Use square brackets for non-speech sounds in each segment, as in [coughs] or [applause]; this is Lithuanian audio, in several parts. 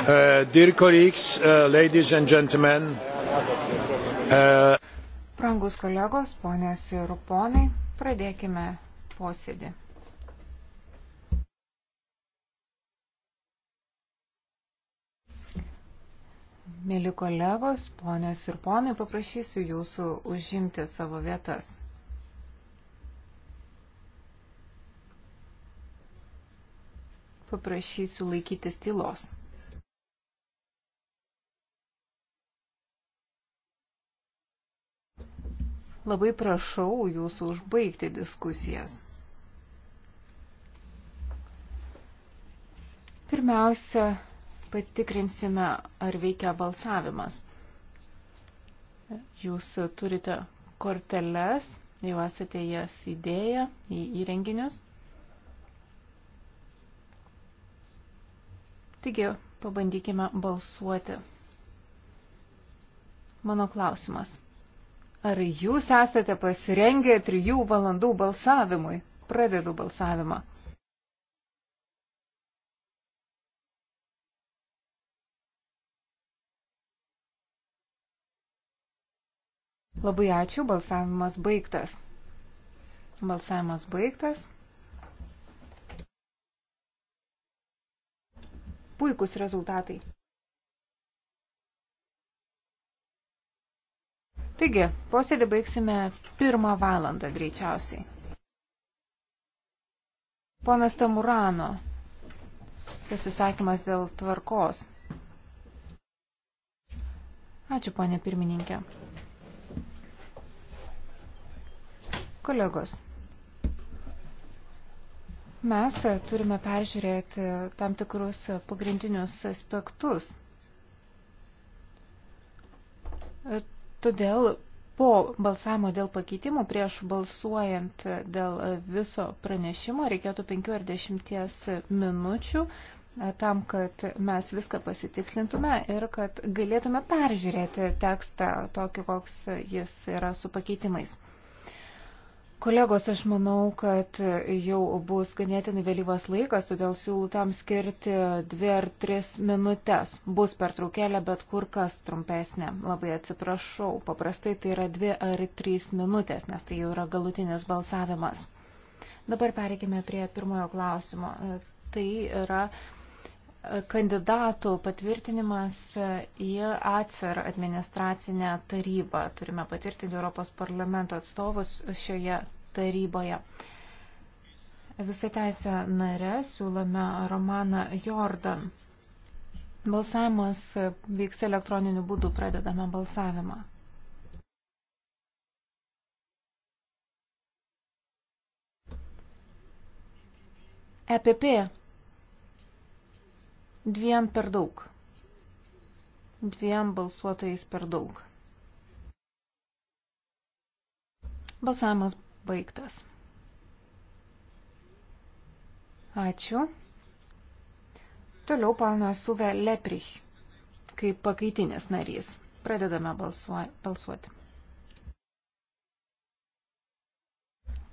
Uh, dear colleagues, uh, ladies and gentlemen. Uh, Prangus kolegos, ponės ir ponai, pradėkime posėdį. Mėly kolegos, ponės ir ponai, paprašysiu jūsų užimti savo vietas. Paprašysiu laikytis tylos. Labai prašau jūsų užbaigti diskusijas. Pirmiausia, patikrinsime, ar veikia balsavimas. Jūs turite korteles, jau esate jas įdėję į įrenginius. Taigi, pabandykime balsuoti. Mano klausimas. Ar jūs esate pasirengę trijų valandų balsavimui? Pradedu balsavimą. Labai ačiū, balsavimas baigtas. Balsavimas baigtas. Puikus rezultatai. Taigi, posėdį baigsime pirmą valandą greičiausiai. Ponas Tamurano, pasisakymas dėl tvarkos. Ačiū, ponė pirmininkė. Kolegos, mes turime peržiūrėti tam tikrus pagrindinius aspektus Todėl po balsavimo dėl pakeitimų prieš balsuojant dėl viso pranešimo reikėtų 5 ar 10 minučių e, tam, kad mes viską pasitikslintume ir kad galėtume peržiūrėti tekstą tokį, koks jis yra su pakeitimais. Kolegos, aš manau, kad jau bus ganėtinai vėlyvas laikas, todėl siūlau tam skirti dvi ar tris minutės. Bus pertraukėlė, bet kur kas trumpesnė. Labai atsiprašau, paprastai tai yra dvi ar trys minutės, nes tai jau yra galutinis balsavimas. Dabar pereikime prie pirmojo klausimo. Tai yra kandidatų patvirtinimas į ACER administracinę tarybą. Turime patvirtinti Europos parlamento atstovus šioje taryboje. Visą teisę narę siūlome Romaną Jordan. Balsavimas vyks elektroniniu būdu, pradedame balsavimą. EPP dviem per daug. Dviem balsuotojais per daug. Balsavimas baigtas. Ačiū. Toliau panas Suve Leprich, kaip pakaitinės narys. Pradedame balsuoti.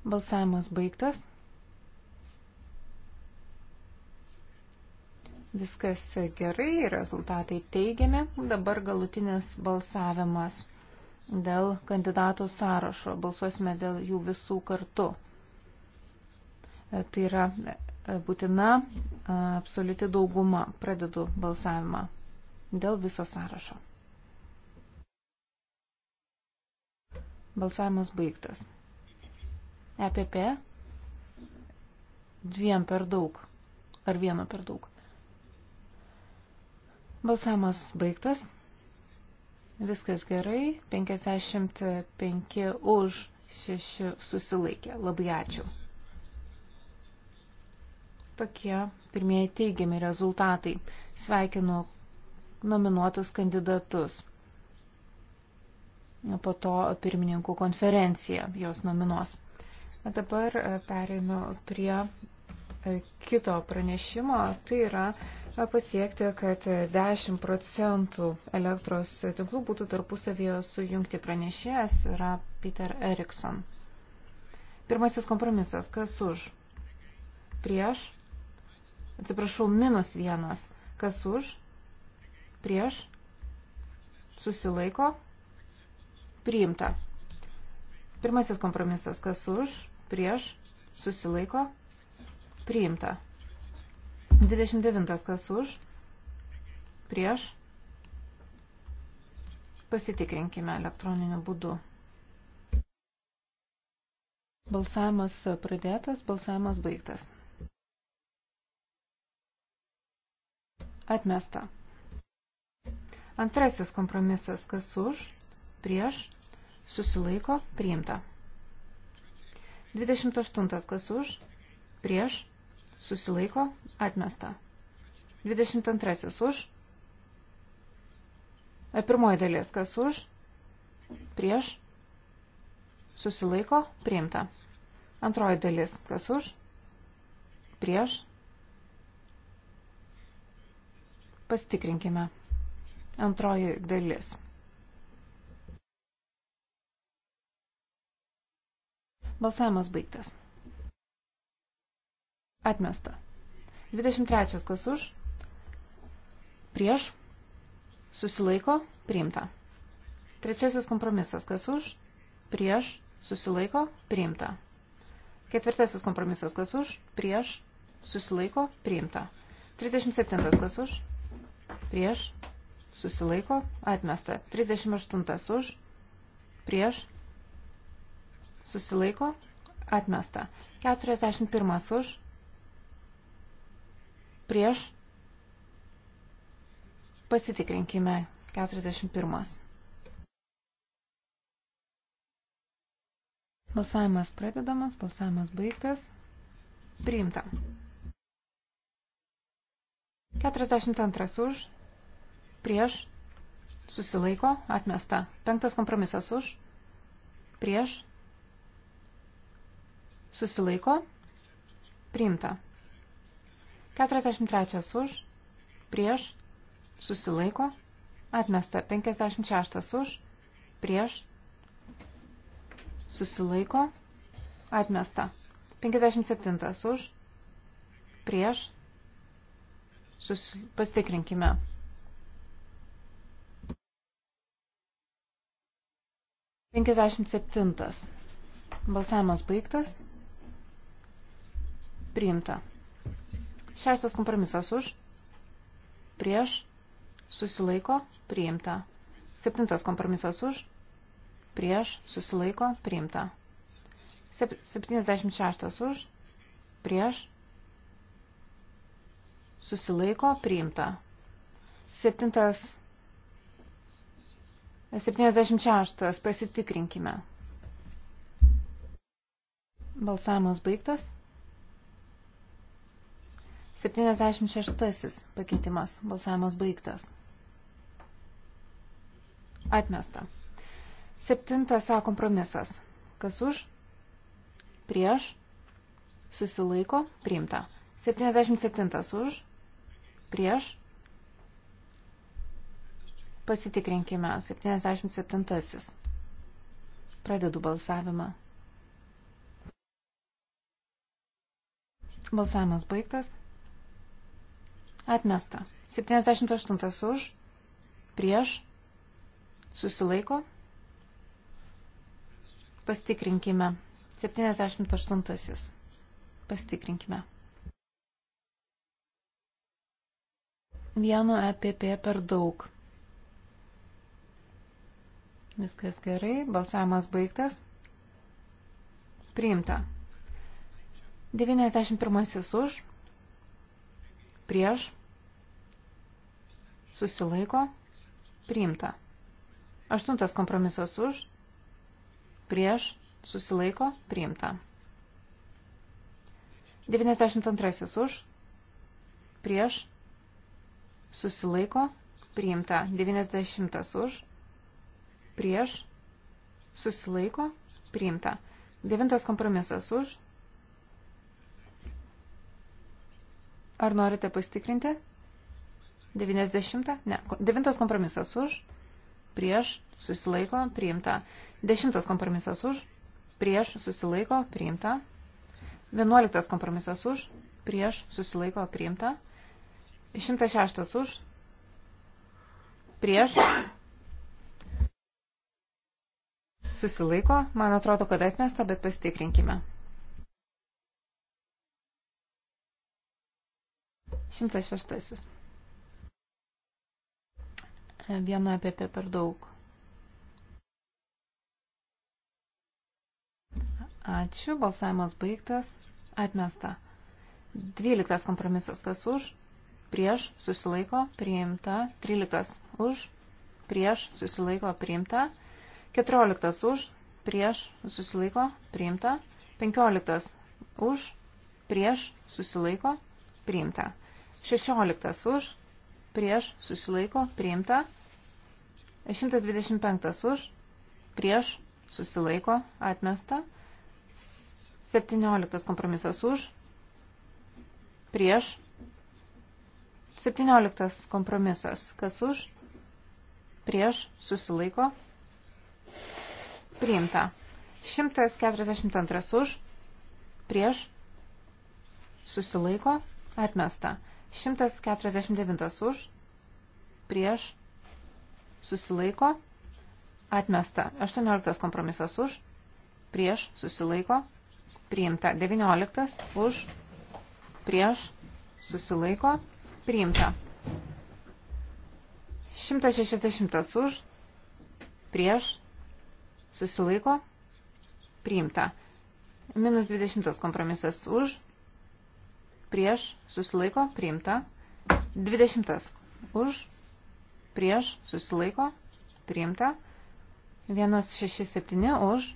Balsavimas baigtas. viskas gerai, rezultatai teigiami, dabar galutinis balsavimas dėl kandidatų sąrašo, balsuosime dėl jų visų kartu. Tai yra būtina absoliuti dauguma, pradedu balsavimą dėl viso sąrašo. Balsavimas baigtas. EPP dviem per daug ar vienu per daug. Balsavimas baigtas. Viskas gerai. 55 už 6 susilaikė. Labai ačiū. Tokie pirmieji teigiami rezultatai. Sveikinu nominuotus kandidatus. Po to pirmininkų konferencija jos nominuos. Dabar e, pereinu prie e, kito pranešimo. Tai yra pasiekti, kad 10 procentų elektros tinklų būtų tarpusavėje sujungti pranešėjas yra Peter Erikson. Pirmasis kompromisas, kas už? Prieš, atsiprašau, minus vienas, kas už? Prieš, susilaiko, priimta. Pirmasis kompromisas, kas už? Prieš, susilaiko, priimta. 29 kas už, prieš, pasitikrinkime elektroniniu būdu. Balsavimas pradėtas, balsavimas baigtas. Atmesta. Antrasis kompromisas, kas už, prieš, susilaiko, priimta. 28. kas už, prieš, susilaiko, atmesta. 22 už, e, pirmoji dalis, kas už, prieš, susilaiko, priimta. Antroji dalis, kas už, prieš, pastikrinkime. Antroji dalis. Balsavimas baigtas. Atmesta. 23. Kas už? Prieš. Susilaiko. Priimta. Trečiasis kompromisas. Kas už? Prieš. Susilaiko. Priimta. Ketvirtasis kompromisas. Kas už? Prieš. Susilaiko. Priimta. 37. Kas už? Prieš. Susilaiko. Atmesta. 38. Už. Prieš. Susilaiko. Atmesta. 41. Už prieš. Pasitikrinkime 41. Balsavimas pradedamas, balsavimas baigtas. Priimta. 42 už, prieš, susilaiko, atmesta. Penktas kompromisas už, prieš, susilaiko, priimta. 43 už, prieš, susilaiko, atmesta. 56 už, prieš, susilaiko, atmesta. 57 už, prieš, susi... pasitikrinkime. Penkiasdešimt septintas. Balsavimas baigtas. Priimta. Šeštas kompromisas už, prieš, susilaiko, priimta. Septintas kompromisas už, prieš, susilaiko, priimta. 76 už, prieš, susilaiko, priimta. Septintas, 76 pasitikrinkime. Balsavimas baigtas. 76 pakeitimas. Balsavimas baigtas. Atmesta. Septintas A kompromisas. Kas už? Prieš. Susilaiko. Priimta. 77 už. Prieš. Pasitikrinkime. 77. Pradedu balsavimą. Balsavimas baigtas. Atmesta. 78 už. Prieš. Susilaiko. Pastikrinkime. 78. Pastikrinkime. Vieno EPP per daug. Viskas gerai. Balsavimas baigtas. Priimta. 91 už. Prieš susilaiko, priimta. Aštuntas kompromisas už, prieš, susilaiko, priimta. 92 už, prieš, susilaiko, priimta. 90 už, prieš, susilaiko, priimta. Devintas kompromisas už. Ar norite pasitikrinti? 90, ne, 9 kompromisas už, prieš, susilaiko, priimta. 10 kompromisas už, prieš, susilaiko, priimta. 11 kompromisas už, prieš, susilaiko, priimta. 106 už, prieš, susilaiko, man atrodo, kad atmesta, bet pasitikrinkime. 106 vieno EPP per daug. Ačiū, balsavimas baigtas, atmesta. Dvyliktas kompromisas, kas už, prieš, susilaiko, priimta. Tryliktas už, prieš, susilaiko, priimta. Keturioliktas už, prieš, susilaiko, priimta. Penkioliktas už, prieš, susilaiko, priimta. Šešioliktas už, prieš, susilaiko, priimta. 125 už, prieš, susilaiko, atmesta. 17 kompromisas už, prieš. 17 kompromisas, kas už, prieš, susilaiko, priimta. 142 už, prieš, susilaiko, atmesta. 149 už, prieš, susilaiko, atmesta. 18 kompromisas už, prieš, susilaiko, priimta. 19 už, prieš, susilaiko, priimta. 160 už, prieš, susilaiko, priimta. Minus 20 kompromisas už, prieš, susilaiko, priimta. 20 už, prieš, susilaiko, priimta. 167 už,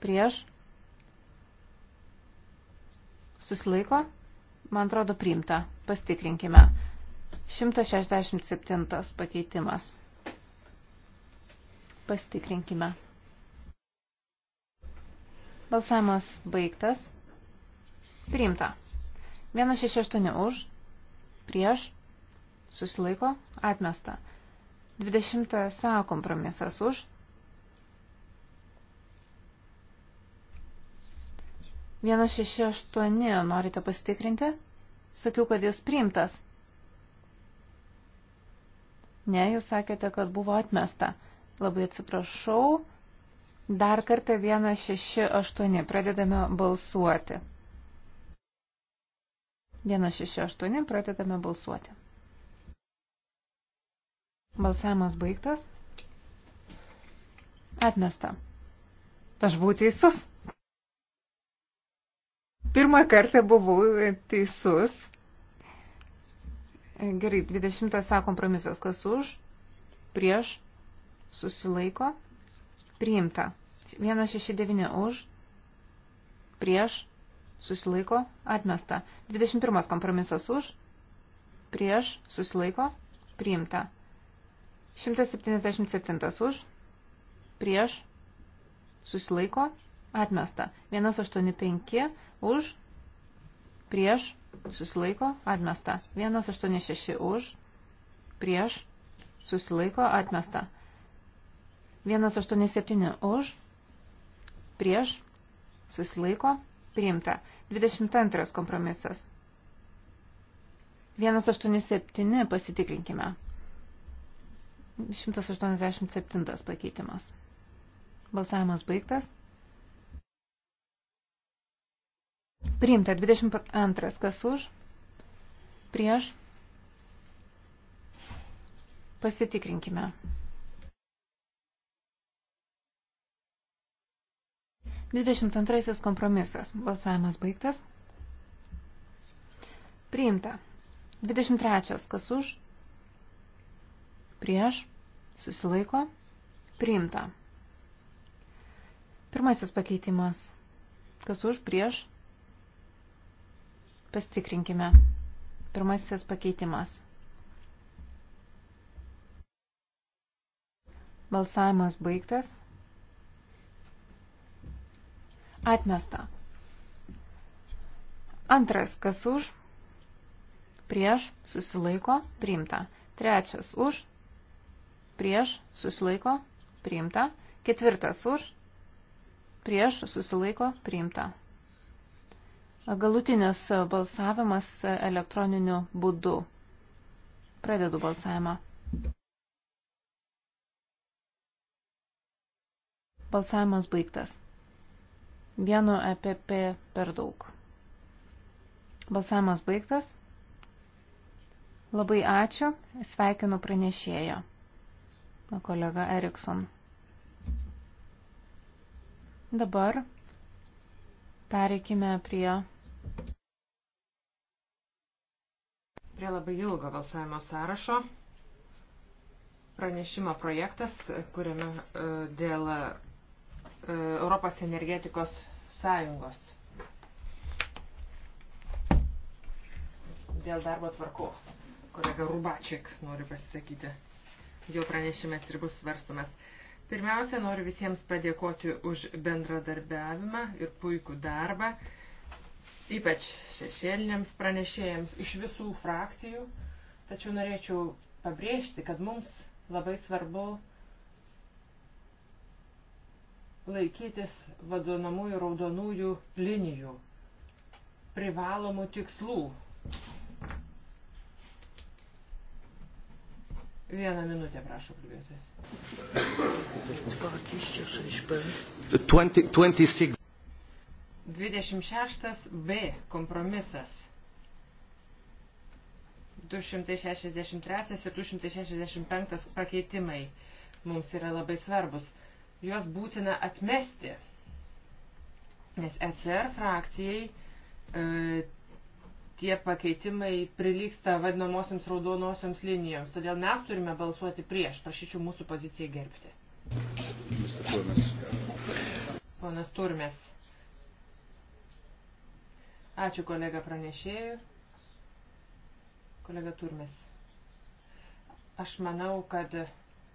prieš, susilaiko, man atrodo priimta. Pastikrinkime. 167 pakeitimas. Pastikrinkime. Balsavimas baigtas. Priimta. 168 už, prieš, susilaiko, Atmesta. 20a kompromisas už. Vienas šeši aštuoni, norite pasitikrinti? Sakiau, kad jis priimtas. Ne, jūs sakėte, kad buvo atmesta. Labai atsiprašau. Dar kartą 168. Pradedame balsuoti. 168. Pradedame balsuoti. Balsavimas baigtas. Atmesta. Aš buvau teisus. Pirmą kartą buvau teisus. Gerai, 20 A kompromisas. Kas už? Prieš? Susilaiko? Priimta. 169 už? Prieš? Susilaiko? Atmesta. 21 kompromisas už? Prieš? Susilaiko? Priimta. 177 už, prieš, susilaiko, atmesta. 185 už, prieš, susilaiko, atmesta. 186 už, prieš, susilaiko, atmesta. 187 už, prieš, susilaiko, priimta. 22 kompromisas. 187 pasitikrinkime. 187 pakeitimas. Balsavimas baigtas. Priimta 22. Kas už? Prieš? Pasitikrinkime. Dvidešimt antrasis kompromisas. Balsavimas baigtas. Priimta. Dvidešimt trečias. Kas už? prieš, susilaiko, priimta. Pirmasis pakeitimas. Kas už, prieš, pastikrinkime. Pirmasis pakeitimas. Balsavimas baigtas. Atmesta. Antras, kas už, prieš, susilaiko, priimta. Trečias, už, prieš, susilaiko, priimta. Ketvirtas už, prieš, susilaiko, priimta. Galutinis balsavimas elektroniniu būdu. Pradedu balsavimą. Balsavimas baigtas. Vienu EPP per daug. Balsavimas baigtas. Labai ačiū, sveikinu pranešėjo kolega Erikson. Dabar pereikime prie prie labai ilgo balsavimo sąrašo. Pranešimo projektas, kuriame e, dėl e, Europos energetikos sąjungos. Dėl darbo tvarkos. Kolega Rubačik nori pasisakyti jo pranešimas ir bus svarstomas. Pirmiausia, noriu visiems padėkoti už bendradarbiavimą ir puikų darbą, ypač šešėliniams pranešėjams iš visų frakcijų. Tačiau norėčiau pabrėžti, kad mums labai svarbu laikytis vadinamųjų raudonųjų linijų, privalomų tikslų, Vieną minutę, prašau, kalbėtojas. 26b kompromisas. 263 ir 265 pakeitimai mums yra labai svarbus. Juos būtina atmesti, nes ECR frakcijai e, tie pakeitimai prilyksta vadinamosiams raudonosioms linijoms. Todėl mes turime balsuoti prieš. Prašyčiau mūsų poziciją gerbti. Turmes. Ponas Turmes. Ačiū kolega pranešėjų. Kolega Turmes. Aš manau, kad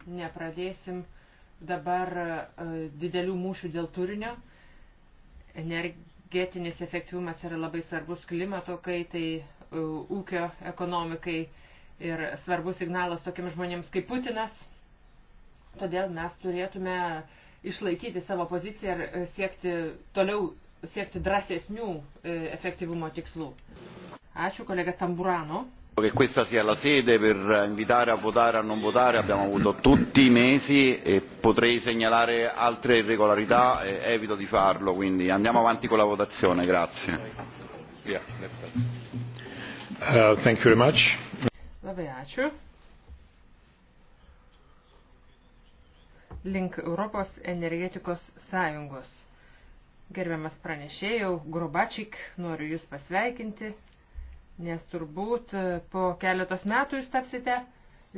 nepradėsim dabar e, didelių mūšių dėl turinio. Energi energetinis efektyvumas yra labai svarbus klimato kaitai, e, ūkio ekonomikai ir svarbus signalas tokiems žmonėms kaip Putinas. Todėl mes turėtume išlaikyti savo poziciją ir e, siekti toliau siekti drąsesnių e, efektyvumo tikslų. Ačiū kolega Tamburano che questa sia la sede per invitare a votare o a non votare abbiamo avuto tutti i mesi e potrei segnalare altre irregolarità e evito di farlo quindi andiamo avanti con la votazione grazie. Yeah, uh, thank you very much. Labai ačiū. Link Europos energetikos sąjungos. Gerbiamas pranešėjau, Grobačik, noriu Jūs pasveikinti nes turbūt e, po keletos metų jūs tapsite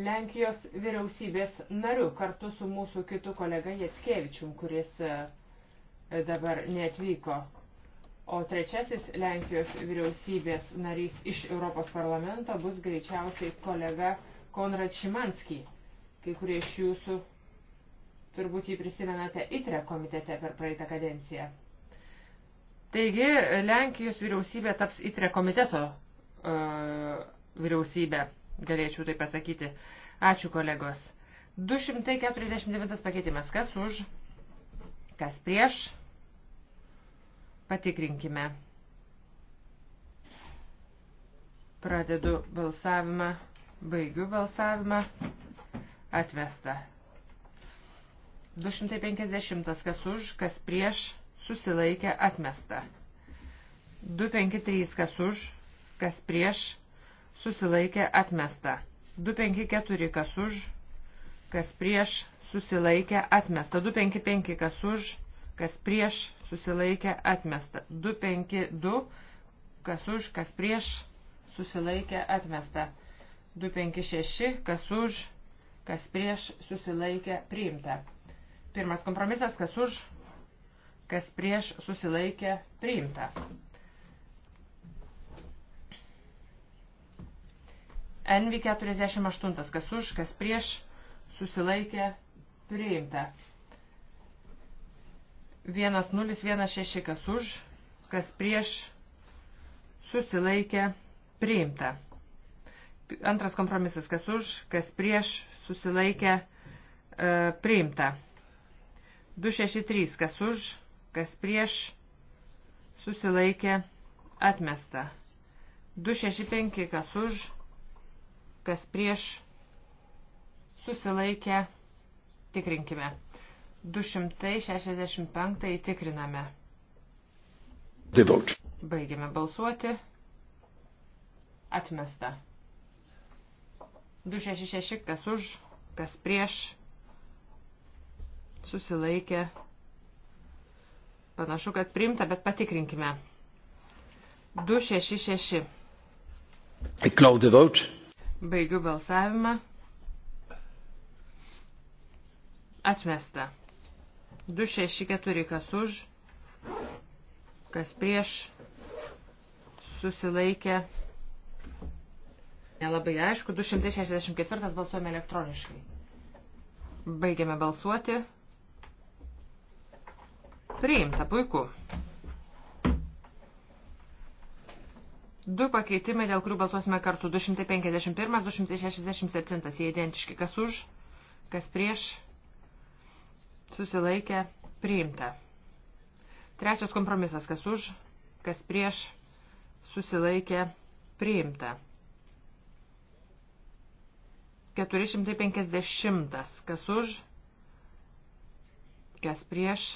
Lenkijos vyriausybės nariu kartu su mūsų kitu kolega Jatskevičium, kuris e, dabar neatvyko. O trečiasis Lenkijos vyriausybės narys iš Europos parlamento bus greičiausiai kolega Konrad Šimanski. Kai kurie iš jūsų turbūt jį prisimenate ITRE komitete per praeitą kadenciją. Taigi, Lenkijos vyriausybė taps ITRE komiteto E, vyriausybę, galėčiau tai pasakyti. Ačiū kolegos. 249 pakeitimas. Kas už? Kas prieš? Patikrinkime. Pradedu balsavimą, baigiu balsavimą, atvesta. 250, kas už, kas prieš, susilaikė, atmesta. 253, kas už, kas prieš, susilaikė atmesta. 254 kas už, kas prieš, susilaikė atmesta. 255 kas už, kas prieš, susilaikė atmesta. 252 kas už, kas prieš, susilaikė atmesta. 256 kas už, kas prieš, susilaikė priimta. Pirmas kompromisas kas už, kas prieš, susilaikė priimta. NV 48, kas už, kas prieš, susilaikė, priimta. 1016, kas už, kas prieš, susilaikė, priimta. Antras kompromisas, kas už, kas prieš, susilaikė, e, priimta. 263, kas už, kas prieš, susilaikė, atmesta. 265, kas už, kas prieš susilaikę tikrinkime. 265 tikriname. Devote. Baigiame balsuoti. Atmesta. 266 kas už, kas prieš susilaikė. Panašu, kad priimta, bet patikrinkime. 266. I close the vote. Baigiu balsavimą. Atmesta. 264 kas už, kas prieš, susilaikė. Nelabai aišku, 264 balsuojame elektroniškai. Baigiame balsuoti. Priimta, puiku. Du pakeitimai, dėl kurių balsuosime kartu. 251, 267. Jie identiški. Kas už, kas prieš, susilaikė, priimta. Trečias kompromisas. Kas už, kas prieš, susilaikė, priimta. 450. Kas už, kas prieš,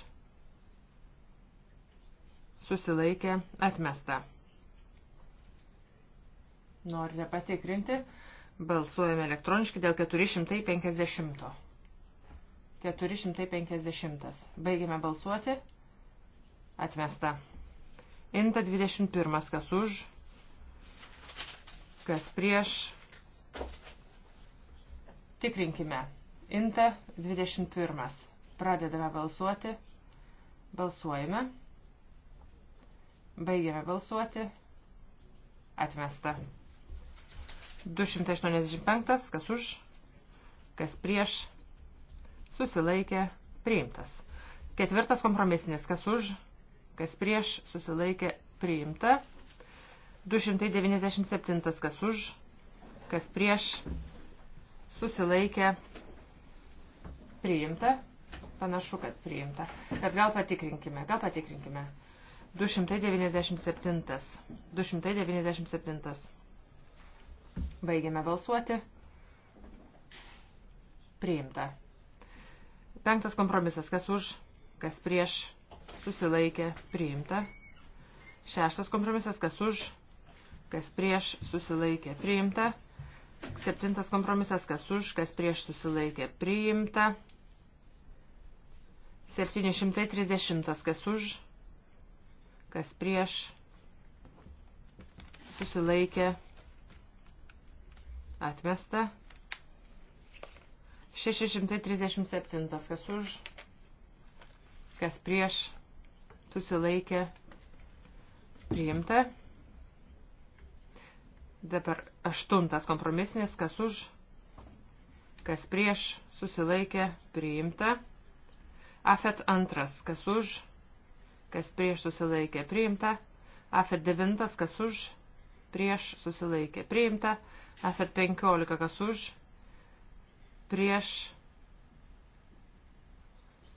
susilaikė, atmesta. Norite patikrinti? Balsuojame elektroniškai dėl 450. 450. Baigiame balsuoti. Atmesta. Inta 21. Kas už? Kas prieš? Tikrinkime. Inta 21. Pradedame balsuoti. Balsuojame. Baigiame balsuoti. Atmesta. 285, kas už, kas prieš, susilaikė, priimtas. Ketvirtas kompromisinis, kas už, kas prieš, susilaikė, priimta. 297, kas už, kas prieš, susilaikė, priimta. Panašu, kad priimta. Bet gal patikrinkime, gal patikrinkime. 297. 297. Baigiame balsuoti. Priimta. Penktas kompromisas. Kas už, kas prieš, susilaikė, priimta. Šeštas kompromisas. Kas už, kas prieš, susilaikė, priimta. Septintas kompromisas. Kas už, kas prieš, susilaikė, priimta. 730. Kas už, kas prieš, susilaikė, priimta Atmesta. 637. Kas už, kas prieš, susilaikė, priimta. Dabar aštuntas kompromisinis, kas už, kas prieš, susilaikė, priimta. Afet antras, kas už, kas prieš, susilaikė, priimta. Afet devintas, kas už, prieš, susilaikė, priimta. Afet 15 kas už, prieš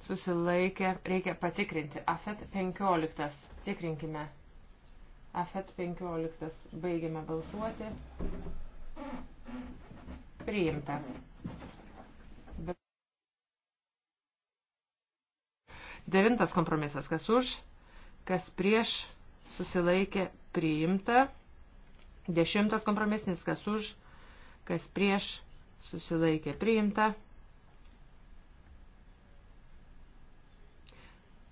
susilaikę, reikia patikrinti. Afet 15, tikrinkime. Afet 15, baigiame balsuoti. Priimta. Devintas kompromisas, kas už, kas prieš susilaikė priimta. Dešimtas kompromisinis, kas už, kas prieš, susilaikė priimta.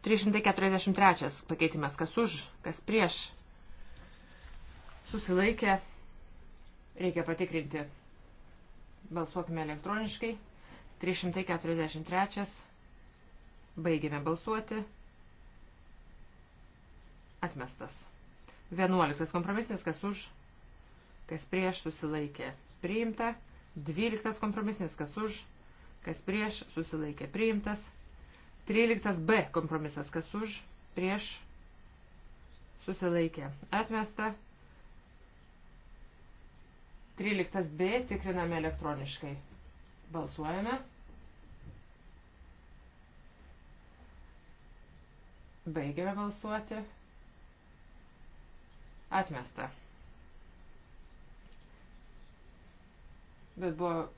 343 pakeitimas, kas už, kas prieš, susilaikė, reikia patikrinti. Balsuokime elektroniškai. 343. Baigėme balsuoti. Atmestas. 11 kompromisinis, kas už, kas prieš susilaikė priimta, 12 kompromisinis kas už, kas prieš susilaikė priimtas, 13 B kompromisas kas už, prieš susilaikė atmesta, 13 B tikriname elektroniškai. Balsuojame. Baigiame balsuoti. Atmesta. bet buvo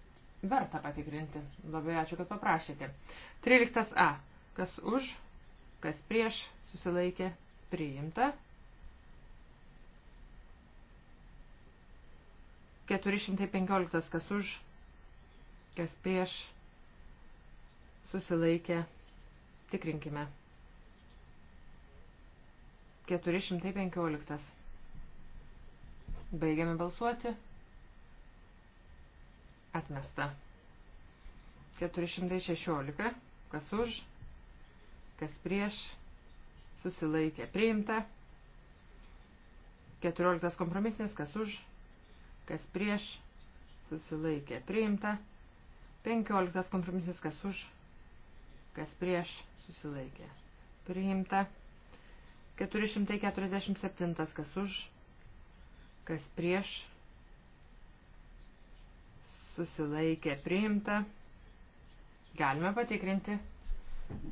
verta patikrinti. Labai ačiū, kad paprašėte. 13a. Kas už, kas prieš, susilaikė, priimta. 415. Kas už, kas prieš, susilaikė, tikrinkime. 415. Baigiame balsuoti. Atmesta. 416. Kas už, kas prieš, susilaikė. Priimta. 14 kompromisinis, kas už, kas prieš, susilaikė. Priimta. 15 kompromisinis, kas už, kas prieš, susilaikė. Priimta. 447, kas už, kas prieš, susilaikė priimta. Galime patikrinti.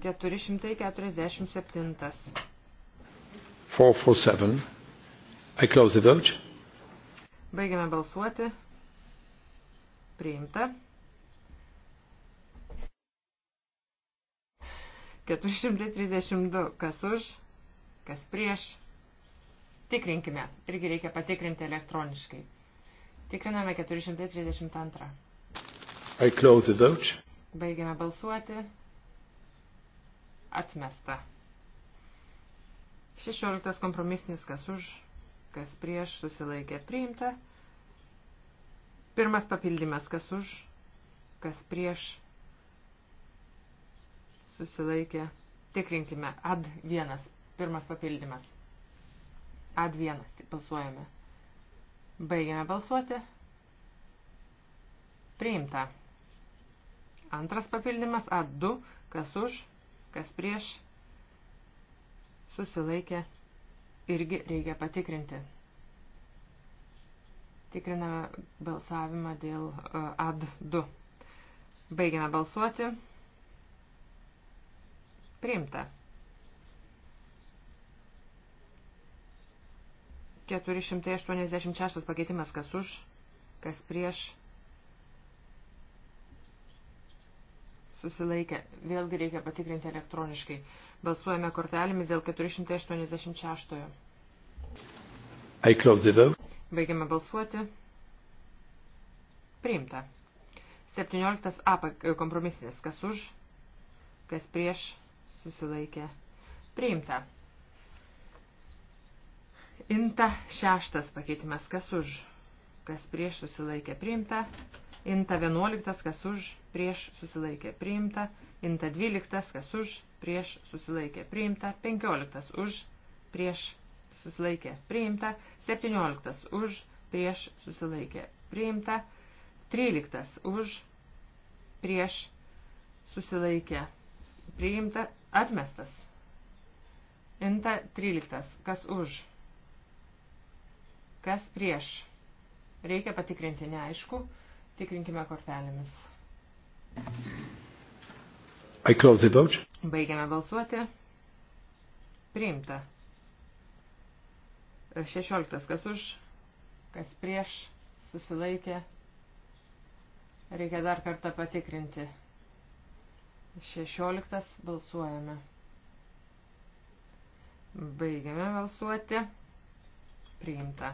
447. 447. I close the vote. Baigiame balsuoti. Priimta. 432. Kas už, kas prieš. Tikrinkime. Irgi reikia patikrinti elektroniškai. Tikriname 432. I close the vote. Baigiame balsuoti. Atmesta. 16 kompromisnis, kas už, kas prieš, susilaikė priimta. Pirmas papildymas, kas už, kas prieš, susilaikė. Tikrinkime, ad vienas, pirmas papildymas. Ad vienas, balsuojame. Tai Baigiame balsuoti. Priimta. Antras papildymas A2, kas už, kas prieš, susilaikė, irgi reikia patikrinti. Tikriname balsavimą dėl e, A2. Baigiame balsuoti. Priimta. 486 pakeitimas kas už, kas prieš. Susilaikę. Vėlgi reikia patikrinti elektroniškai. Balsuojame kortelėmis dėl 486. I close the vote. Baigiame balsuoti. Priimta. 17 A kompromisinis. Kas už, kas prieš, susilaikė. Priimta. Inta šeštas pakeitimas, kas už, kas prieš susilaikė priimta. Inta vienuoliktas, kas už, prieš susilaikė priimta. Inta dvyliktas, kas už, prieš susilaikė priimta. Penkioliktas už, prieš susilaikė priimta. Septynioliktas už, prieš susilaikė priimta. Tryliktas už, prieš susilaikė priimta. Atmestas. Inta tryliktas, kas už Kas prieš? Reikia patikrinti, neaišku. Tikrinkime kortelėmis. I close the vote. Baigiame balsuoti. Priimta. 16. Kas už, kas prieš, susilaikė. Reikia dar kartą patikrinti. 16. Balsuojame. Baigiame balsuoti. Priimta.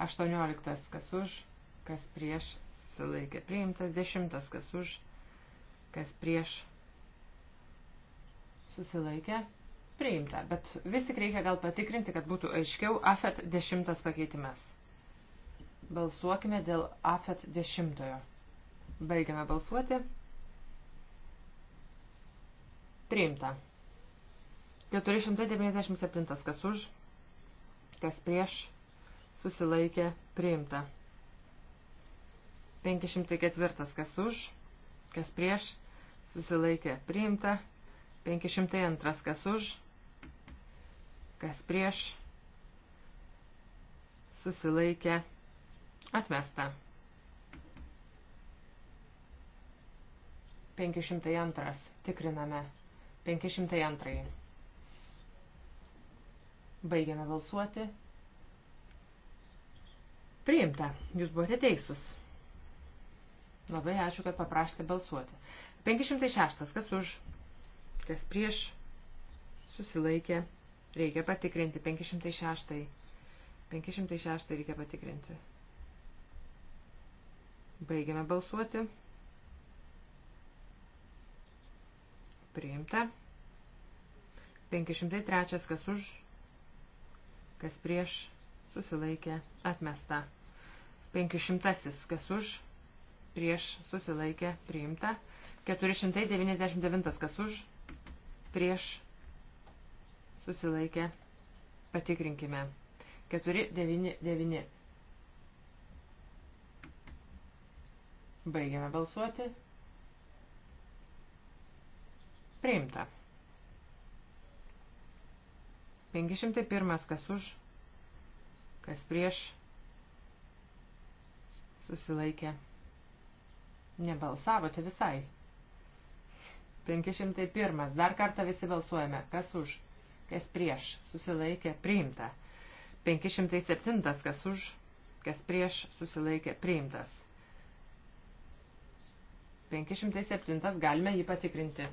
18 kas už, kas prieš susilaikė priimtas, 10 kas už, kas prieš susilaikė priimta. Bet vis tik reikia gal patikrinti, kad būtų aiškiau AFET 10 pakeitimas. Balsuokime dėl AFET 10. Baigiame balsuoti. Priimta. 497 kas už, kas prieš susilaikė priimta. 504 kas už, kas prieš, susilaikė priimta. 502 kas už, kas prieš, susilaikė atmesta. 502 tikriname. 502. Baigiame balsuoti. Priimta. Jūs buvote teisus. Labai ačiū, kad paprašėte balsuoti. 506. Kas už? Kas prieš? Susilaikė. Reikia patikrinti. 506. 506 reikia patikrinti. Baigiame balsuoti. Priimta. 503. Kas už? Kas prieš? Susilaikė. Atmesta. 500. Kas už? Prieš susilaikė priimta. 499. Kas už? Prieš susilaikė. Patikrinkime. 499. Baigiame balsuoti. Priimta. 501. Kas už? Kas prieš? susilaikė. Nebalsavote visai. 501. Dar kartą visi balsuojame. Kas už? Kas prieš? Susilaikė. Priimta. 507. Kas už? Kas prieš? Susilaikė. Priimtas. 507. Galime jį patikrinti.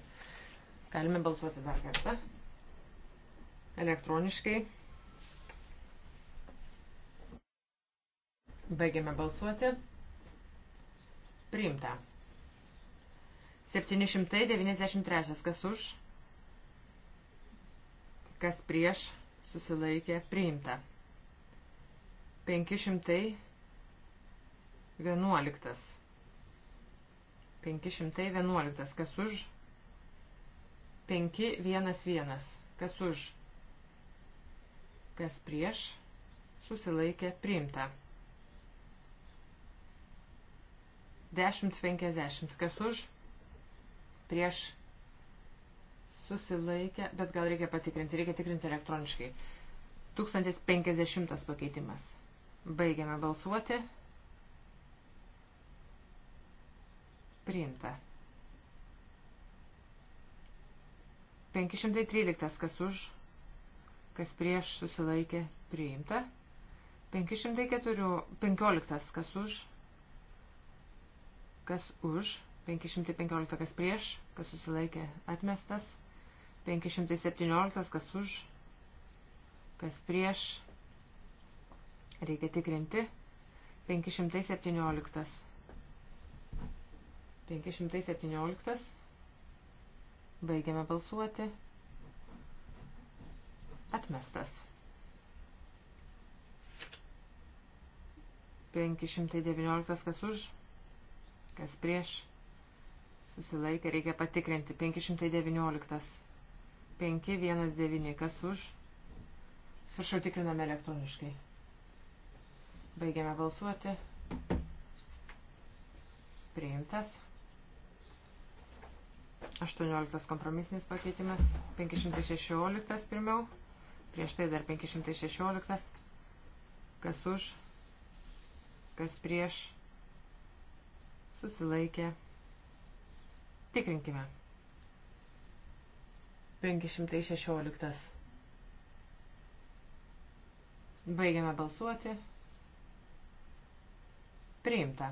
Galime balsuoti dar kartą. Elektroniškai. Baigiame balsuoti. Priimta. 793. Kas už? Kas prieš? Susilaikė. Priimta. 511. 511. Kas už? 511. Kas už? Kas prieš? Susilaikė. Priimta. 10.50. Kas už? Prieš susilaikę, bet gal reikia patikrinti, reikia tikrinti elektroniškai. 1050 pakeitimas. Baigiame balsuoti. Priimta. 513 kas už, kas prieš susilaikė, priimta. 515 kas už, Kas už? 515, kas prieš, kas susilaikė atmestas. 517, kas už, kas prieš. Reikia tikrinti. 517. 517. Baigiame balsuoti. Atmestas. 519 kas už, kas prieš, susilaikė, reikia patikrinti. 519, 519, kas už, svaršau tikriname elektroniškai. Baigiame balsuoti. Priimtas. 18 kompromisinis pakeitimas, 516 pirmiau, prieš tai dar 516, kas už, kas prieš, susilaikė. Tikrinkime. 516. Baigiame balsuoti. Priimta.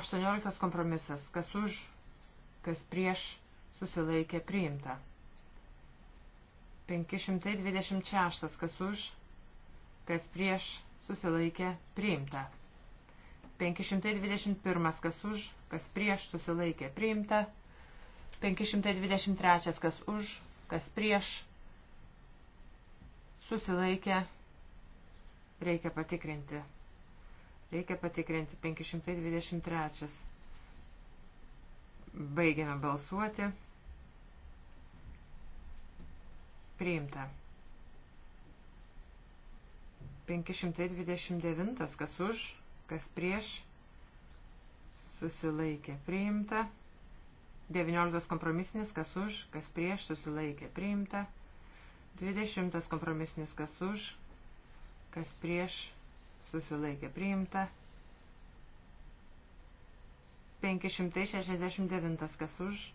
18 kompromisas. Kas už, kas prieš, susilaikė priimta. 526. Kas už, kas prieš, susilaikė priimta. 521. Kas už, kas prieš susilaikė priimta. 523. Kas už, kas prieš susilaikė. Reikia patikrinti. Reikia patikrinti 523. Baigiame balsuoti. Priimta. 529. Kas už? kas prieš, susilaikė priimta. 19 kompromisinis, kas už, kas prieš, susilaikė priimta. 20 kompromisinis, kas už, kas prieš, susilaikė priimta. 569 kas už,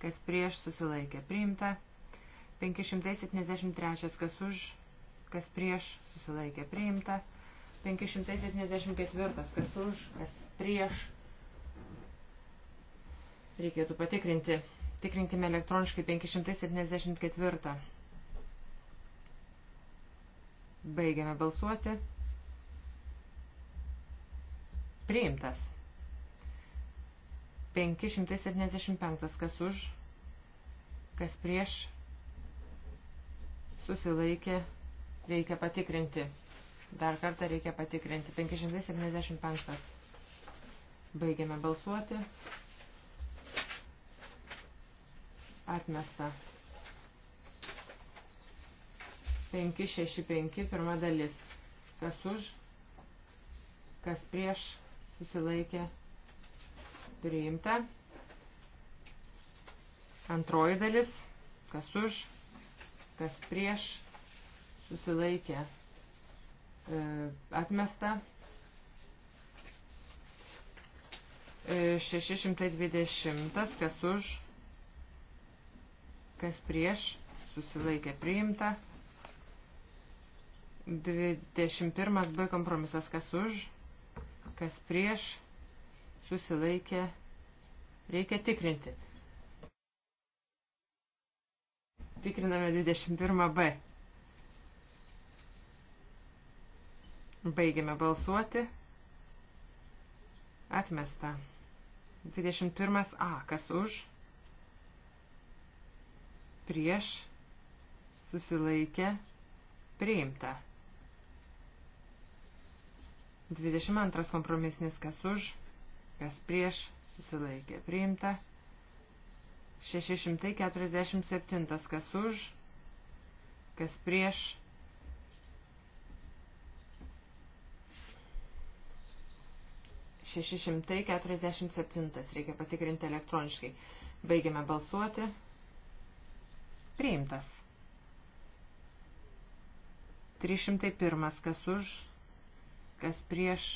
kas prieš susilaikė priimta. 573 kas už, kas prieš susilaikė priimta. 574, kas už, kas prieš. Reikėtų patikrinti. Tikrinkime elektroniškai 574. Baigiame balsuoti. Priimtas. 575, kas už, kas prieš, susilaikė, reikia patikrinti. Dar kartą reikia patikrinti. 575. Baigiame balsuoti. Atmesta. 565. Pirma dalis. Kas už, kas prieš susilaikė priimta. Antroji dalis. Kas už, kas prieš susilaikė priimta E, atmesta. 620, e, kas už, kas prieš, susilaikė priimta. 21 B kompromisas, kas už, kas prieš, susilaikė, reikia tikrinti. Tikriname 21 B. Baigiame balsuoti. Atmesta. 21 A. Kas už? Prieš. Susilaikė. Priimta. 22 kompromisinis. Kas už? Kas prieš? Susilaikė. Priimta. 647. Kas už? Kas prieš? 647. Reikia patikrinti elektroniškai. Baigiame balsuoti. Priimtas. 301. Kas už, kas prieš.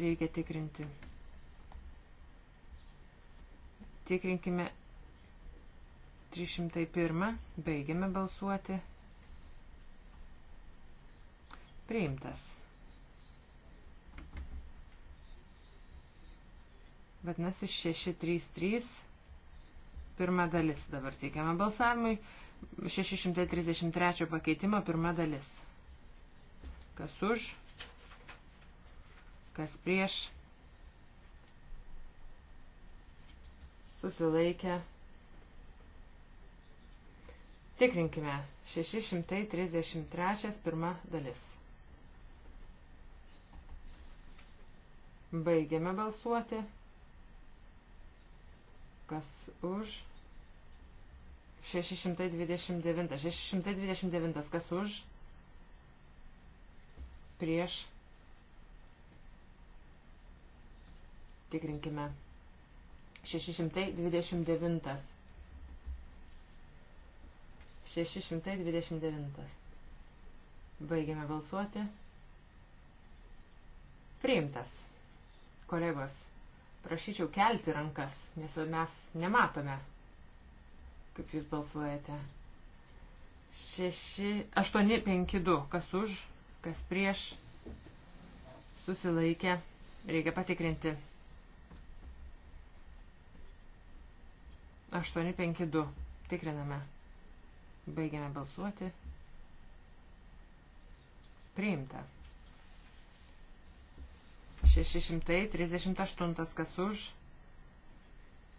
Reikia tikrinti. Tikrinkime 301. Baigiame balsuoti. Priimtas. Vadinasi, 633 pirma dalis dabar teikiama balsavimui. 633 pakeitimo pirma dalis. Kas už, kas prieš, susilaikę. Tikrinkime. 633 pirma dalis. Baigiame balsuoti. Kas už? 629. 629. Kas už? Prieš. Tikrinkime. 629. 629. Baigiame balsuoti. Priimtas. Kolegos. Prašyčiau kelti rankas, nes mes nematome, kaip jūs balsuojate. 6, 8, 5, 2. Kas už, kas prieš, susilaikė. Reikia patikrinti. 8, 5, 2. Tikriname. Baigiame balsuoti. Priimta. 638 kas už,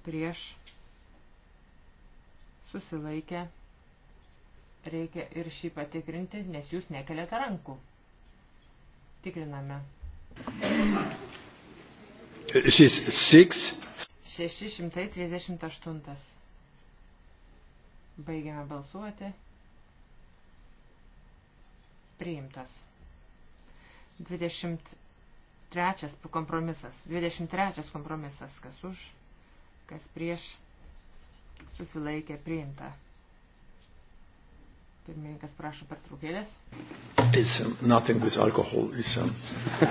prieš, susilaikę, reikia ir šį patikrinti, nes jūs nekeliate rankų. Tikriname. 638. Baigiame balsuoti. Priimtas. 20 Trečias kompromisas. 23 kompromisas. Kas už, kas prieš susilaikė priimta. Pirmininkas prašo pertraukėlės. It's um, nothing with alcohol. It's, um...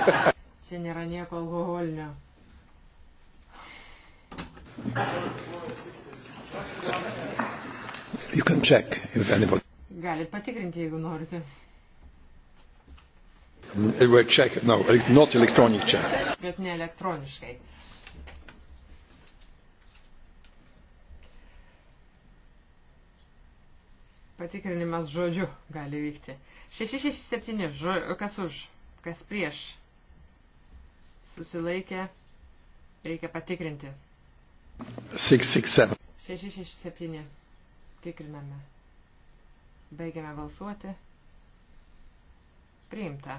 [laughs] Čia nėra nieko alkoholinio. You can check if anybody. Galit patikrinti, jeigu norite. We're check, no, not electronic check. Bet ne elektroniškai. Patikrinimas žodžiu gali vykti. 667, žo, kas už, kas prieš. Susilaikė, reikia patikrinti. 667. 667. Tikriname. Baigiame balsuoti. Priimta.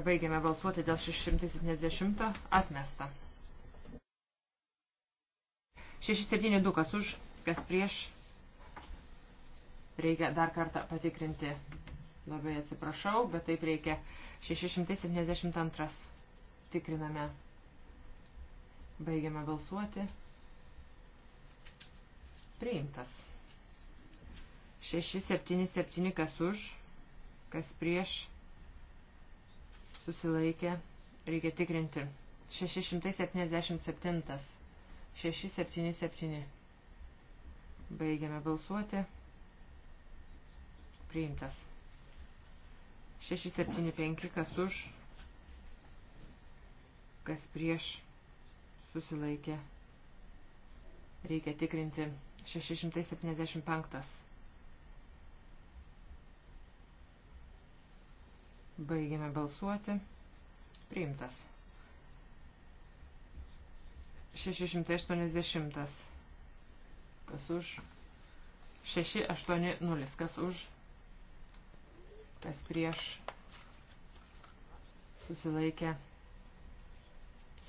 Baigiame balsuoti dėl 670 atmesta. 672 kas už, kas prieš. Reikia dar kartą patikrinti. Labai atsiprašau, bet taip reikia. 672 tikriname. Baigiame balsuoti. Priimtas. 677 kas už, kas prieš susilaikė, reikia tikrinti. 677. 677. Baigiame balsuoti. Priimtas. 675, kas už, kas prieš, susilaikė. Reikia tikrinti. 675. Baigėme balsuoti. Priimtas. 680. Kas už? 680. Kas už? Kas prieš? Susilaikė.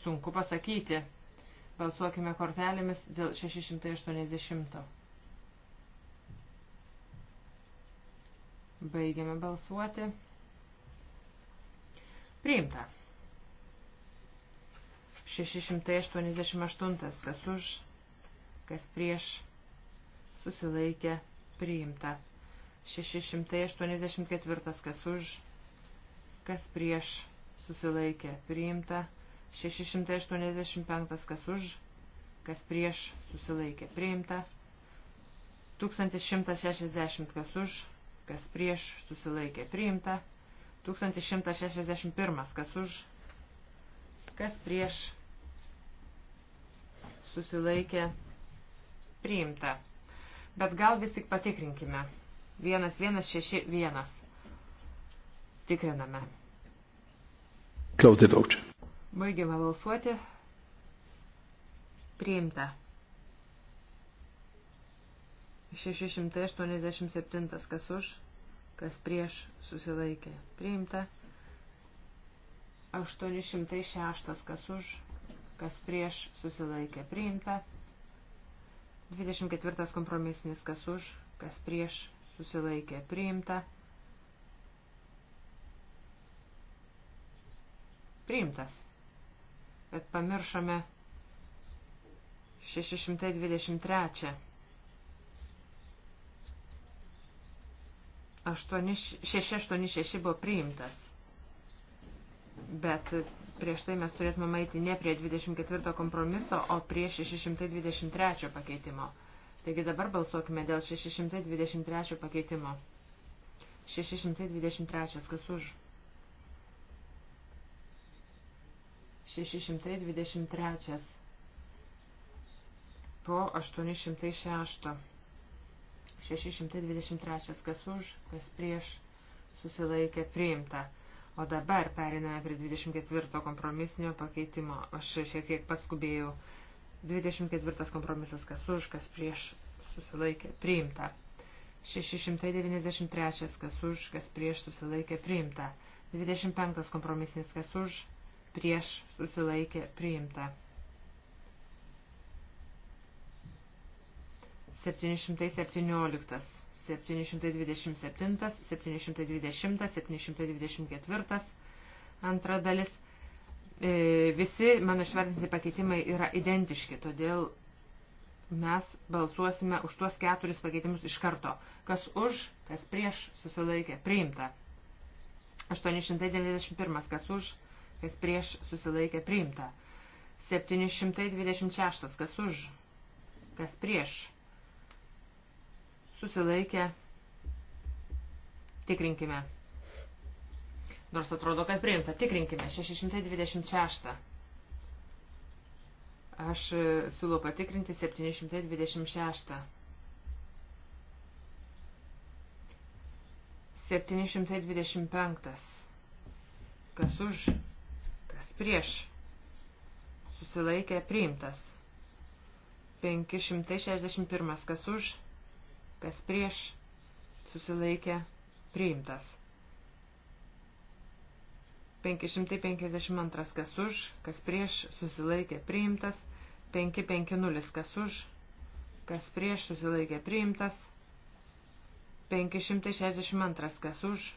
Sunku pasakyti. Balsuokime kortelėmis dėl 680. Baigiame balsuoti. Priimta. 688. Kas už, kas prieš, susilaikė, priimta. 684. Kas už, kas prieš, susilaikė, priimta. 685. Kas už, kas prieš, susilaikė, priimta. 1160. Kas už, kas prieš, susilaikė, priimta. 1161. Kas už, kas prieš susilaikė priimta. Bet gal vis tik patikrinkime. 1161. Tikriname. Close the vote. Baigiame balsuoti. Priimta. 687. Kas už? kas prieš susilaikė priimta. 806 kas už, kas prieš susilaikė priimta. 24 kompromisinis kas už, kas prieš susilaikė priimta. Priimtas. Bet pamiršome 623. 686 buvo priimtas. Bet prieš tai mes turėtume maiti ne prie 24 kompromiso, o prie 623 pakeitimo. Taigi dabar balsuokime dėl 623 pakeitimo. 623, kas už? 623 po 806. 623. Kas už, kas prieš susilaikė priimta. O dabar periname prie 24 kompromisinio pakeitimo. Aš šiek tiek paskubėjau. 24 kompromisas, kas už, kas prieš susilaikė priimta. 693, kas už, kas prieš susilaikė priimta. 25 kompromisinis, kas už, prieš susilaikė priimta. 717, 727, 720, 724, antra dalis. E, visi mano išvardinti pakeitimai yra identiški, todėl mes balsuosime už tuos keturis pakeitimus iš karto. Kas už, kas prieš susilaikė, priimta. 891, kas už, kas prieš susilaikė, priimta. 726, kas už, kas prieš susilaikę, tikrinkime. Nors atrodo, kad priimta, tikrinkime, 626. Aš e, siūlau patikrinti 726. 725. Kas už, kas prieš. Susilaikė priimtas. 561. Kas už, kas prieš, susilaikė, priimtas. 552 kas už, kas prieš, susilaikė, priimtas. 550 kas už, kas prieš, susilaikė, priimtas. 562 kas už.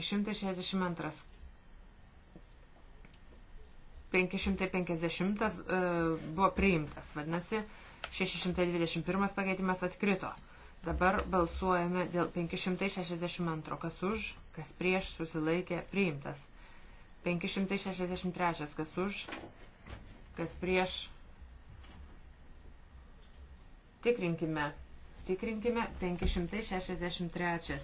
562 550 e, buvo priimtas, vadinasi, 621 pakeitimas atkrito. Dabar balsuojame dėl 562, kas už, kas prieš susilaikė priimtas. 563, kas už, kas prieš. Tikrinkime. Tikrinkime 563.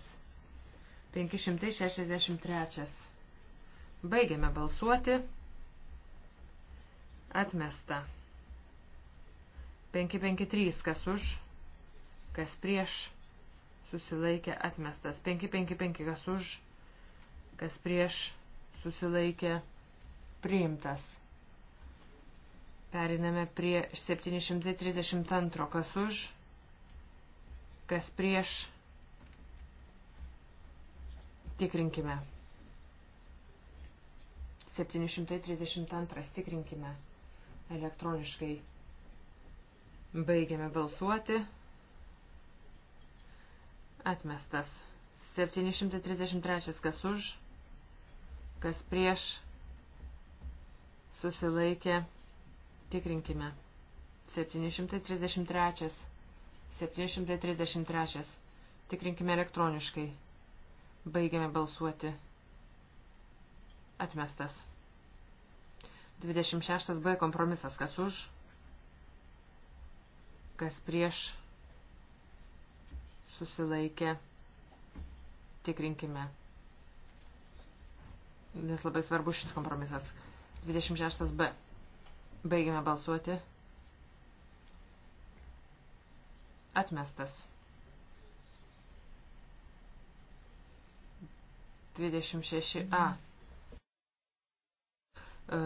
563. Baigiame balsuoti. Atmesta. 553, kas už, kas prieš, susilaikė atmestas. 555, kas už, kas prieš, susilaikė priimtas. Periname prie 732, kas už, kas prieš, tikrinkime. 732, tikrinkime elektroniškai. Baigiame balsuoti. Atmestas. 733 kas už, kas prieš, susilaikė. Tikrinkime. 733. 733. Tikrinkime elektroniškai. Baigiame balsuoti. Atmestas. 26b kompromisas kas už kas prieš susilaikė. Tikrinkime. Nes labai svarbu šis kompromisas. 26b. Baigime balsuoti. Atmestas. 26a. E,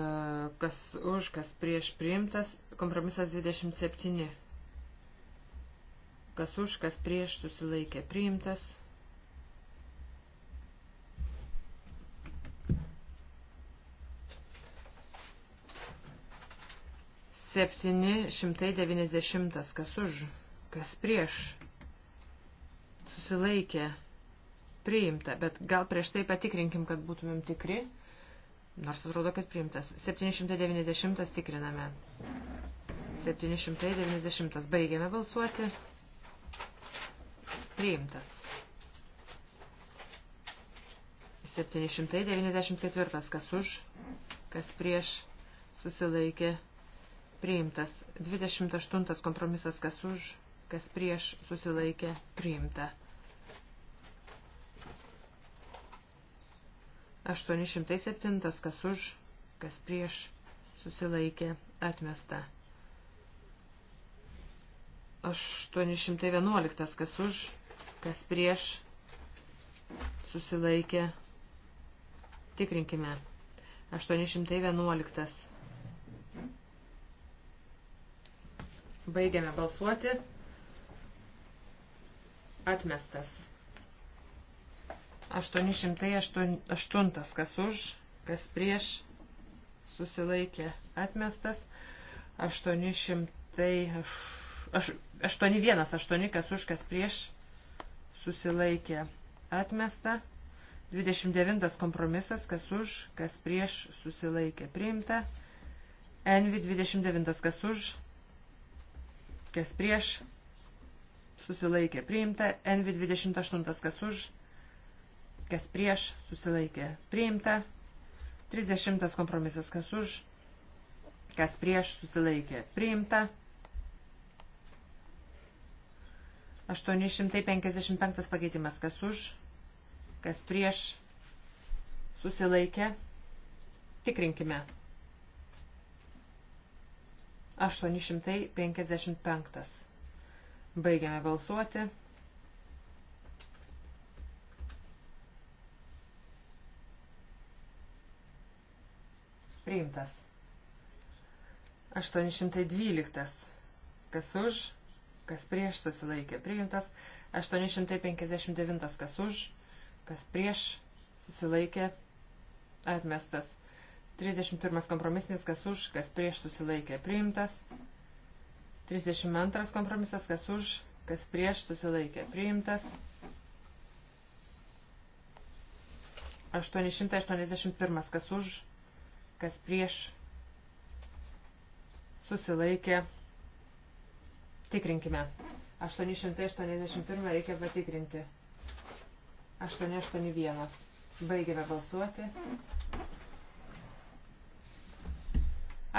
kas už, kas prieš priimtas. Kompromisas 27 kas už, kas prieš susilaikė priimtas. Septyni šimtai devyniasdešimtas, kas už, kas prieš susilaikė priimta, bet gal prieš tai patikrinkim, kad būtumėm tikri, nors atrodo, kad priimtas. 790 tikriname. 790 baigiame balsuoti priimtas. 794, kas už, kas prieš, susilaikė, priimtas. 28 kompromisas, kas už, kas prieš, susilaikė, priimta. 807, kas už, kas prieš, susilaikė, atmesta. 811, kas už, kas prieš susilaikė. Tikrinkime. 811. Baigiame balsuoti. Atmestas. 808. Kas už, kas prieš susilaikė. Atmestas. 800. 8, 1, 8, kas už, kas prieš susilaikė atmesta. 29 kompromisas, kas už, kas prieš susilaikė priimta. Envi 29 kas už, kas prieš susilaikė priimta. Envi 28 kas už, kas prieš susilaikė priimta. 30 kompromisas kas už, kas prieš susilaikė priimta. 855 pakeitimas. Kas už, kas prieš, susilaikė. Tikrinkime. 855. Baigiame balsuoti. Priimtas. 812. Kas už? kas prieš susilaikė priimtas, 859 kas už, kas prieš susilaikė atmestas, 31 kompromisinis kas už, kas prieš susilaikė priimtas, 32 kompromisas kas už, kas prieš susilaikė priimtas, 881 kas už, kas prieš susilaikė priimtas Tikrinkime. 881 reikia patikrinti. 881. Baigėme balsuoti.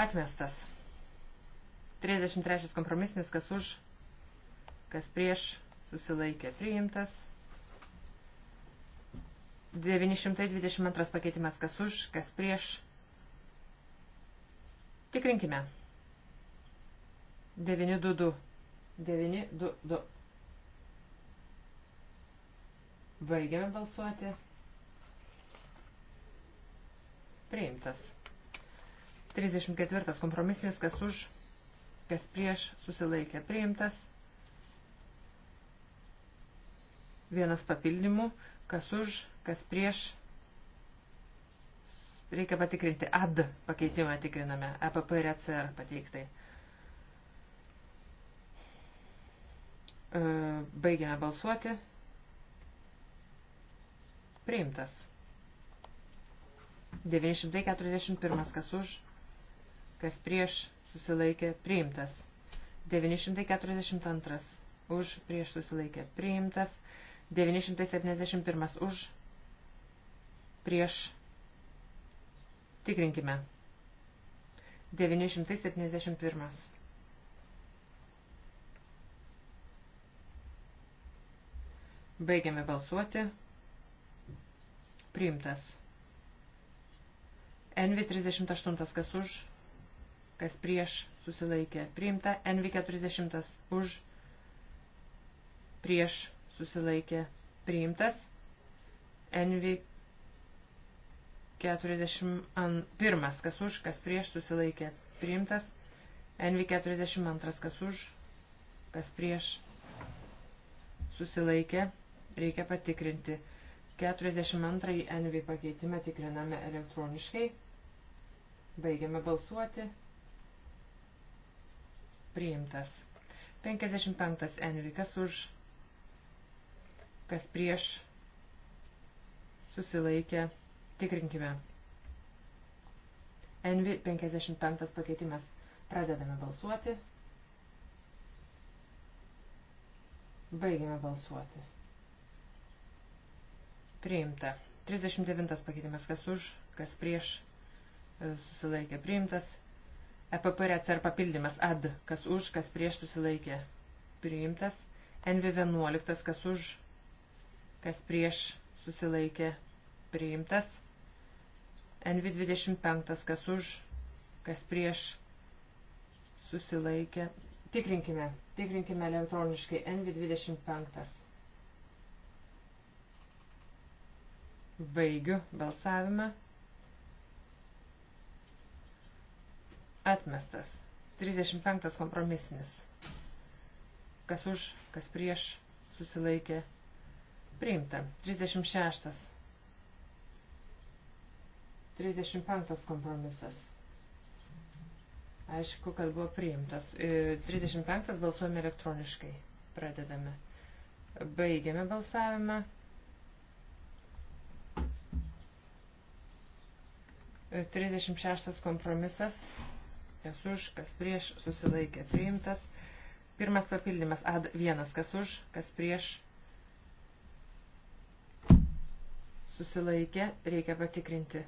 Atmestas. 33 kompromisinis, kas už, kas prieš, susilaikė priimtas. 922 pakeitimas, kas už, kas prieš. Tikrinkime. 922. 922. Baigiame balsuoti. Priimtas. 34 kompromisinis, kas už, kas prieš susilaikė. Priimtas. Vienas papildymų, kas už, kas prieš. Reikia patikrinti. AD pakeitimą tikriname. EPP ir ECR pateiktai. E, baigiame balsuoti. Priimtas. 941 kas už, kas prieš susilaikė, priimtas. 942 už, prieš susilaikė, priimtas. 971 už, prieš. Tikrinkime. 971. Baigiame balsuoti. Priimtas. NV38 kas už, kas prieš susilaikė. Priimta. NV40 už, prieš susilaikė. Priimtas. NV41 kas už, kas prieš susilaikė. Priimtas. NV42 kas už, kas prieš susilaikė. Reikia patikrinti. 42 NV pakeitimą tikriname elektroniškai. Baigiame balsuoti. Priimtas. 55 NV. Kas už? Kas prieš? Susilaikė. Tikrinkime. NV 55 pakeitimas. Pradedame balsuoti. Baigiame balsuoti priimta. 39 pakeitimas, kas už, kas prieš, e, susilaikė priimtas. EPP recer papildymas ad, kas už, kas prieš susilaikė priimtas. NV11, kas už, kas prieš susilaikė priimtas. NV25, kas už, kas prieš susilaikė. Tikrinkime, tikrinkime elektroniškai NV25. Baigiu balsavimą. Atmestas. 35 kompromisinis. Kas už, kas prieš susilaikė. Priimta. 36. 35 kompromisas. Aišku, kad buvo priimtas. 35 e, balsuojame elektroniškai. Pradedame. Baigiame balsavimą. 36 kompromisas, kas už, kas prieš, susilaikė priimtas. Pirmas papildymas A1, kas už, kas prieš, susilaikė, reikia patikrinti.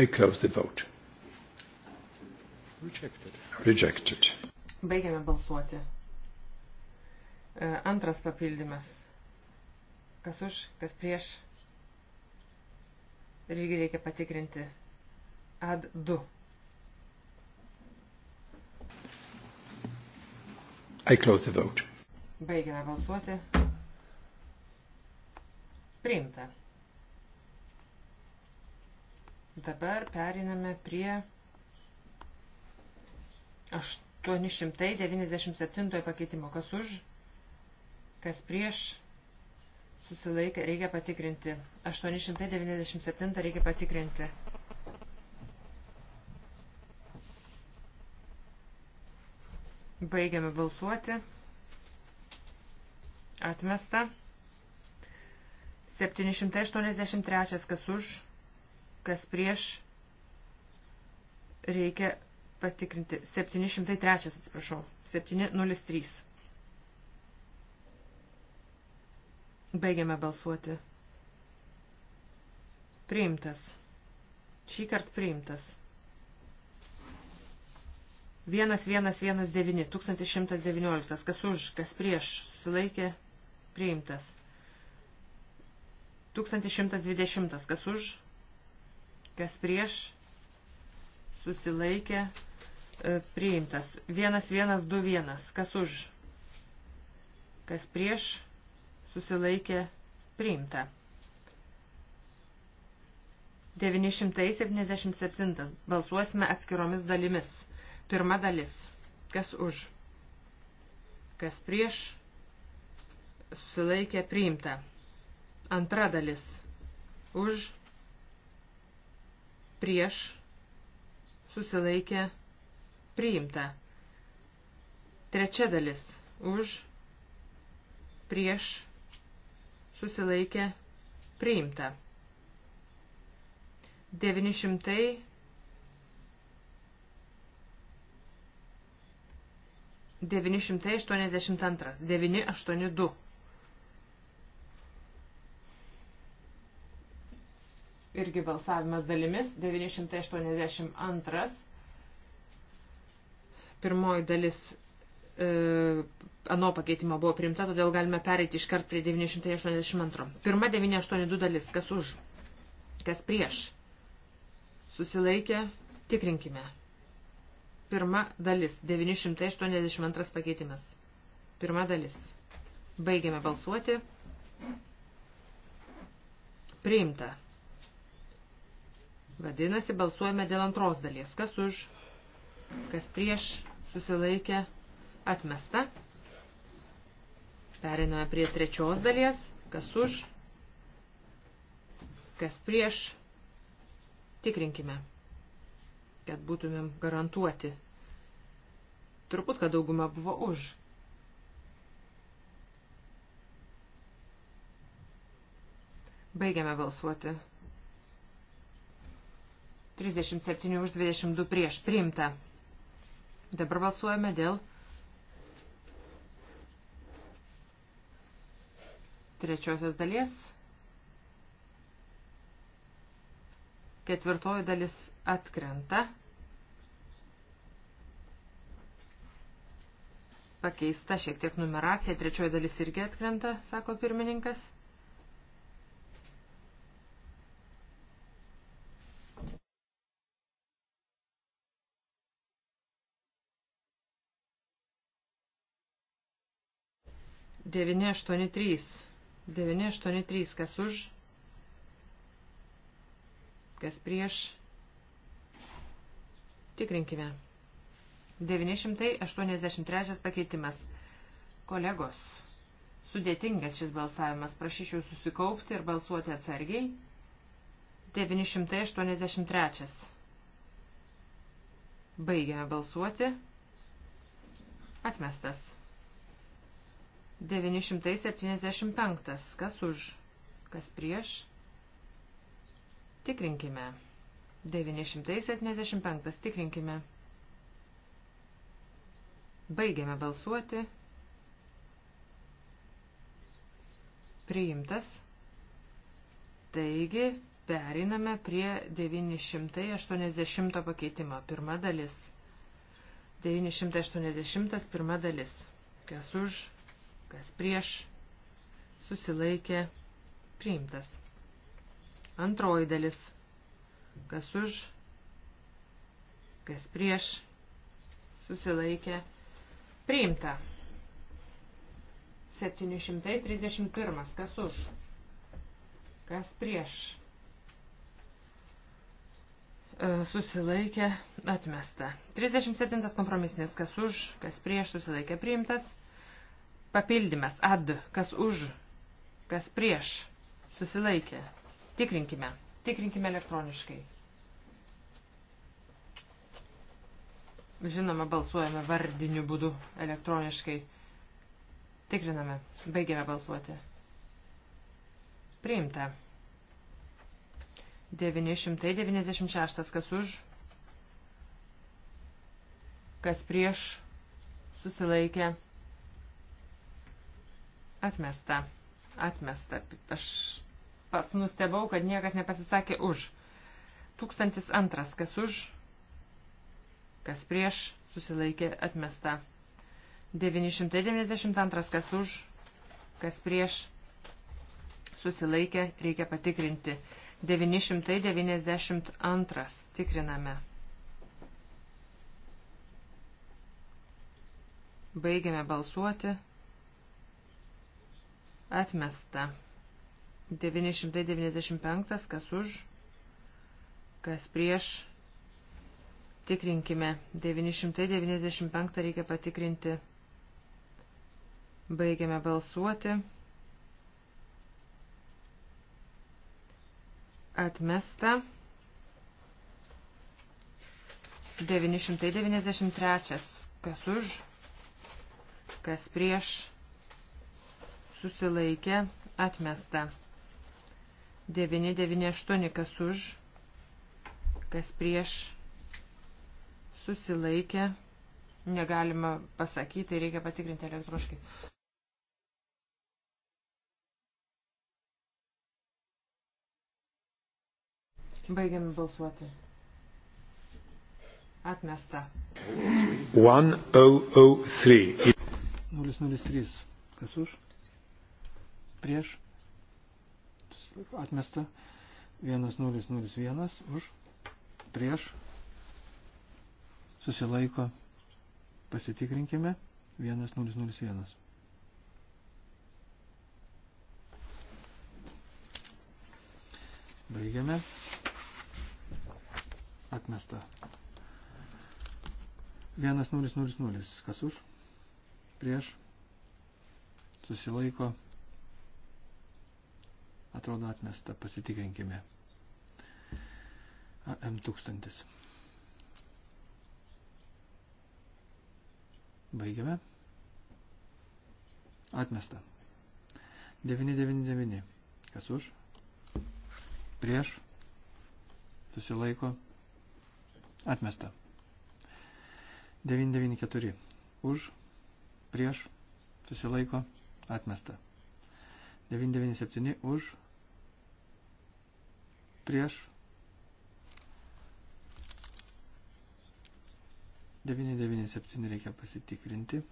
I close the vote. Rejected. Rejected. Baigiame balsuoti. E, antras papildymas. Kas už, kas prieš. Irgi reikia patikrinti. Ad 2. I close the vote. Baigiame balsuoti. Priimta. Dabar periname prie 897 pakeitimo. Kas už, kas prieš susilaikė, reikia patikrinti. 897 reikia patikrinti. Baigiame balsuoti. Atmesta. 783 kas už, kas prieš. Reikia patikrinti. 703 atsiprašau. 703. Baigiame balsuoti. Priimtas. Šį kartą priimtas. 1119, 1119, kas už, kas prieš, susilaikė, priimtas. 1120, kas už, kas prieš, susilaikė, e, priimtas. 1121, kas už, kas prieš, susilaikė priimta. 977. Balsuosime atskiromis dalimis. Pirma dalis. Kas už? Kas prieš? Susilaikė priimta. Antra dalis. Už. Prieš. Susilaikė priimta. Trečia dalis. Už. Prieš susilaikė priimta. 900 982. 982. Irgi balsavimas dalimis. 982. Pirmoji dalis e, ano pakeitimo buvo priimta, todėl galime pereiti iškart prie 982. Pirma 982 dalis. Kas už? Kas prieš? Susilaikė. Tikrinkime. Pirma dalis. 982 pakeitimas. Pirma dalis. Baigiame balsuoti. Priimta. Vadinasi, balsuojame dėl antros dalies. Kas už? Kas prieš? Susilaikė. Atmesta. Periname prie trečios dalies. Kas už, kas prieš. Tikrinkime, kad būtumėm garantuoti. Turbūt, kad dauguma buvo už. Baigiame balsuoti. 37 už 22 prieš. Priimta. Dabar balsuojame dėl trečiosios dalies. Ketvirtoji dalis atkrenta. Pakeista šiek tiek numeracija, trečioji dalis irgi atkrenta, sako pirmininkas. Devyni aštuoni trys. 983, kas už, kas prieš. Tikrinkime. 983 pakeitimas. Kolegos, sudėtingas šis balsavimas, prašyčiau susikaupti ir balsuoti atsargiai. 983. Baigiame balsuoti. Atmestas. 975. Kas už? Kas prieš? Tikrinkime. 975. Tikrinkime. Baigiame balsuoti. Priimtas. Taigi, periname prie 980 pakeitimo. Pirma dalis. 980 pirma dalis. Kas už, kas prieš, susilaikė, priimtas. Antroji dalis, kas už, kas prieš, susilaikė, priimta. 731, kas už, kas prieš, e, susilaikė, atmesta. 37 kompromisinis, kas už, kas prieš, susilaikė, priimtas. Papildymas ad, kas už, kas prieš, susilaikė. Tikrinkime, tikrinkime elektroniškai. Žinoma, balsuojame vardiniu būdu elektroniškai. Tikriname, baigėme balsuoti. Priimta. 996 kas už, kas prieš susilaikė. Atmesta. Atmesta. Aš pats nustebau, kad niekas nepasisakė už. Tūkstantis antras. Kas už? Kas prieš? Susilaikė. Atmesta. 992. Kas už? Kas prieš? Susilaikė. Reikia patikrinti. 992. Tikriname. Baigiame balsuoti. Atmesta. 995, kas už, kas prieš. Tikrinkime. 995 reikia patikrinti. Baigiame balsuoti. Atmesta. 993. Kas už, kas prieš susilaikė, atmesta. 998 kas už, kas prieš, susilaikė, negalima pasakyti, reikia patikrinti elektroškai. Baigiam balsuoti. Atmesta. 103. 003. Kas už? prieš atmesta 1001 už prieš susilaiko pasitikrinkime 1001 baigiame atmesta 1000 kas už prieš susilaiko Atrodo atmesta, pasitikrinkime. AM1000. Baigiame. Atmesta. 999. Kas už? Prieš. Susilaiko. Atmesta. 994. Už. Prieš. Susilaiko. Atmesta. 997 už, prieš, 997 reikia pasitikrinti.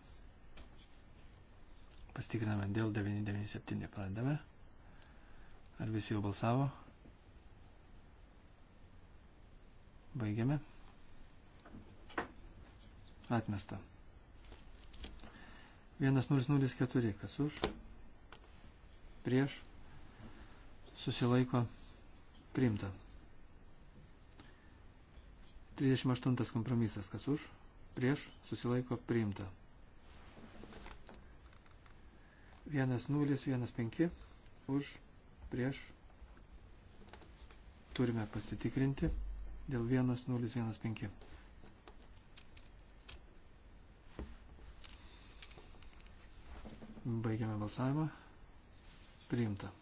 Pasitikriname dėl 997, pradedame. Ar visi jau balsavo? Baigiame. Atmesta. 1004, kas už? prieš, susilaiko, priimta. 38 kompromisas, kas už, prieš, susilaiko, priimta. 1015 už, prieš, turime pasitikrinti dėl 1015. Baigiame balsavimą priimta.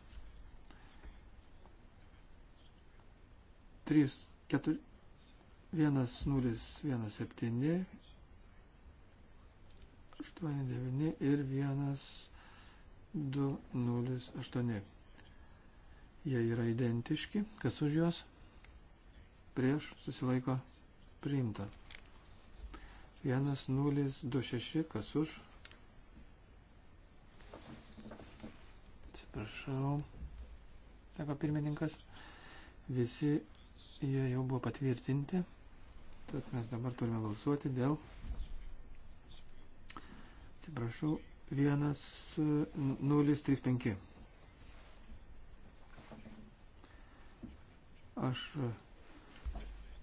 3, 4, 1, 0, 1, 7, 8, 9 ir 1, 2, 0, 8. Jie yra identiški. Kas už juos? Prieš susilaiko priimta. 1, 0, 2, 6. Kas už? atsiprašau, sako pirmininkas, visi jie jau buvo patvirtinti, tad mes dabar turime balsuoti dėl, atsiprašau, 1035. Aš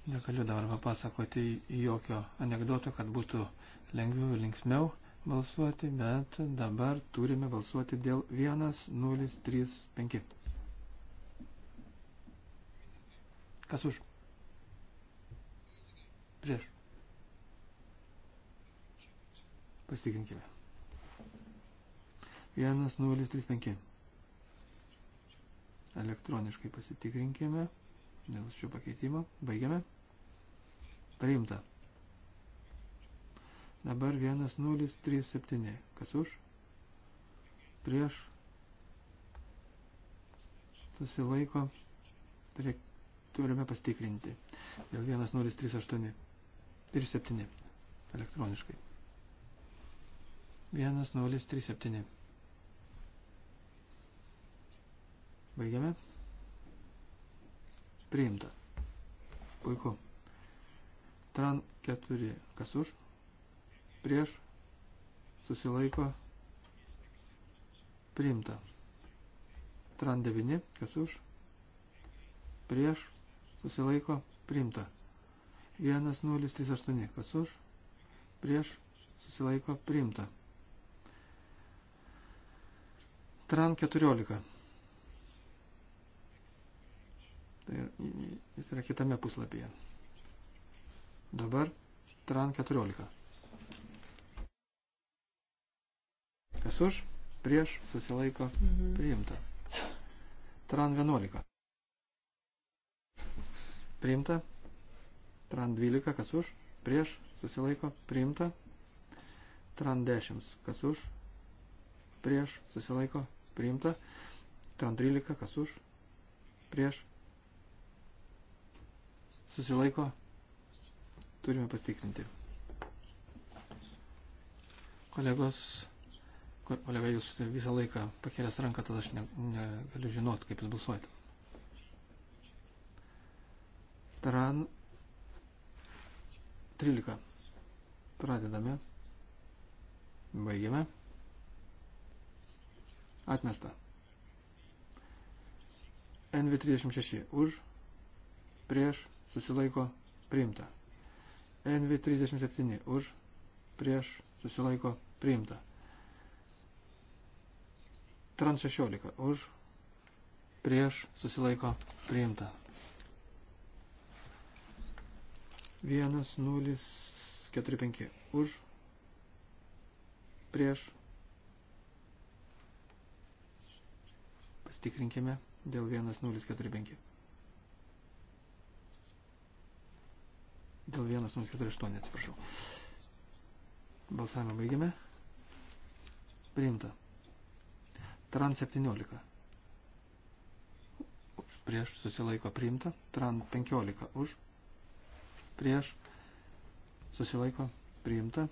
negaliu dabar papasakoti jokio anegdoto, kad būtų lengviau ir linksmiau balsuoti, bet dabar turime balsuoti dėl 1035. Kas už? Prieš. Pasitikrinkime. 1035. Elektroniškai pasitikrinkime dėl šio pakeitimo. Baigiame. Priimta. Dabar 1037. Kas už? Prieš. Susilaiko. Turime pastikrinti. Dėl 1038. Ir 7. Elektroniškai. 1037. Baigiame. Priimta. Puiku. Tran 4. Kas už? prieš susilaiko priimta. Tran 9, kas už, prieš susilaiko priimta. 1038, kas už, prieš susilaiko priimta. Tran 14. Tai jis yra kitame puslapyje. Dabar Tran 14. Mhm. Kas už, prieš, susilaiko, priimta. Tran 11. Priimta. Tran 12, kas už, prieš, susilaiko, priimta. Tran 10, kas už, prieš, susilaiko, priimta. Tran 13, kas už, prieš, susilaiko, turime pastikrinti. Kolegos, Kolega, jūs visą laiką pakėlęs ranką, tada aš negaliu ne, žinot, kaip jūs balsuojate. Taran 13. Pradedame. Baigiame. Atmesta. NV36 už, prieš, susilaiko, priimta. NV37 už, prieš, susilaiko, priimta. Trans 16 už, prieš, susilaiko, priimta. 1045 už, prieš. Pasitikrinkime dėl 1045. Dėl 1048, atsiprašau. Balsavimą baigiame. Priimta. Tran 17. Už prieš susilaiko priimta. Tran 15. Už prieš susilaiko priimta.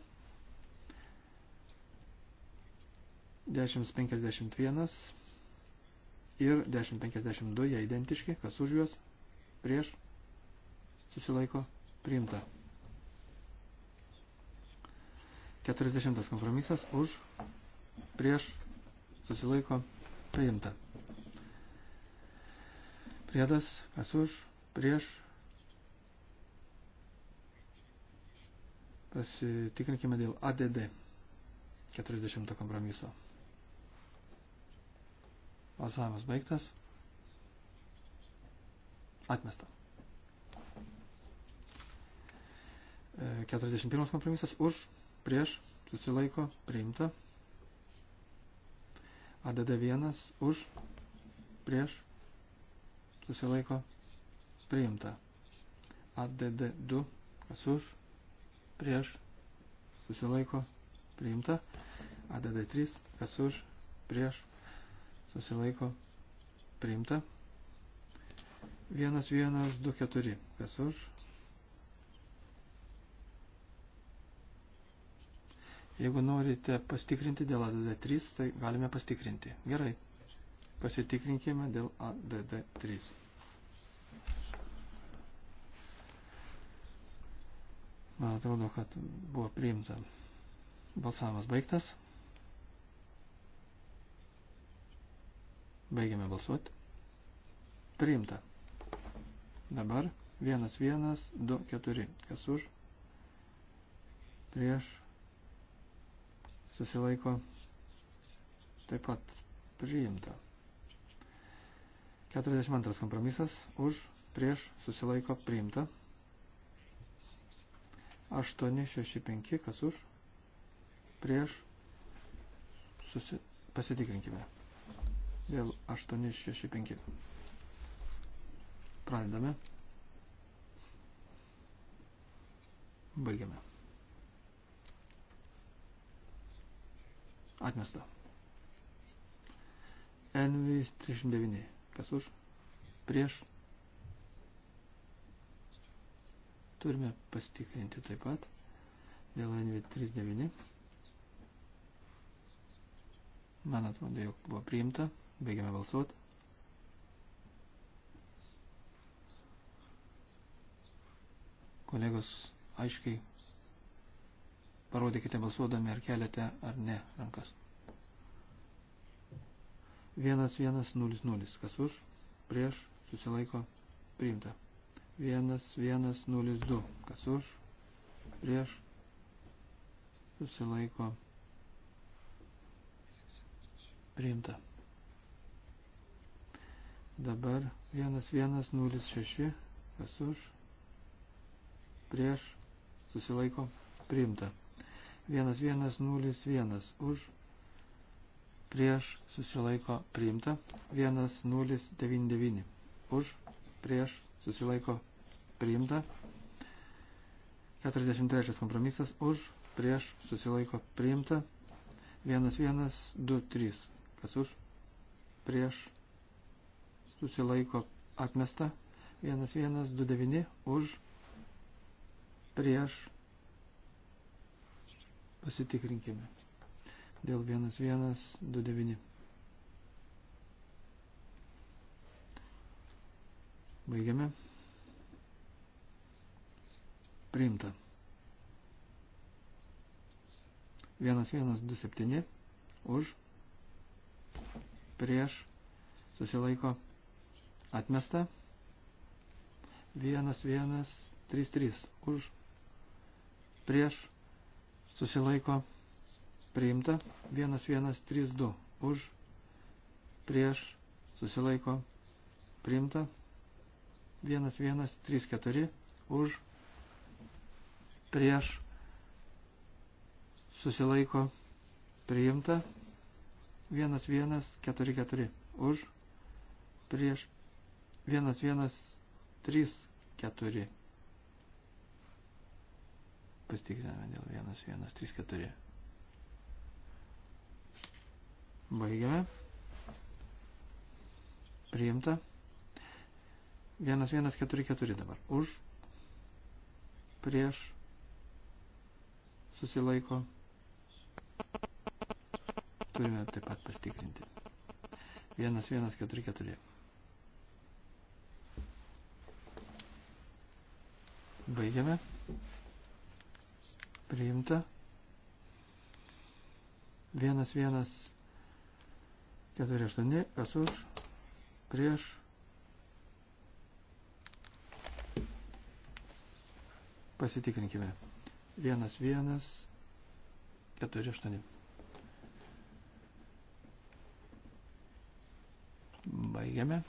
1051 ir 1052 jie identiški, kas už juos, prieš, susilaiko, priimta. 40 kompromisas už, prieš, susilaiko priimta. Priedas, kas už, prieš. Pasitikrinkime dėl ADD 40 kompromiso. Balsavimas baigtas. Atmesta. 41 e, kompromisas už, prieš, susilaiko, priimta. ADD1 už, prieš, susilaiko, priimta. ADD2, kas už, prieš, susilaiko, priimta. ADD3, kas už, prieš, susilaiko, priimta. 1, 1, 2, 4, kas už, Jeigu norite pastikrinti dėl ADD3, tai galime pastikrinti. Gerai. Pasitikrinkime dėl ADD3. Man atrodo, kad buvo priimta. Balsavimas baigtas. Baigiame balsuoti. Priimta. Dabar 1, 1, 2, 4. Kas už? Prieš susilaiko taip pat priimta. 42 kompromisas už, prieš, susilaiko priimta. 865 kas už, prieš, susi... pasitikrinkime. Dėl 865. Pradedame. Baigiame. Atmesta. NV 39. Kas už? Prieš. Turime pasitikrinti taip pat dėl NV 39. Man atrodo, jog buvo priimta. Baigiame balsuoti. Kolegos aiškiai Parodykite balsuodami, ar keliate ar ne rankas. 1100, kas už, prieš, susilaiko, priimta. 1102, kas už, prieš, susilaiko, priimta. Dabar 1106, kas už, prieš, susilaiko, priimta. 1101 už prieš susilaiko priimta 1099 už prieš susilaiko priimta 43 kompromisas už prieš susilaiko priimta 1123 kas už prieš susilaiko atmesta 1129 už prieš Pasitikrinkime. Dėl 1129. Baigiame. Priimta. 1127 už prieš susilaiko atmesta 1133 už prieš susilaiko priimta 1132 už prieš susilaiko priimta 1134 už prieš susilaiko priimta 1144 už prieš 1134 Pastikriname dėl 1, 1, 3, 4. Baigiame. Priimta. 1, 1, 4, 4 dabar. Už. Prieš. Susilaiko. Turime taip pat pastikrinti. 1, 1, 4, 4. Baigiame priimta. 1148, kas už, prieš. Pasitikrinkime. 1148. Baigiame.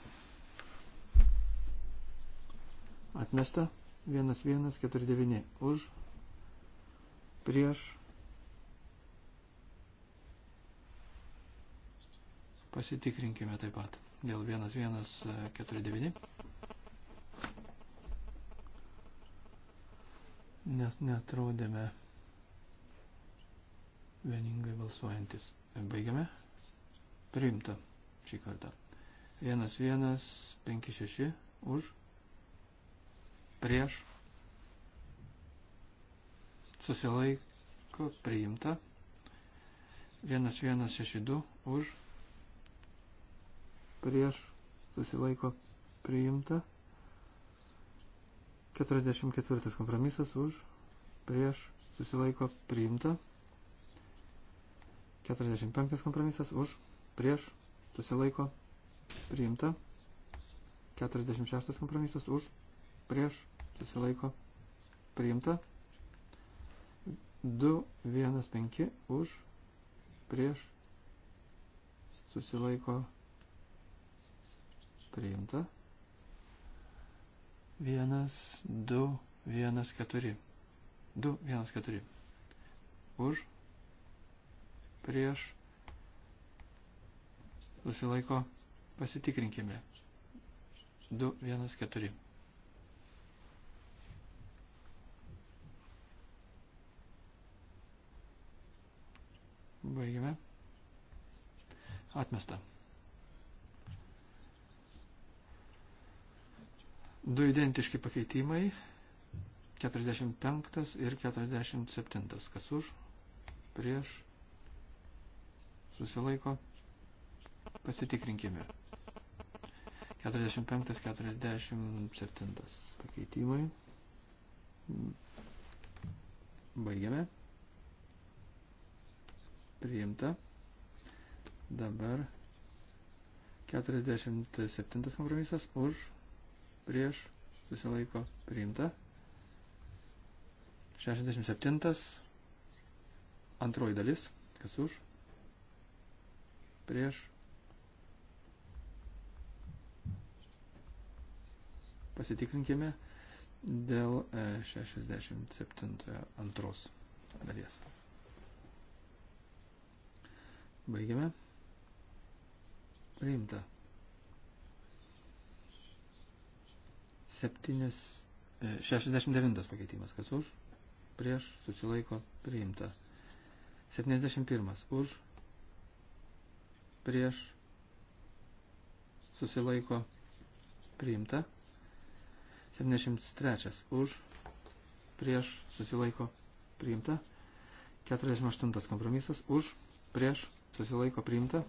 Atmesta 1149 už prieš pasitikrinkime taip pat dėl 1149 e, nes netrodėme vieningai balsuojantis baigiame priimta šį kartą 1156 už prieš susilaiko priimta. 1162 už prieš susilaiko priimta. 44 kompromisas už prieš susilaiko priimta. 45 kompromisas už prieš susilaiko priimta. 46 kompromisas už prieš susilaiko priimta. 2, 1, 5 už, prieš, susilaiko priimta. 1, 2, 1, 4. 2, 1, 4. Už, prieš, susilaiko, pasitikrinkime. 2, 1, 4. Baigime. Atmesta. 2 identiški pakeitimai. 45 ir 47. Kas už? Prieš? Susilaiko? Pasitikrinkime. 45-47 pakeitimai. Baigiame priimta. Dabar 47 kompromisas už, prieš, susilaiko, priimta. 67 antroji dalis, kas už, prieš, pasitikrinkime dėl 67 e, antros dalies. Baigiame. Priimta. 7, 69 e, pakeitimas. Kas už? Prieš susilaiko. Priimta. 71. Už. Prieš susilaiko. Priimta. 73. Už. Prieš susilaiko. Priimta. 48 kompromisas. Už. Prieš susilaiko priimta.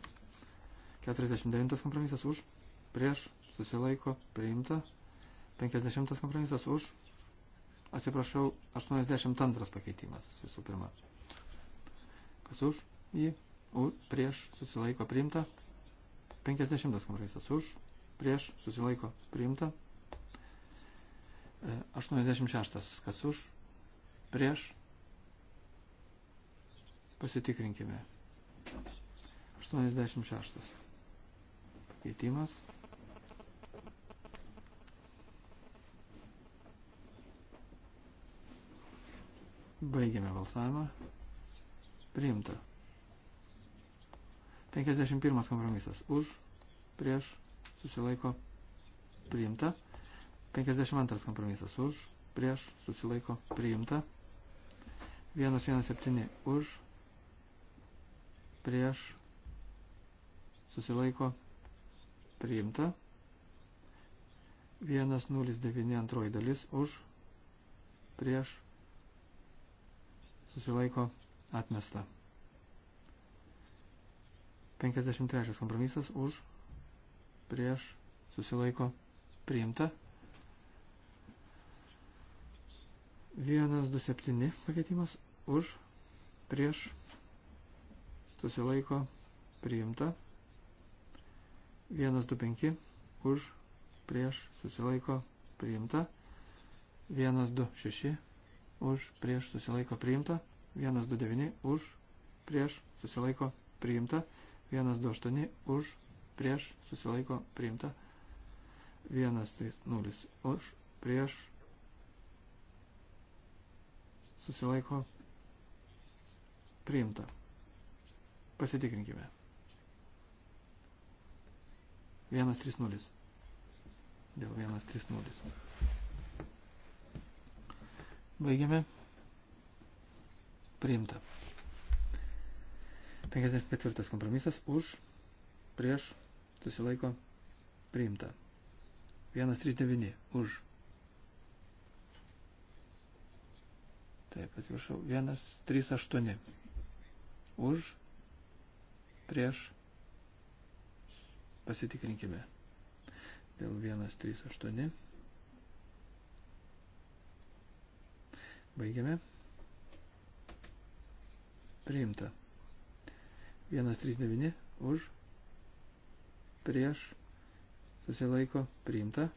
49 kompromisas už, prieš susilaiko priimta. 50 kompromisas už, atsiprašau, 82 pakeitimas visų pirma. Kas už jį? U, prieš susilaiko priimta. 50 kompromisas už, prieš susilaiko priimta. 86 kas už, prieš pasitikrinkime. 86. Pakeitimas. Baigiame balsavimą. Priimta. 51 kompromisas. Už, prieš, susilaiko, priimta. 52 kompromisas. Už, prieš, susilaiko, priimta. 117 už, prieš susilaiko priimta. 109 antroji dalis už prieš susilaiko atmesta. 53 kompromisas už prieš susilaiko priimta. 127 pakeitimas už prieš susilaiko priimta. 125 už prieš susilaiko priimta. 126 už prieš susilaiko priimta. 129 už prieš susilaiko priimta. 128 už prieš susilaiko priimta. 130 už prieš susilaiko priimta. Pasitikrinkime. 1-3-0. Dėl 1-3-0. Baigiame. Priimta. 54 kompromisas už, prieš, susilaiko, priimta. 139 už. Taip, atsiprašau, 138 už, prieš pasitikrinkime. Dėl 138. Baigiame. Priimta. 139 už prieš susilaiko priimta.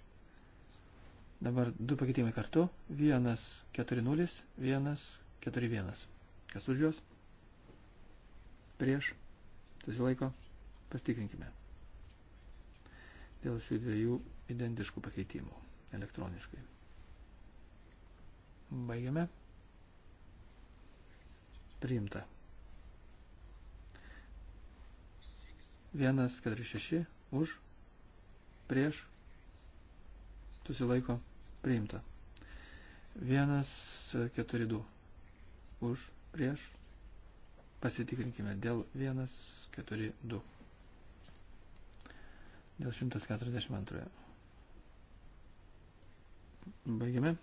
Dabar du pakeitimai kartu. 140, 141. Kas už juos? Prieš susilaiko, pastikrinkime. Dėl šių dviejų identiškų pakeitimų elektroniškai. Baigiame. Priimta. 1,46 už, prieš, susilaiko, priimta. 1,42 už, prieš, Pasitikrinkime dėl 142. Dėl 142. Baigiame.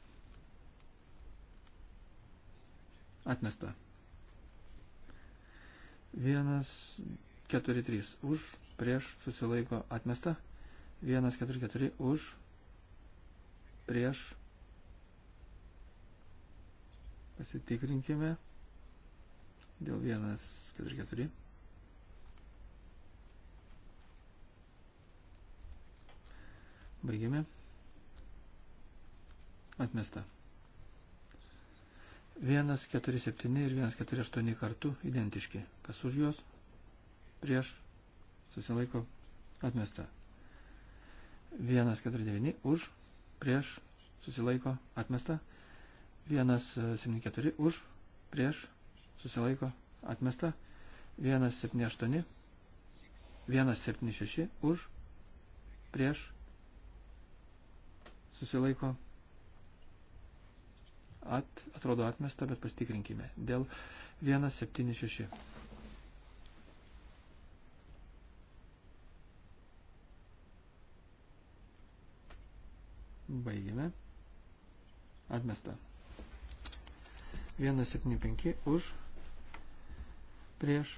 Atmesta. 1, 4, 3 už, prieš, susilaiko, atmesta. 1, 4, 4 už, prieš. Pasitikrinkime. 1, 4, 4 už dėl 144. Baigiame. Atmesta. 147 ir 148 kartų identiški. Kas už juos? Prieš susilaiko atmesta. 149 už, prieš susilaiko atmesta. 174 už, prieš susilaiko atmesta. 178, 176 už, prieš, susilaiko at, atrodo atmesta, bet pastikrinkime. Dėl 176. Baigime. Atmesta. 175 už prieš.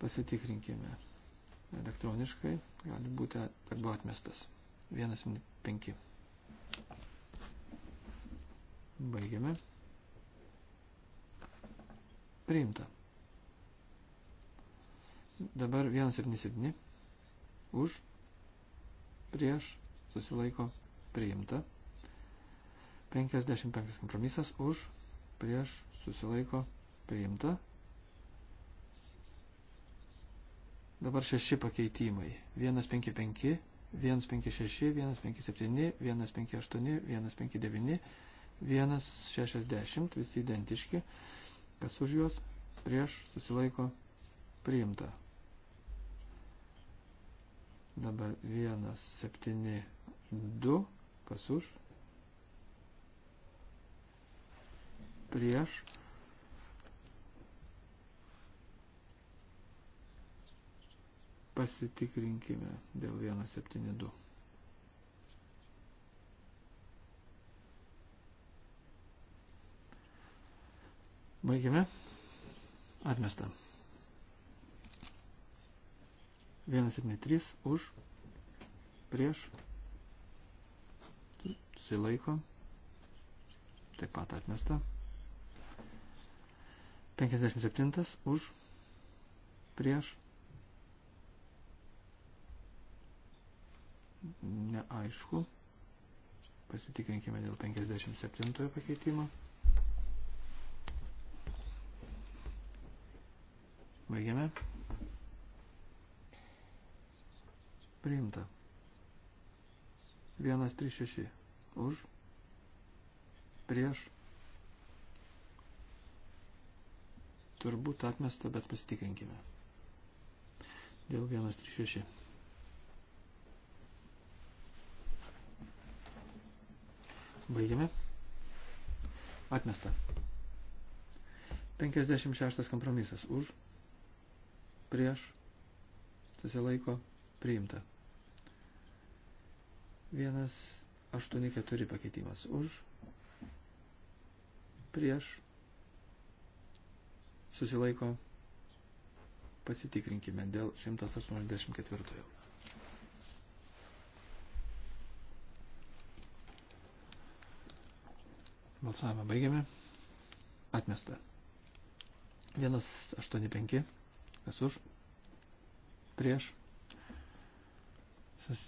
Pasitikrinkime elektroniškai, gali būti, kad buvo atmestas. 1,5. Baigiame. Priimta. Dabar 1,77. Už. Prieš. Susilaiko. Priimta. 55 kompromisas. Už prieš susilaiko priimta. Dabar šeši pakeitimai. 155, 156, 157, 158, 159, 160, visi identiški. Kas už juos prieš susilaiko priimta. Dabar 172, kas už prieš. Pasitikrinkime dėl 172. Baigiame. Atmesta. 173 už, prieš, susilaiko, taip pat atmesta. 57 už prieš neaišku pasitikrinkime dėl 57 pakeitimo baigiame priimta 136 už prieš turbūt atmesta, bet pasitikrinkime. Dėl 136. Baigiame. Atmesta. 56 kompromisas. Už, prieš, susilaiko, priimta. 184 pakeitimas. Už, prieš, susilaiko. Pasitikrinkime dėl 184. Balsavimą baigiame. Atmesta. 185. Kas už? Prieš. Sus...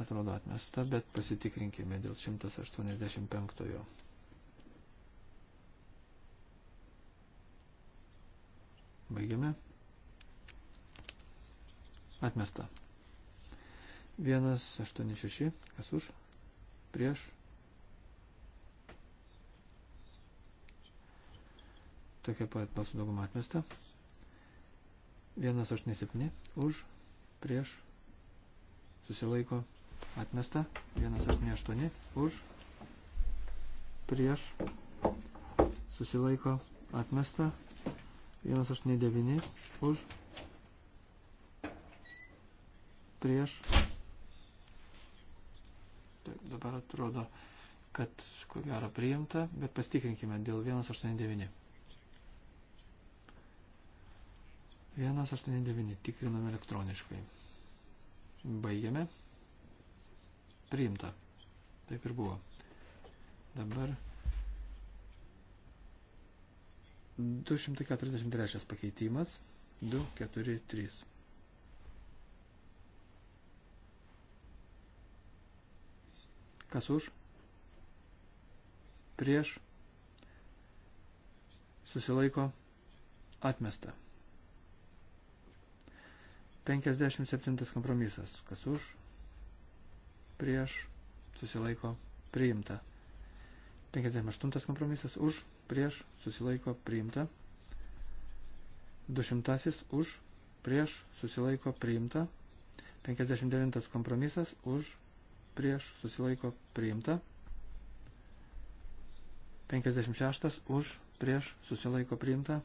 Atrodo atmesta, bet pasitikrinkime dėl 185. Baigiame. Atmesta. 186. Kas už? Prieš. Tokia pat balsų dauguma atmesta. 187. Už. Prieš. Susilaiko. Atmesta. 188. Už. Prieš. Susilaiko. Atmesta. 189 už prieš. Taip, dabar atrodo, kad ko gero priimta, bet pastikrinkime dėl 189. 189 tikriname elektroniškai. Baigiame. Priimta. Taip ir buvo. Dabar 190. 243 pakeitimas. 243. Kas už? Prieš. Susilaiko. Atmesta. 57 kompromisas. Kas už? Prieš. Susilaiko. Priimta. 58 kompromisas. Už prieš susilaiko priimta. Dušimtasis už prieš susilaiko priimta. 59 kompromisas už prieš susilaiko priimta. 56 už prieš susilaiko priimta.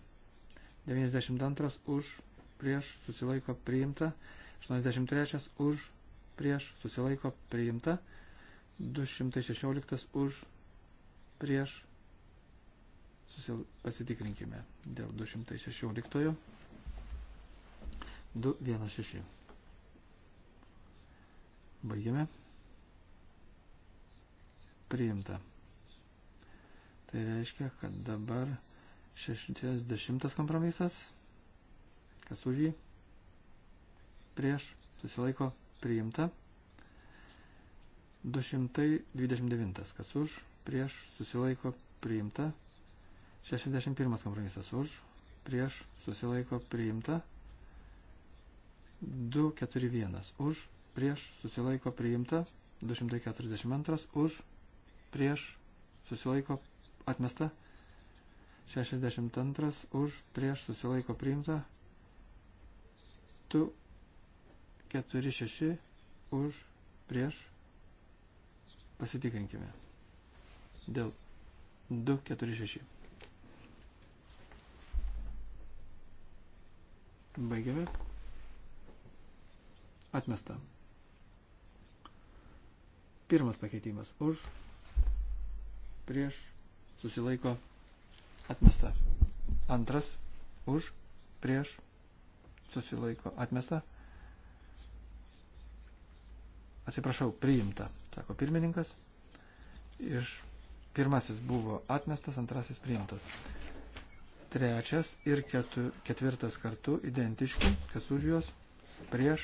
92 už prieš susilaiko priimta. 83 už prieš susilaiko priimta. 216 už prieš Susil... Pasitikrinkime dėl 216. 216. Baigiame. Priimta. Tai reiškia, kad dabar 60 kompromisas. Kas už jį? Prieš. Susilaiko. Priimta. 229. Kas už? Prieš. Susilaiko. Priimta. 61 kompromisas už, prieš, susilaiko, priimta. 241 už, prieš, susilaiko, priimta. 242 už, prieš, susilaiko, atmesta. 62 už, prieš, susilaiko, priimta. 2, 4, 6 už, prieš. Pasitikrinkime. Dėl 2, 4, 6. Baigiame. Atmesta. Pirmas pakeitimas. Už, prieš, susilaiko, atmesta. Antras, už, prieš, susilaiko, atmesta. Atsiprašau, priimta, sako pirmininkas. Iš pirmasis buvo atmestas, antrasis priimtas trečias ir ketu, ketvirtas kartu identiški, kas už juos, prieš,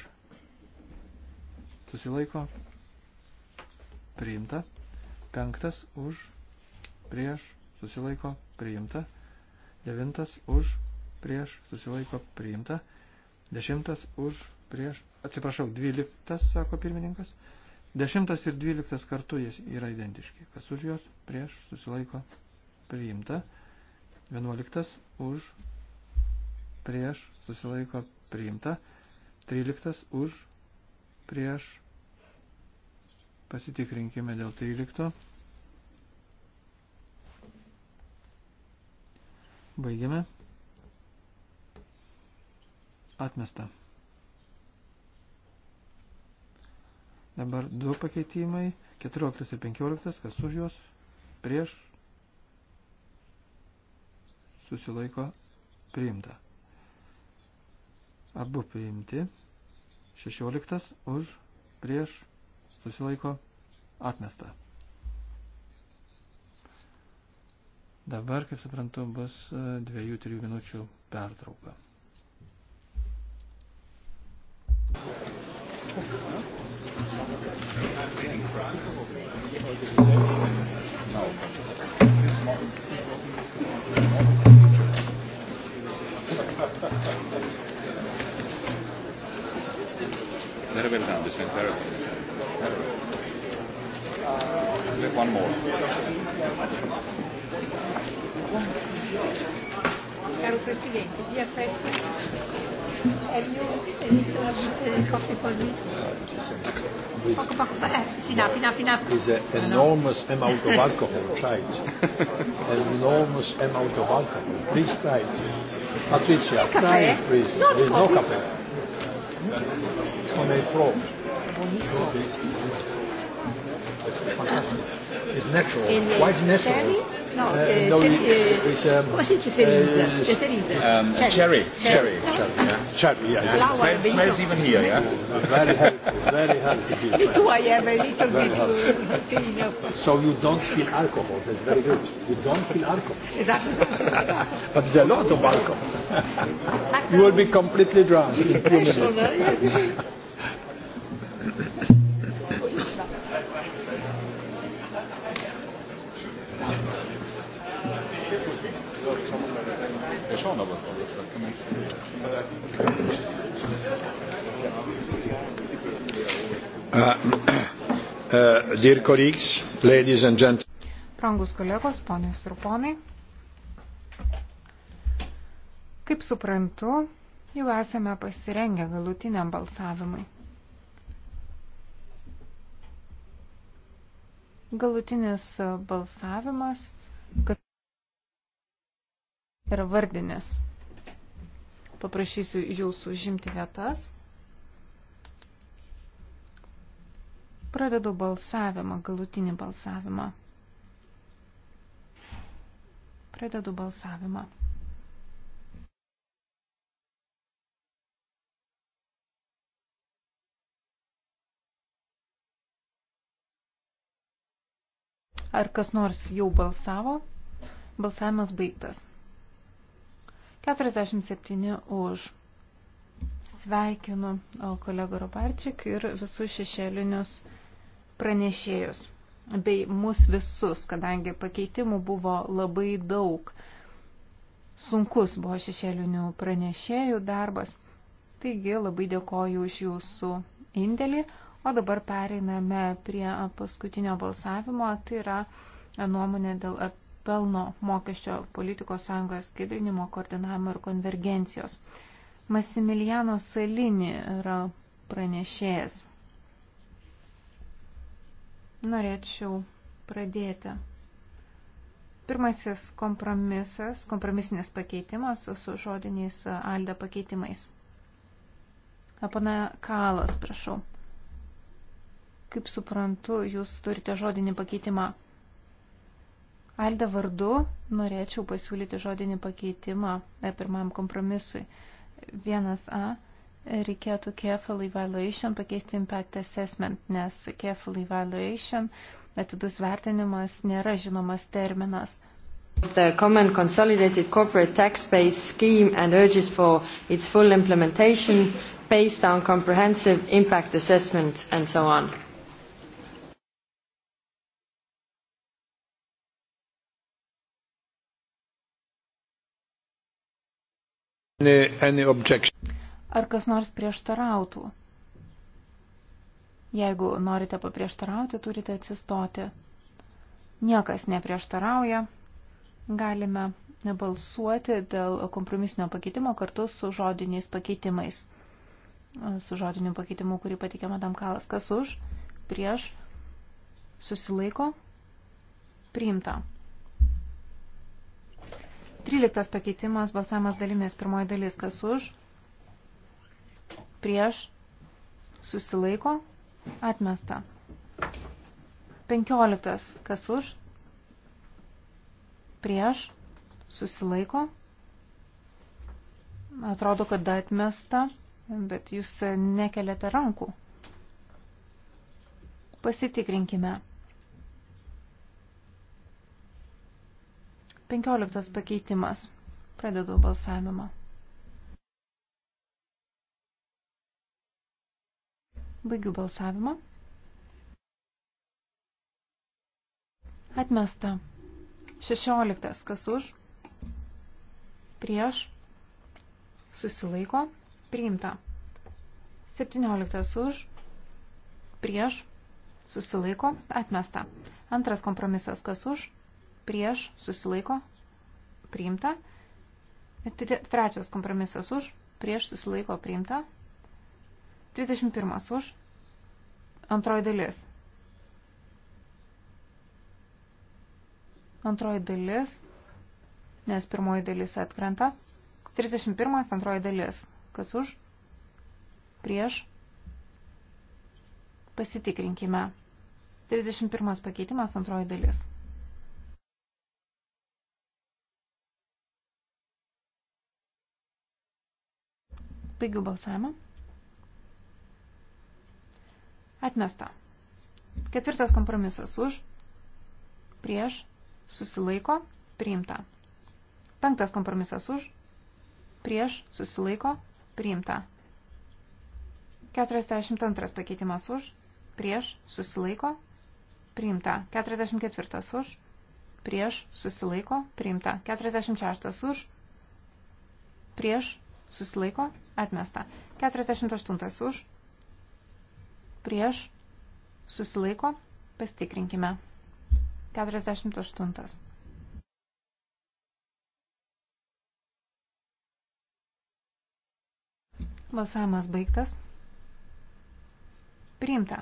susilaiko, priimta, penktas už, prieš, susilaiko, priimta, devintas už, prieš, susilaiko, priimta, dešimtas už, prieš, atsiprašau, dvyliktas, sako pirmininkas, dešimtas ir dvyliktas kartu jis yra identiški, kas už juos, prieš, susilaiko, priimta, priimta, 11 už, prieš, susilaiko priimta. 13 už, prieš, pasitikrinkime dėl 13. Baigiame. Atmesta. Dabar du pakeitimai. 14 ir 15, kas už juos, prieš, susilaiko priimta. Abu priimti. 16 už prieš susilaiko atmesta. Dabar, kaip suprantu, bus e, dviejų, trijų minučių pertrauka. No. Very well done. It's been terrible. terrible. We have one more. Caro Presidente, via Festa, have you a little bit of coffee for me? Poco, poco, eh, it's enough, enough, enough. With an enormous amount of alcohol, try it. an enormous amount of alcohol. Please try it. Patricia, try it, please. Not There's coffee. no cafe. It's on a floor. On his floor. It's fantastic. It's natural. E In Quite natural. No, uh, eh, no, it's, eh, um, come si dice cerise? Uh, cerise. Eh, um, cherry. Cherry. Cherry. Cherry. Cherry. Yeah. Cherry. Yeah. Flower, it smells, smells even here. Yeah. Very Very hard to hear. That's why I have a little very bit hard. thing of... So you don't feel alcohol. That's very good. You don't feel alcohol. Exactly. [laughs] but there's a lot of alcohol. you will be completely drunk in two minutes. Yes. Someone that I think they show no one for this, but come in. Uh, uh, uh, Prangus kolegos, ponės ir ponai, kaip suprantu, jau esame pasirengę galutiniam balsavimui. Galutinis balsavimas yra vardinis. Paprašysiu jūsų žimti vietas. Pradedu balsavimą, galutinį balsavimą. Pradedu balsavimą. Ar kas nors jau balsavo? Balsavimas baigtas. 47 už. Sveikinu kolegą Robarčik ir visus šešėlinius pranešėjus bei mus visus, kadangi pakeitimų buvo labai daug. Sunkus buvo šešėlinių pranešėjų darbas, taigi labai dėkoju už jūsų indėlį, o dabar pereiname prie paskutinio balsavimo, tai yra nuomonė dėl pelno mokesčio politikos sąjungoje skaidrinimo, koordinavimo ir konvergencijos. Masimiliano Salini yra pranešėjas. Norėčiau pradėti. Pirmasis kompromisas, kompromisinės pakeitimas su žodiniais Alde pakeitimais. Pana Kalas, prašau. Kaip suprantu, jūs turite žodinį pakeitimą. Alde vardu norėčiau pasiūlyti žodinį pakeitimą e, pirmam kompromisui. 1A reikėtų careful evaluation pakeisti impact assessment, nes careful evaluation, atidus vertinimas, nėra žinomas terminas. The common consolidated corporate tax base scheme and urges for its full implementation based on comprehensive impact assessment and so on. Any, any objection? ar kas nors prieštarautų. Jeigu norite paprieštarauti, turite atsistoti. Niekas neprieštarauja. Galime balsuoti dėl kompromisinio pakeitimo kartu su žodiniais pakeitimais. Su žodiniu pakeitimu, kurį patikė Madam Kalas. Kas už? Prieš? Susilaiko? Priimta. 13 pakeitimas, balsavimas dalimis, pirmoji dalis. Kas už? prieš, susilaiko, atmesta. 15. Kas už, prieš, susilaiko, atrodo, kad atmesta, bet jūs nekeliate rankų. Pasitikrinkime. 15 pakeitimas. Pradedu balsavimą. Baigiu balsavimą. Atmesta. 16. Kas už? Prieš. Susilaiko. Priimta. 17. Už. Prieš. Susilaiko. Atmesta. Antras kompromisas. Kas už? Prieš. Susilaiko. Priimta. Trečias kompromisas už. Prieš. Susilaiko. Priimta. 31 už. Antroji dalis. Antroji dalis, nes pirmoji dalis atkrenta. 31 antroji dalis. Kas už? Prieš. Pasitikrinkime. 31 pakeitimas antroji dalis. Baigiu balsavimą. Atmesta. Ketvirtas kompromisas už, prieš, susilaiko, priimta. Penktas kompromisas už, prieš, susilaiko, priimta. 42 pakeitimas už, prieš, susilaiko, priimta. 44 už, prieš, susilaiko, priimta. 46 už, prieš, susilaiko, atmesta. 48 už, prieš, susilaiko, pastikrinkime. 48. Balsavimas baigtas. Priimta.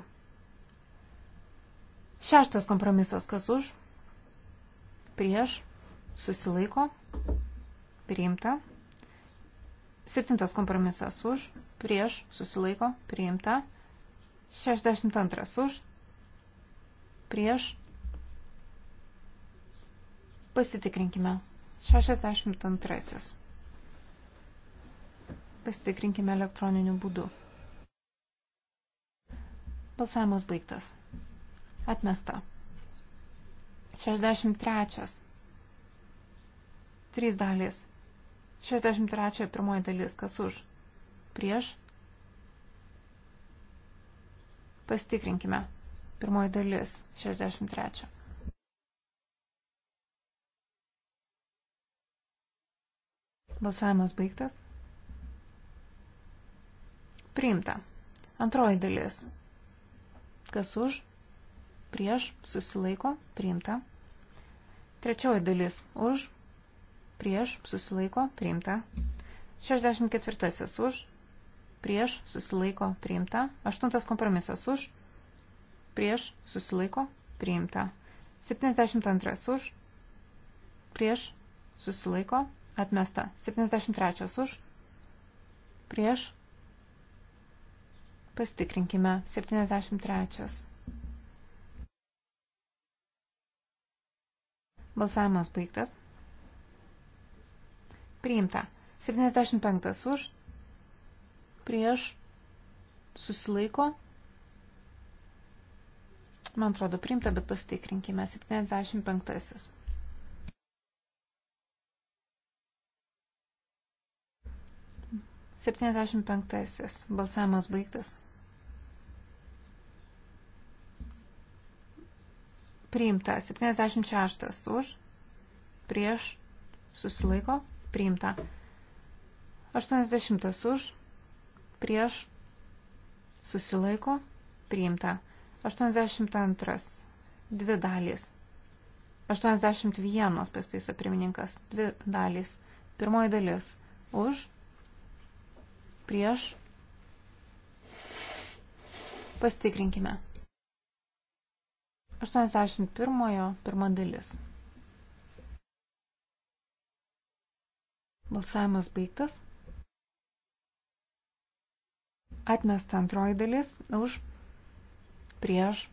Šeštas kompromisas kas už? Prieš. Susilaiko. Priimta. Septintas kompromisas už. Prieš. Susilaiko. Priimta. 62 už, prieš, pasitikrinkime, 62. Pasitikrinkime elektroniniu būdu. Balsavimas baigtas. Atmesta. 63. Trys dalys. 63. Pirmoji dalis. Kas už? Prieš. Pastikrinkime. Pirmoji dalis 63. Balsavimas baigtas. Priimta. Antroji dalis. Kas už? Prieš susilaiko. Priimta. Trečioji dalis. Už. Prieš susilaiko. Priimta. 64. Už prieš susilaiko priimta. Aštuntas kompromisas už, prieš susilaiko priimta. 72 už, prieš susilaiko atmesta. 73 už, prieš pasitikrinkime 73. Balsavimas baigtas. Priimta. 75 už, prieš, susilaiko. Man atrodo, priimta, bet pasitikrinkime. 75. Septyniasdešimt penktasis. Balsavimas baigtas. Priimta. Septyniasdešimt šeštas. Už. Prieš. Susilaiko. Priimta. Aštuoniasdešimtas. Už prieš susilaiko priimta. 82. Dvi dalys. 81 pastaiso pirmininkas. Dvi dalys. Pirmoji dalis. Už. Prieš. Pastikrinkime. 81. Pirma dalis. Balsavimas baigtas. Atmesta antroji dalis už prieš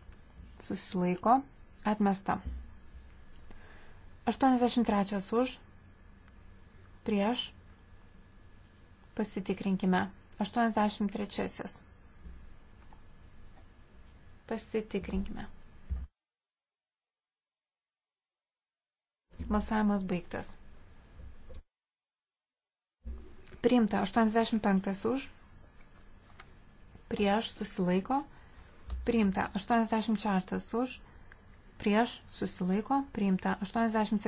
susilaiko atmesta. 83 už prieš pasitikrinkime. 83. Pasitikrinkime. Balsavimas baigtas. Priimta 85 už, prieš susilaiko priimta 86 už, prieš susilaiko priimta 87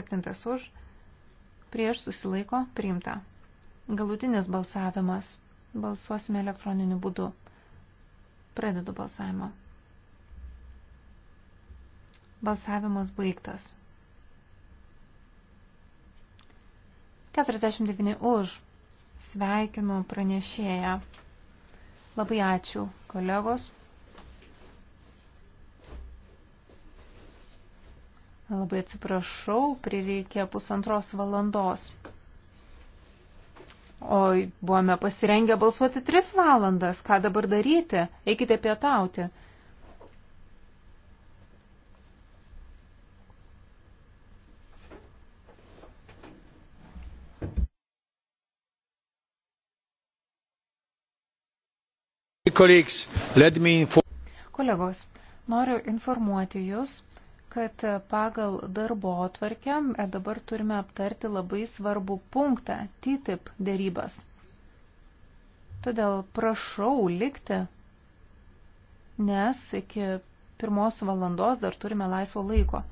už, prieš susilaiko priimta. Galutinis balsavimas. Balsuosime elektroniniu būdu. Pradedu balsavimą. Balsavimas baigtas. 49 už. Sveikinu pranešėją. Labai ačiū, kolegos. Labai atsiprašau, prireikė pusantros valandos. O buvome pasirengę balsuoti tris valandas. Ką dabar daryti? Eikite pietauti. Kolegos, noriu informuoti Jūs, kad pagal darbo atvarkę e, dabar turime aptarti labai svarbų punktą - TTIP dėrybas. Todėl prašau likti, nes iki pirmos valandos dar turime laisvo laiko.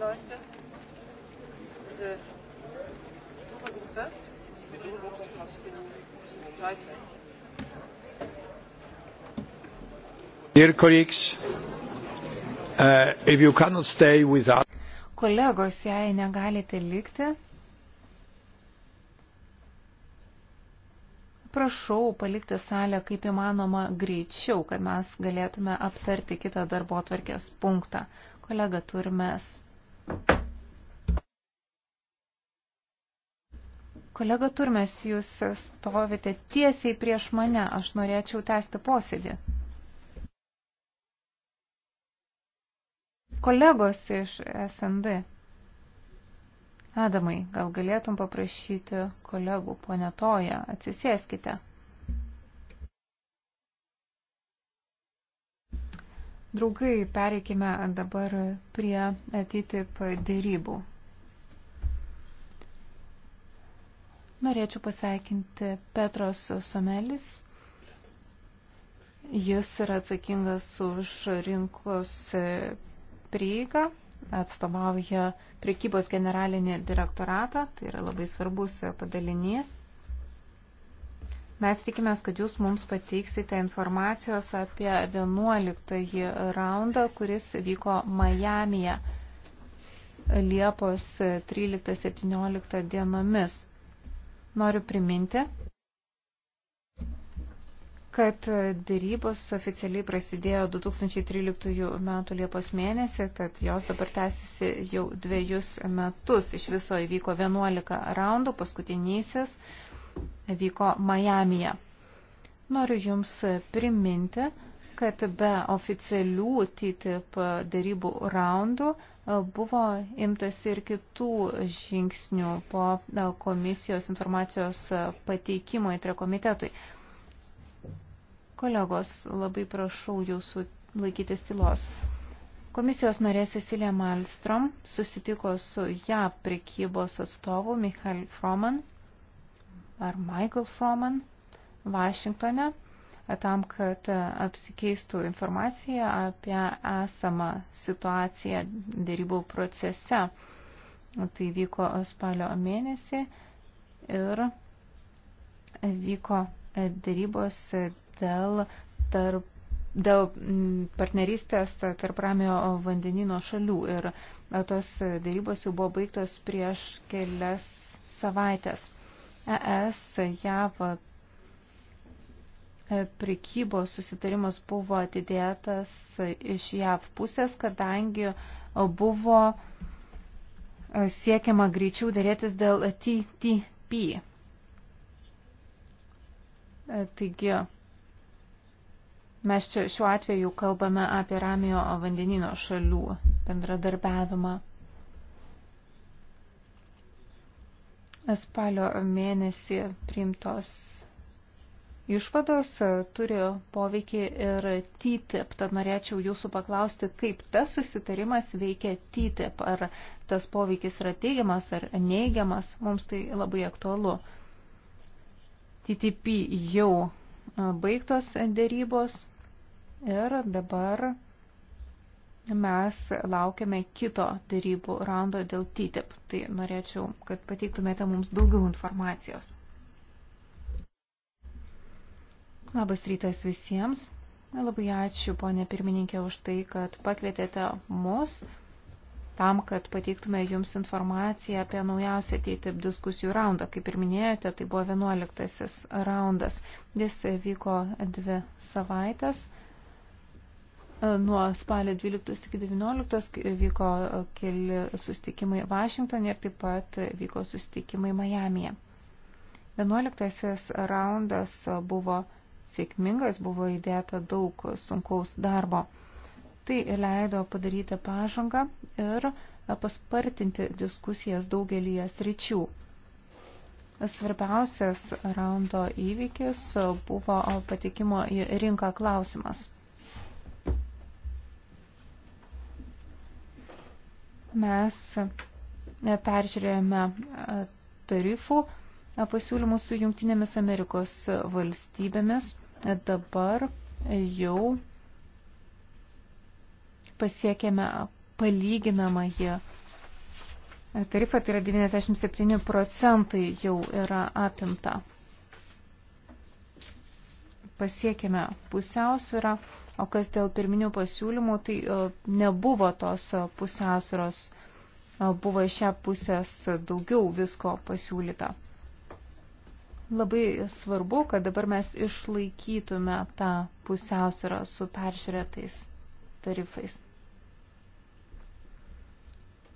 Leute, diese Supergruppe, diese Gruppe hast du Seite. Dear colleagues, uh, if you cannot stay with us, Kolegos, jei negalite likti, prašau palikti salę kaip įmanoma greičiau, kad mes galėtume aptarti kitą darbo tvarkės punktą. Kolega Turmes. Kolega Turmes, jūs stovite tiesiai prieš mane, aš norėčiau tęsti posėdį. Kolegos iš SND. Adamai, gal galėtum paprašyti kolegų, ponė Toja, atsisėskite. Draugai, pereikime dabar prie TTIP dėrybų. Norėčiau pasveikinti Petros Somelis. Jis yra atsakingas už rinkos prieigą, atstovauja prekybos generalinį direktoratą, tai yra labai svarbus padalinys. Mes tikimės, kad jūs mums pateiksite informacijos apie 11 raundą, kuris vyko Majamija Liepos 13-17 dienomis. Noriu priminti, kad dėrybos oficialiai prasidėjo 2013 m. Liepos mėnesį, tad jos dabar tęsiasi jau dviejus metus. Iš viso įvyko 11 raundų, paskutinysis vyko Majamyje. Noriu Jums priminti, kad be oficialių TTIP darybų raundų e, buvo imtas ir kitų žingsnių po e, komisijos informacijos pateikimo į trekomitetui. Kolegos, labai prašau jūsų laikytis tylos. Komisijos narė Cecilija Malstrom susitiko su JAV prekybos atstovu Michael Froman ar Michael Froman Vašingtone tam, kad apsikeistų informaciją apie esamą situaciją dėrybų procese. Tai vyko spalio mėnesį ir vyko dėrybos dėl, tarp, dėl partnerystės tarp Ramio vandenino šalių ir tos dėrybos jau buvo baigtos prieš kelias savaitės. ES JAV e, prikybos susitarimas buvo atidėtas iš JAV pusės, kadangi buvo e, siekiama greičiau dėrėtis dėl TTP. E, taigi, mes čia šiuo atveju kalbame apie Ramio vandenino šalių bendradarbiavimą. Spalio mėnesį priimtos išvados e, turi poveikį ir TTIP. Tad norėčiau jūsų paklausti, kaip tas susitarimas veikia TTIP. Ar tas poveikis yra teigiamas ar neigiamas. Mums tai labai aktualu. TTP jau e, baigtos dėrybos ir dabar mes laukiame kito dėrybų raundo dėl TTIP. Tai norėčiau, kad pateiktumėte mums daugiau informacijos. Labas rytas visiems. Labai ačiū, ponė pirmininkė, už tai, kad pakvietėte mus tam, kad pateiktume jums informaciją apie naujausią TTIP diskusijų raundą. Kaip ir minėjote, tai buvo 11 raundas. Jis vyko dvi savaitės. Nuo spalio 12 iki 19 vyko e, keli sustikimai Vašingtonė ir taip pat vyko sustikimai Majamija. 11 raundas buvo sėkmingas, buvo įdėta daug sunkaus darbo. Tai leido padaryti pažangą ir e, paspartinti diskusijas daugelį sričių. Svarbiausias raundo įvykis buvo patikimo į rinką klausimas. mes e, peržiūrėjome e, tarifų e, pasiūlymus su Junktinėmis Amerikos valstybėmis. Dabar jau pasiekėme palyginamąjį tarifą, tai yra 97 procentai jau yra apimta. Pasiekėme pusiausvyrą O kas dėl pirminių pasiūlymų, tai e, nebuvo tos e, pusiausvėros, e, buvo iš šią pusės daugiau visko pasiūlyta. Labai svarbu, kad dabar mes išlaikytume tą pusiausvėrą su peržiūrėtais tarifais.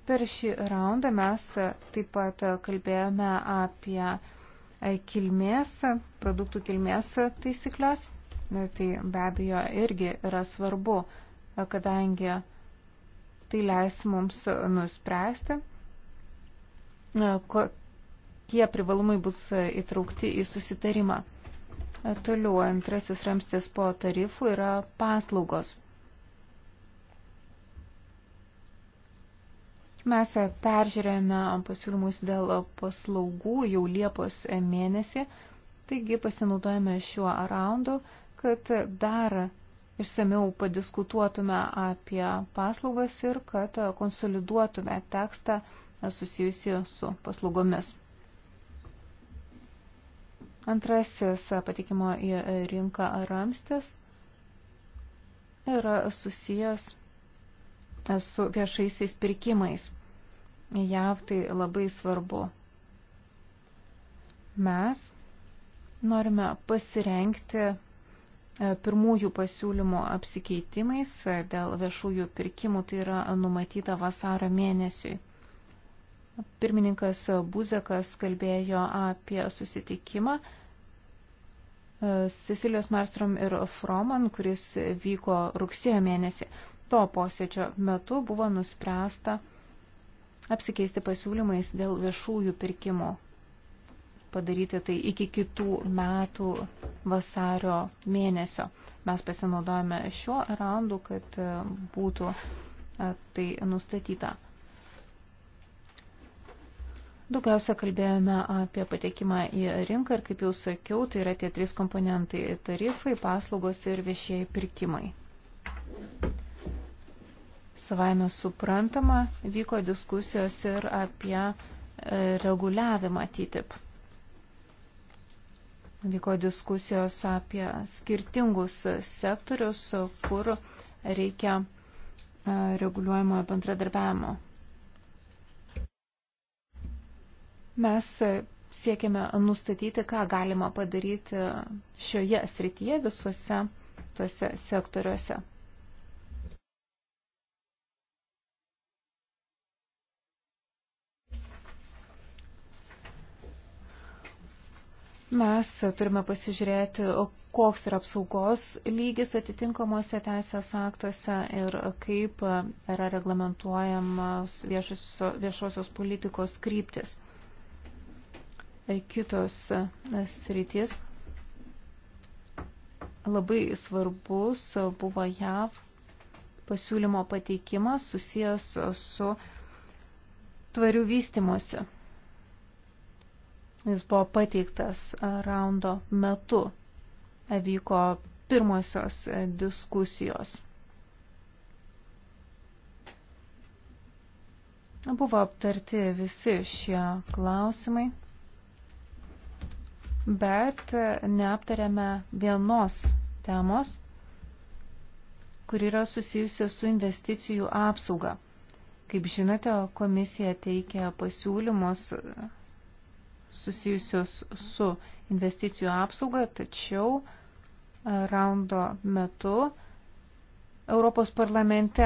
Per šį raundą mes taip pat kalbėjome apie kilmės, produktų kilmės taisyklės tai be abejo irgi yra svarbu, kadangi tai leis mums nuspręsti, e, kokie privalumai bus įtraukti į susitarimą. E, toliau antrasis ramstis po tarifų yra paslaugos. Mes peržiūrėjome pasiūlymus dėl paslaugų jau Liepos mėnesį, taigi pasinaudojame šiuo raundu kad dar išsameu padiskutuotume apie paslaugas ir kad konsoliduotume tekstą susijusi su paslaugomis. Antrasis patikimo į rinką ramstis yra susijęs su viešaisiais pirkimais. JAV tai labai svarbu. Mes norime pasirenkti E, pirmųjų pasiūlymų apsikeitimais e, dėl viešųjų pirkimų, tai yra numatyta vasario mėnesiui. Pirmininkas Buzekas kalbėjo apie susitikimą e, Cecilijos Marstrom ir Froman, kuris vyko rugsėjo mėnesį. To posėdžio metu buvo nuspręsta apsikeisti pasiūlymais dėl viešųjų pirkimų padaryti tai iki kitų metų vasario mėnesio. Mes pasinaudojame šiuo randu, kad e, būtų e, tai nustatyta. Daugiausia kalbėjome apie patekimą į rinką ir, kaip jau sakiau, tai yra tie trys komponentai - tarifai, paslaugos ir viešieji pirkimai. Savaime suprantama, vyko diskusijos ir apie e, reguliavimą TTIP. Vyko diskusijos apie skirtingus sektorius, kur reikia e, reguliuojamojo bendradarbiavimo. Mes siekiame nustatyti, ką galima padaryti šioje srityje visuose tuose sektoriuose. Mes turime pasižiūrėti, koks yra apsaugos lygis atitinkamuose teisės aktuose ir kaip yra reglamentuojamos viešosios politikos kryptis. E, kitos e, sritis labai svarbus buvo JAV pasiūlymo pateikimas susijęs su tvariu vystimosi. Jis buvo pateiktas raundo metu. E, vyko pirmosios e, diskusijos. Buvo aptarti visi šie klausimai, bet e, neaptarėme vienos temos, kur yra susijusi su investicijų apsauga. Kaip žinote, komisija teikia pasiūlymus susijusios su investicijų apsauga, tačiau e, raundo metu Europos parlamente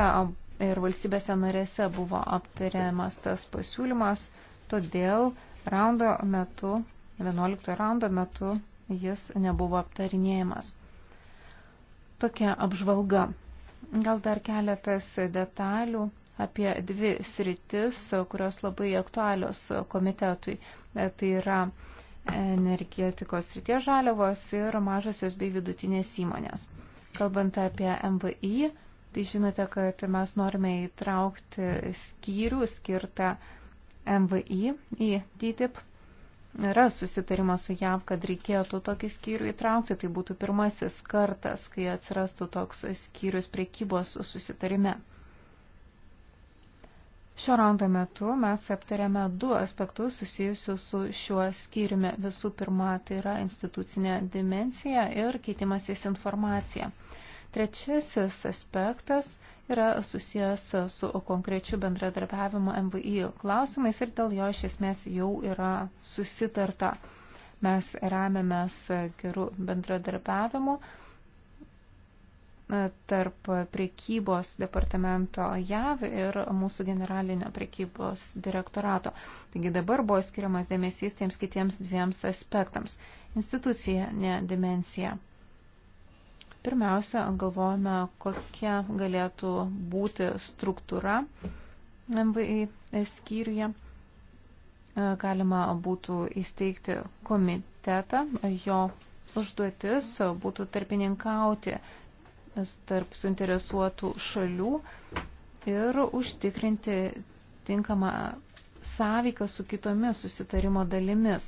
ir valstybėse narėse buvo aptariamas tas pasiūlymas, todėl raundo metu, 11 raundo metu jis nebuvo aptarinėjimas. Tokia apžvalga. Gal dar keletas detalių apie dvi sritis, kurios labai aktualios komitetui. E, tai yra energetikos srities žaliavos ir mažasios bei vidutinės įmonės. Kalbant apie MVI, tai žinote, kad mes norime įtraukti skyrių skirtą MVI į TTIP. Yra susitarimas su JAV, kad reikėtų tokį skyrių įtraukti. Tai būtų pirmasis kartas, kai atsirastų toks skyrius priekybos susitarime. Šio raundo metu mes aptarėme du aspektus susijusius su šiuo skyriumi. Visų pirma, tai yra institucinė dimensija ir keitimasis informacija. Trečiasis aspektas yra susijęs su konkrečiu bendradarbiavimu MVI klausimais ir dėl jo iš esmės jau yra susitarta. Mes remiamės gerų bendradarbiavimu tarp prekybos departamento JAV ir mūsų generalinio prekybos direktorato. Taigi dabar buvo skiriamas dėmesys tiems kitiems dviems aspektams - institucija, ne dimensija. Pirmiausia, galvojame, kokia galėtų būti struktūra MVI skyriuje. Galima būtų įsteigti komitetą, jo užduotis būtų tarpininkauti tarp suinteresuotų šalių ir užtikrinti tinkamą sąveiką su kitomis susitarimo dalimis.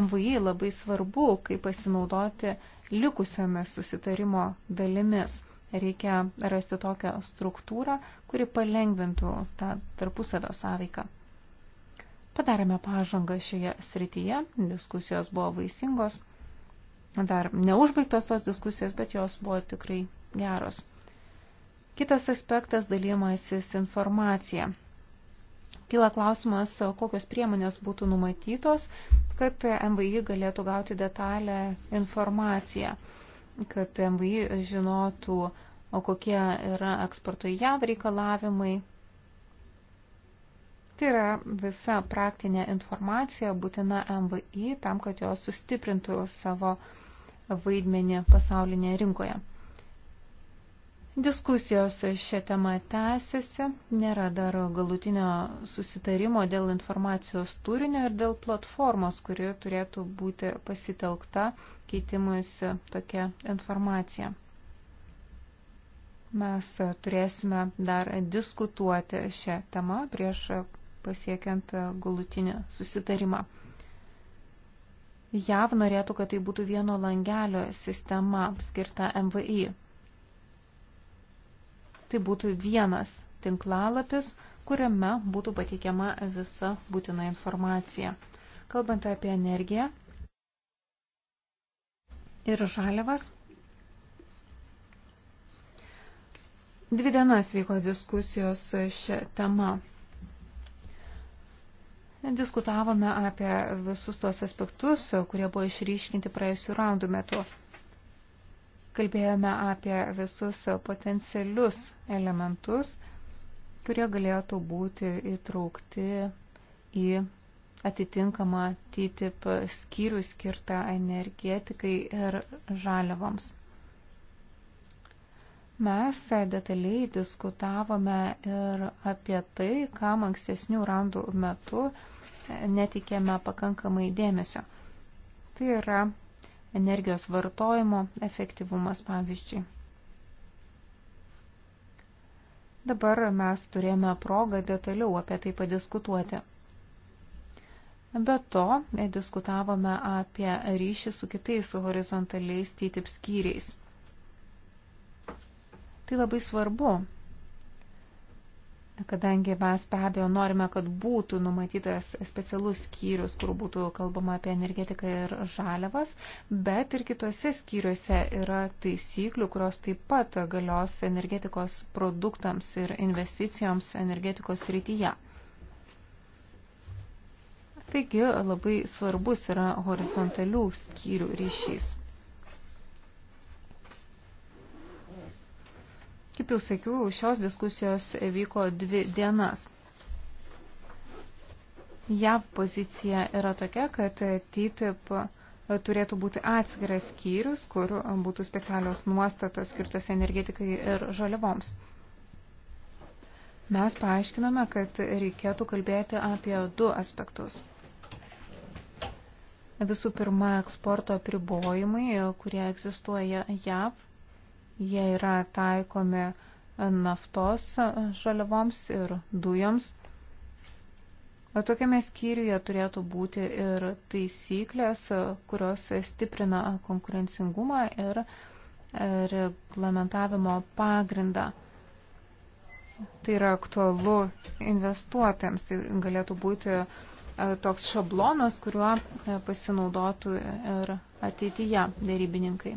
MVI labai svarbu, kaip pasinaudoti likusiomis susitarimo dalimis. Reikia rasti tokią struktūrą, kuri palengvintų tą tarpusavio sąveiką. Padarėme pažangą šioje srityje, diskusijos buvo vaisingos dar neužbaigtos tos diskusijos, bet jos buvo tikrai geros. Kitas aspektas dalymasis informacija. Kyla klausimas, kokios priemonės būtų numatytos, kad MVI galėtų gauti detalę informaciją, kad MVI žinotų, kokie yra eksporto į JAV reikalavimai. Tai yra visa praktinė informacija būtina MVI tam, kad jos sustiprintų savo vaidmenį pasaulinėje rinkoje. Diskusijos šią temą tęsiasi, nėra dar galutinio susitarimo dėl informacijos turinio ir dėl platformos, kuri turėtų būti pasitelkta keitimuisi tokia informacija. Mes turėsime dar diskutuoti šią temą prieš pasiekiant galutinį susitarimą. JAV norėtų, kad tai būtų vieno langelio sistema skirta MVI Tai būtų vienas tinklalapis, kuriame būtų pateikiama visa būtina informacija. Kalbant apie energiją ir žaliavas, dvi dienas vyko diskusijos šią temą. Diskutavome apie visus tos aspektus, kurie buvo išryškinti praėjusių raundų metu kalbėjome apie visus potencialius elementus, kurie galėtų būti įtraukti į atitinkamą TTIP skyrių skirtą energetikai ir žaliavoms. Mes detaliai diskutavome ir apie tai, kam ankstesnių randų metu netikėme pakankamai dėmesio. Tai yra energijos vartojimo efektyvumas, pavyzdžiui. Dabar mes turėjome progą detaliau apie tai padiskutuoti. Be to, diskutavome apie ryšį su kitais horizontaliais TTIP skyriais. Tai labai svarbu, kadangi mes be abejo norime, kad būtų numatytas specialus skyrius, kur būtų kalbama apie energetiką ir žaliavas, bet ir kitose skyriuose yra taisyklių, kurios taip pat galios energetikos produktams ir investicijoms energetikos rytyje. Taigi labai svarbus yra horizontalių skyrių ryšys. Kaip jau sakiau, šios diskusijos vyko dvi dienas. JAV pozicija yra tokia, kad TTIP turėtų būti atskiras skyrius, kur būtų specialios nuostatos skirtos energetikai ir žaliavoms. Mes paaiškinome, kad reikėtų kalbėti apie du aspektus. Visų pirma, eksporto apribojimai, kurie egzistuoja JAV Jie yra taikomi naftos žaliavoms ir dujoms. O tokiame skyriuje turėtų būti ir taisyklės, kurios stiprina konkurencingumą ir e, reglamentavimo pagrindą. Tai yra aktualu investuotojams. Tai galėtų būti e, toks šablonas, kuriuo e, pasinaudotų ir ateityje dėrybininkai.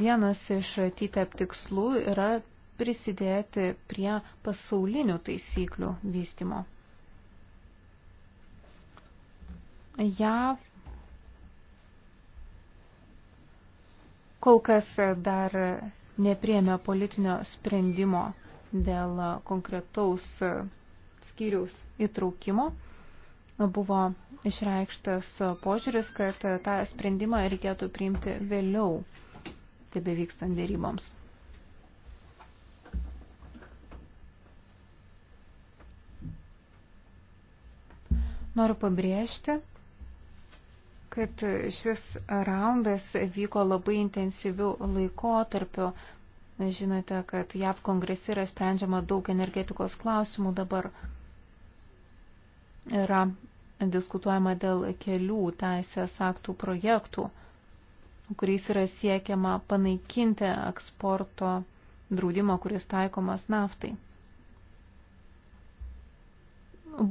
Vienas iš TTIP tikslų yra prisidėti prie pasaulinių taisyklių vystimo. JAV kol kas dar nepriemė politinio sprendimo dėl konkretaus skyriaus įtraukimo. Buvo išreikštas požiūris, kad tą sprendimą reikėtų priimti vėliau tebe vykstant dėryboms. Noriu pabrėžti, kad šis raundas vyko labai intensyvių laikotarpių. Žinote, kad JAV kongresi yra sprendžiama daug energetikos klausimų dabar. Yra diskutuojama dėl kelių teisės aktų projektų kuriais yra siekiama panaikinti eksporto draudimą, kuris taikomas naftai.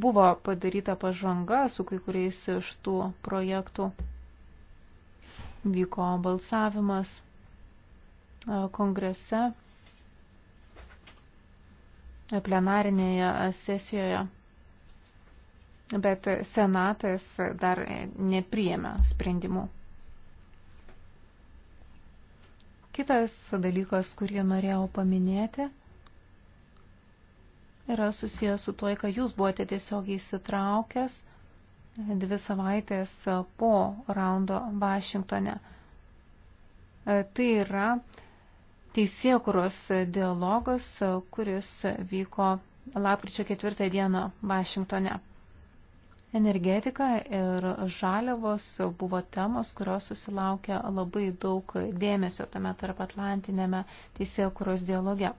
Buvo padaryta pažanga su kai kuriais iš tų projektų. Vyko balsavimas e, kongrese, e, plenarinėje e, sesijoje bet senatas dar nepriėmė sprendimų. Kitas dalykas, kurį norėjau paminėti, yra susijęs su to, kad jūs buvote tiesiog įsitraukęs dvi savaitės po raundo Vašingtone. Tai yra teisėkuros dialogas, kuris vyko lapkričio ketvirtą dieną Vašingtone. Energetika ir žaliavos buvo temos, kurios susilaukė labai daug dėmesio tame tarp Atlantinėme teisėjo kuros dialoge.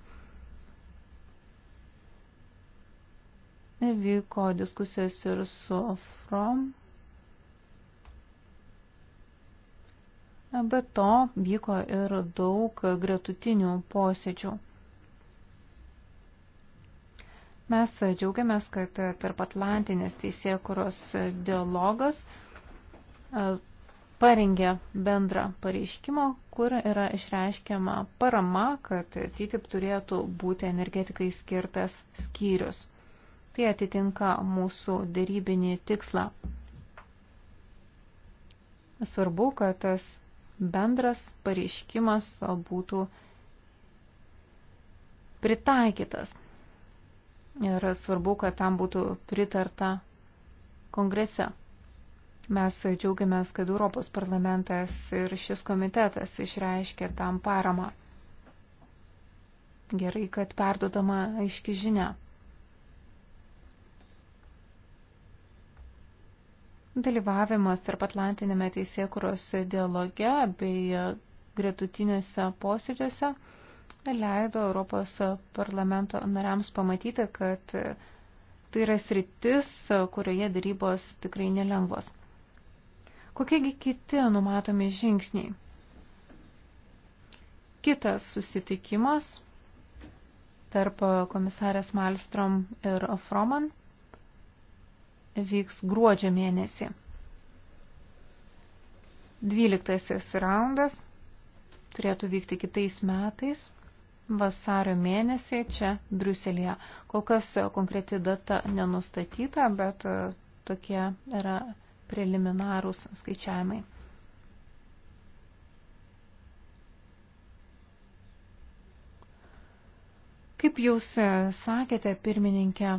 Vyko diskusijos ir su FROM. Be to vyko ir daug gretutinių posėdžių. Mes džiaugiamės, kad tarp Atlantinės teisėkuros dialogas e, parengė bendrą pareiškimą, kur yra išreiškiama parama, kad TTIP turėtų būti energetikai skirtas skyrius. Tai atitinka mūsų dėrybinį tikslą. Svarbu, kad tas bendras pareiškimas būtų pritaikytas ir svarbu, kad tam būtų pritarta kongrese. Mes džiaugiamės, kad Europos parlamentas ir šis komitetas išreiškė tam paramą. Gerai, kad perdodama aiški žinia. Dalyvavimas tarp Atlantinėme teisėkuros dialoge bei gretutiniuose posėdžiuose leido Europos parlamento nariams pamatyti, kad tai yra sritis, kurioje darybos tikrai nelengvos. Kokiegi kiti numatomi žingsniai? Kitas susitikimas tarp komisarės Malstrom ir Froman vyks gruodžio mėnesį. Dvyliktasis raundas turėtų vykti kitais metais vasario mėnesį čia Bruselėje. Kol kas konkreti data nenustatyta, bet e, tokie yra preliminarūs skaičiavimai. Kaip jūs e, sakėte, pirmininkė,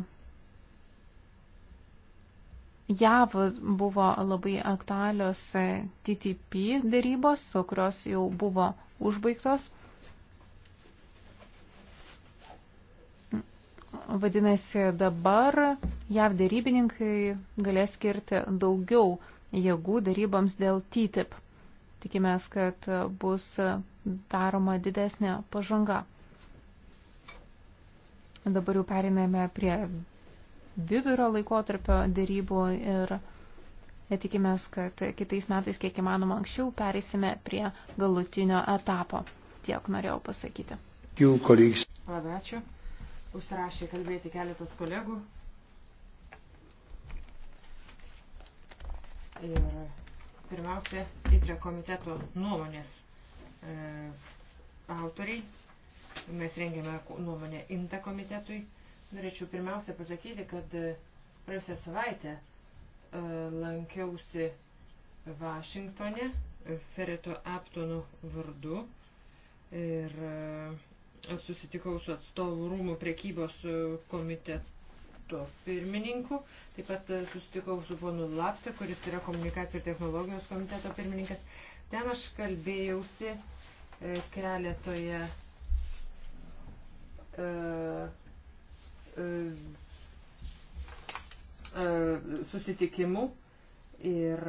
JAV buvo labai aktualios e, TTP dėrybos, kurios jau buvo užbaigtos. Vadinasi, dabar jav dėrybininkai galės skirti daugiau jėgų dėryboms dėl TTIP. Tikimės, kad bus daroma didesnė pažanga. Dabar jau periname prie vidurio laikotarpio dėrybų ir tikimės, kad kitais metais, kiek įmanoma anksčiau, pereisime prie galutinio etapo. Tiek norėjau pasakyti. Labai ačiū. Užsirašė kalbėti keletas kolegų. Ir pirmiausia, įtrė komiteto nuomonės e, autoriai. Mes rengėme nuomonę INTA komitetui. Norėčiau pirmiausia pasakyti, kad e, praėjusią savaitę e, lankiausi Vašingtone Fereto Aptonų vardu. Ir e, susitikau su atstovų rūmų prekybos e, komiteto pirmininku, taip pat e, susitikau su ponu Lapse, kuris yra komunikacijų ir technologijos komiteto pirmininkas. Ten aš kalbėjausi e, keletoje susitikimų ir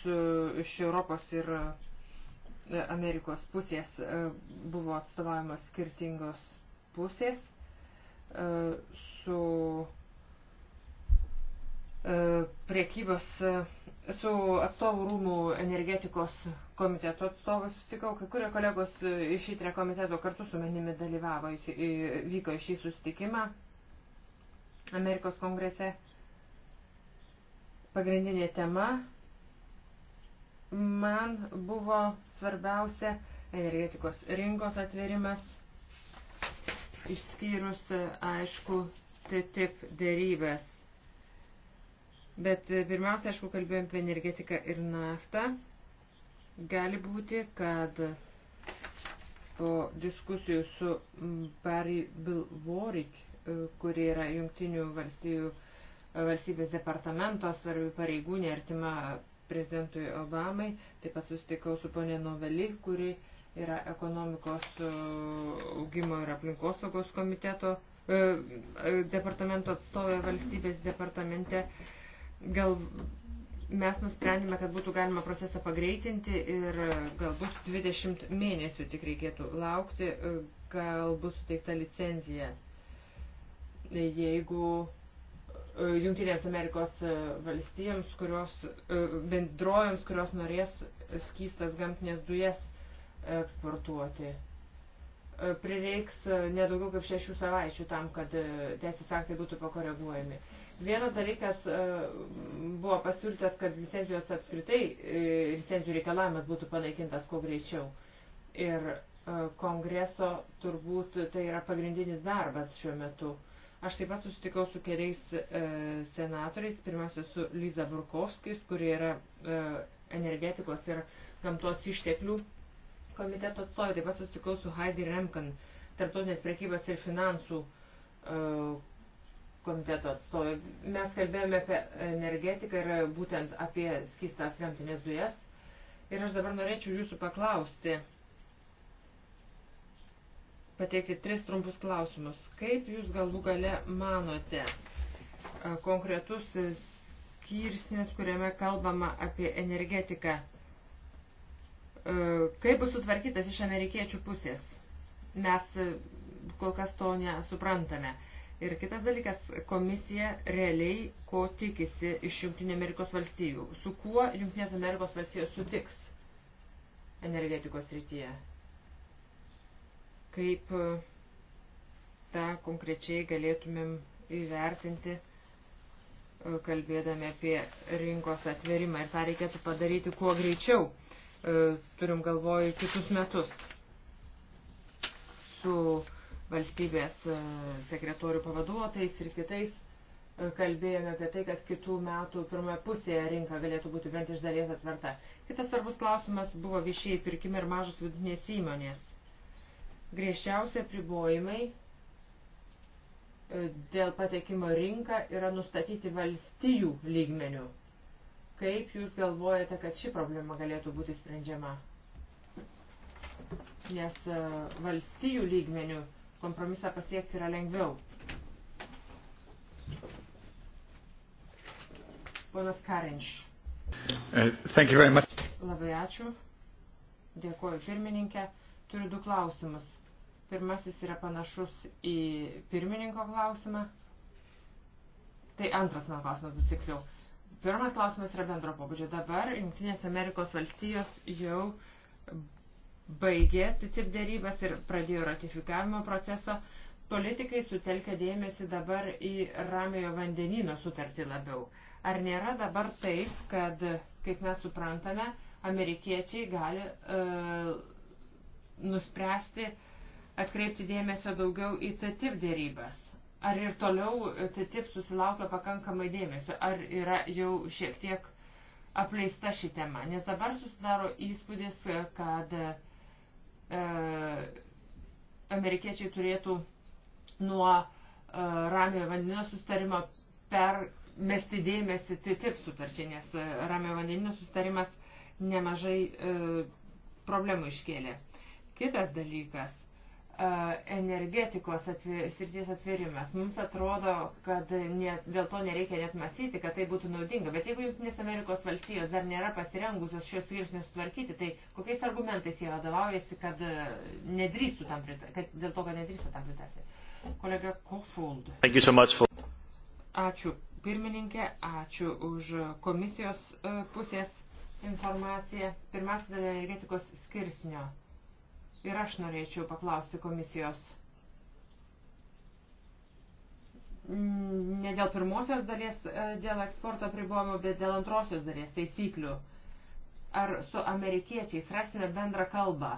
su, iš Europos ir E, Amerikos pusės e, buvo atstovaujamos skirtingos pusės e, su priekybos su atstovų rūmų energetikos komiteto atstovas sustikau, kai kurie kolegos iš įtrė komiteto kartu su manimi dalyvavo, vyko į šį sustikimą Amerikos kongrese. Pagrindinė tema Man buvo svarbiausia energetikos rinkos atverimas, išskyrus, aišku, TTIP dėrybės. Bet e, pirmiausia, aišku, kalbėjom apie energetiką ir naftą. Gali būti, kad po diskusijų su Barry Bilvorik, e, kuri yra Junktinių valstybių e, valstybės departamento svarbi pareigūnė artima prezidentui Obamai, taip pat susitikau su ponė Noveli, kuri yra ekonomikos e, augimo ir aplinkosaugos komiteto e, e, departamento atstovė valstybės departamente. Gal mes nusprendėme, kad būtų galima procesą pagreitinti ir galbūt 20 mėnesių tik reikėtų laukti, gal bus suteikta licenzija. Jeigu Junktinėms Amerikos e, valstijoms, kurios, e, bendrojams, kurios norės skystas gamtinės dujas eksportuoti. E, prireiks nedaugiau kaip šešių savaičių tam, kad teisės aktai būtų pakoreguojami. Vienas dalykas buvo pasiūlytas, kad licencijos apskritai, licencijų reikalavimas būtų panaikintas kuo greičiau. Ir kongreso turbūt tai yra pagrindinis darbas šiuo metu Aš taip pat susitikau su keliais e, senatoriais, pirmiausia su Liza Burkovskis, kurie yra e, energetikos ir gamtos išteklių komiteto atstovai. Taip pat susitikau su Heidi Remkan, tarptautinės prekybos ir finansų e, komiteto atstovai. Mes kalbėjome apie energetiką ir būtent apie skistas gamtinės dujas. Ir aš dabar norėčiau jūsų paklausti, pateikti tris trumpus klausimus. Kaip Jūs galų gale manote e, konkretus skirsnis, kuriame kalbama apie energetiką, e, kaip bus sutvarkytas iš amerikiečių pusės? Mes e, kol kas to nesuprantame. Ir kitas dalykas, komisija realiai ko tikisi iš Junktinė Amerikos valstijų. Su kuo Junktinės Amerikos valstijos sutiks energetikos rytyje? kaip e, tą konkrečiai galėtumėm įvertinti, e, kalbėdami apie rinkos atverimą. Ir tą reikėtų padaryti kuo greičiau, e, turim galvoj kitus metus. Su valstybės sekretorių pavaduotais ir kitais kalbėjome apie tai, kad kitų metų pirmoje pusėje rinka galėtų būti bent iš dalies atverta. Kitas svarbus klausimas buvo viešieji pirkimai ir mažos vidinės įmonės griežčiausia pribojimai e, dėl patekimo rinką yra nustatyti valstijų lygmenių. Kaip jūs galvojate, kad ši problema galėtų būti sprendžiama? Nes e, valstijų lygmenių kompromisą pasiekti yra lengviau. Ponas Karinš. E, Labai ačiū. Dėkuoju pirmininkė. Turiu du klausimus. Pirmasis yra panašus į pirmininko klausimą. Tai antras mano klausimas bus tiksliau. Pirmas klausimas yra bendro pobūdžio. Dabar Junktinės Amerikos valstijos jau baigė TTIP dėrybas ir pradėjo ratifikavimo procesą. Politikai sutelkia dėmesį dabar į ramiojo vandenino sutartį labiau. Ar nėra dabar taip, kad, kaip mes suprantame, amerikiečiai gali e, nuspręsti, e, atkreipti dėmesio daugiau į TTIP dėrybas? Ar ir toliau TTIP susilaukia pakankamai dėmesio? Ar yra jau šiek tiek apleista ši tema? Nes dabar susidaro įspūdis, kad e, amerikiečiai turėtų nuo e, ramiojo vandenino sustarimo per mesti dėmesį TTIP sutarčiai, nes e, ramiojo vandenino sustarimas nemažai e, problemų iškėlė. Kitas dalykas E, energetikos atvė, srities atvėrimas. Mums atrodo, kad ne, dėl to nereikia net mąstyti, kad tai būtų naudinga. Bet jeigu Junktinės Amerikos valstijos dar nėra pasirengusios šios skirsnius tvarkyti, tai kokiais argumentais jie vadovaujasi, kad, e, nedrįstų tam pritarti, kad dėl to, kad nedrįstų tam pritarti. Kolega Kofold. So for... Ačiū pirmininkė, ačiū už komisijos e, pusės informaciją. Pirmiausia, dėl energetikos skirsnio. Ir aš norėčiau paklausti komisijos. Ne dėl pirmosios dalies, e, dėl eksporto pribojimo, bet dėl antrosios dalies taisyklių. Ar su amerikiečiais rasime bendrą kalbą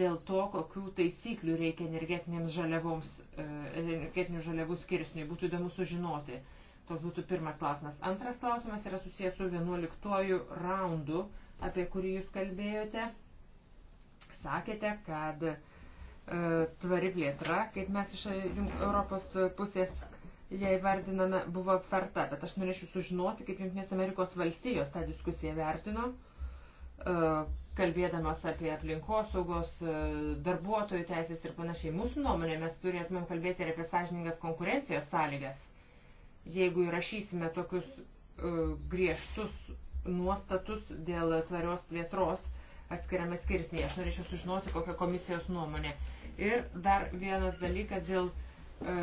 dėl to, kokių taisyklių reikia energetinėms žaliavoms, e, energetinių žaliavų skirsniui. Būtų įdomu sužinoti. Toks būtų pirmas klausimas. Antras klausimas yra susijęs su 11 raundu, apie kurį jūs kalbėjote sakėte, kad e, tvari plėtra, kaip mes iš Europos pusės ją įvardiname, buvo aptarta, bet aš norėčiau sužinoti, kaip Junktinės Amerikos valstijos tą diskusiją vertino, e, kalbėdamas apie aplinkosaugos, e, darbuotojų teisės ir panašiai. Mūsų nuomonė mes turėtumėm kalbėti ir apie sąžiningas konkurencijos sąlygas. Jeigu įrašysime tokius e, griežtus nuostatus dėl tvarios plėtros, atskiriame skirsnėje. Aš norėčiau sužinoti, kokia komisijos nuomonė. Ir dar vienas dalykas dėl e,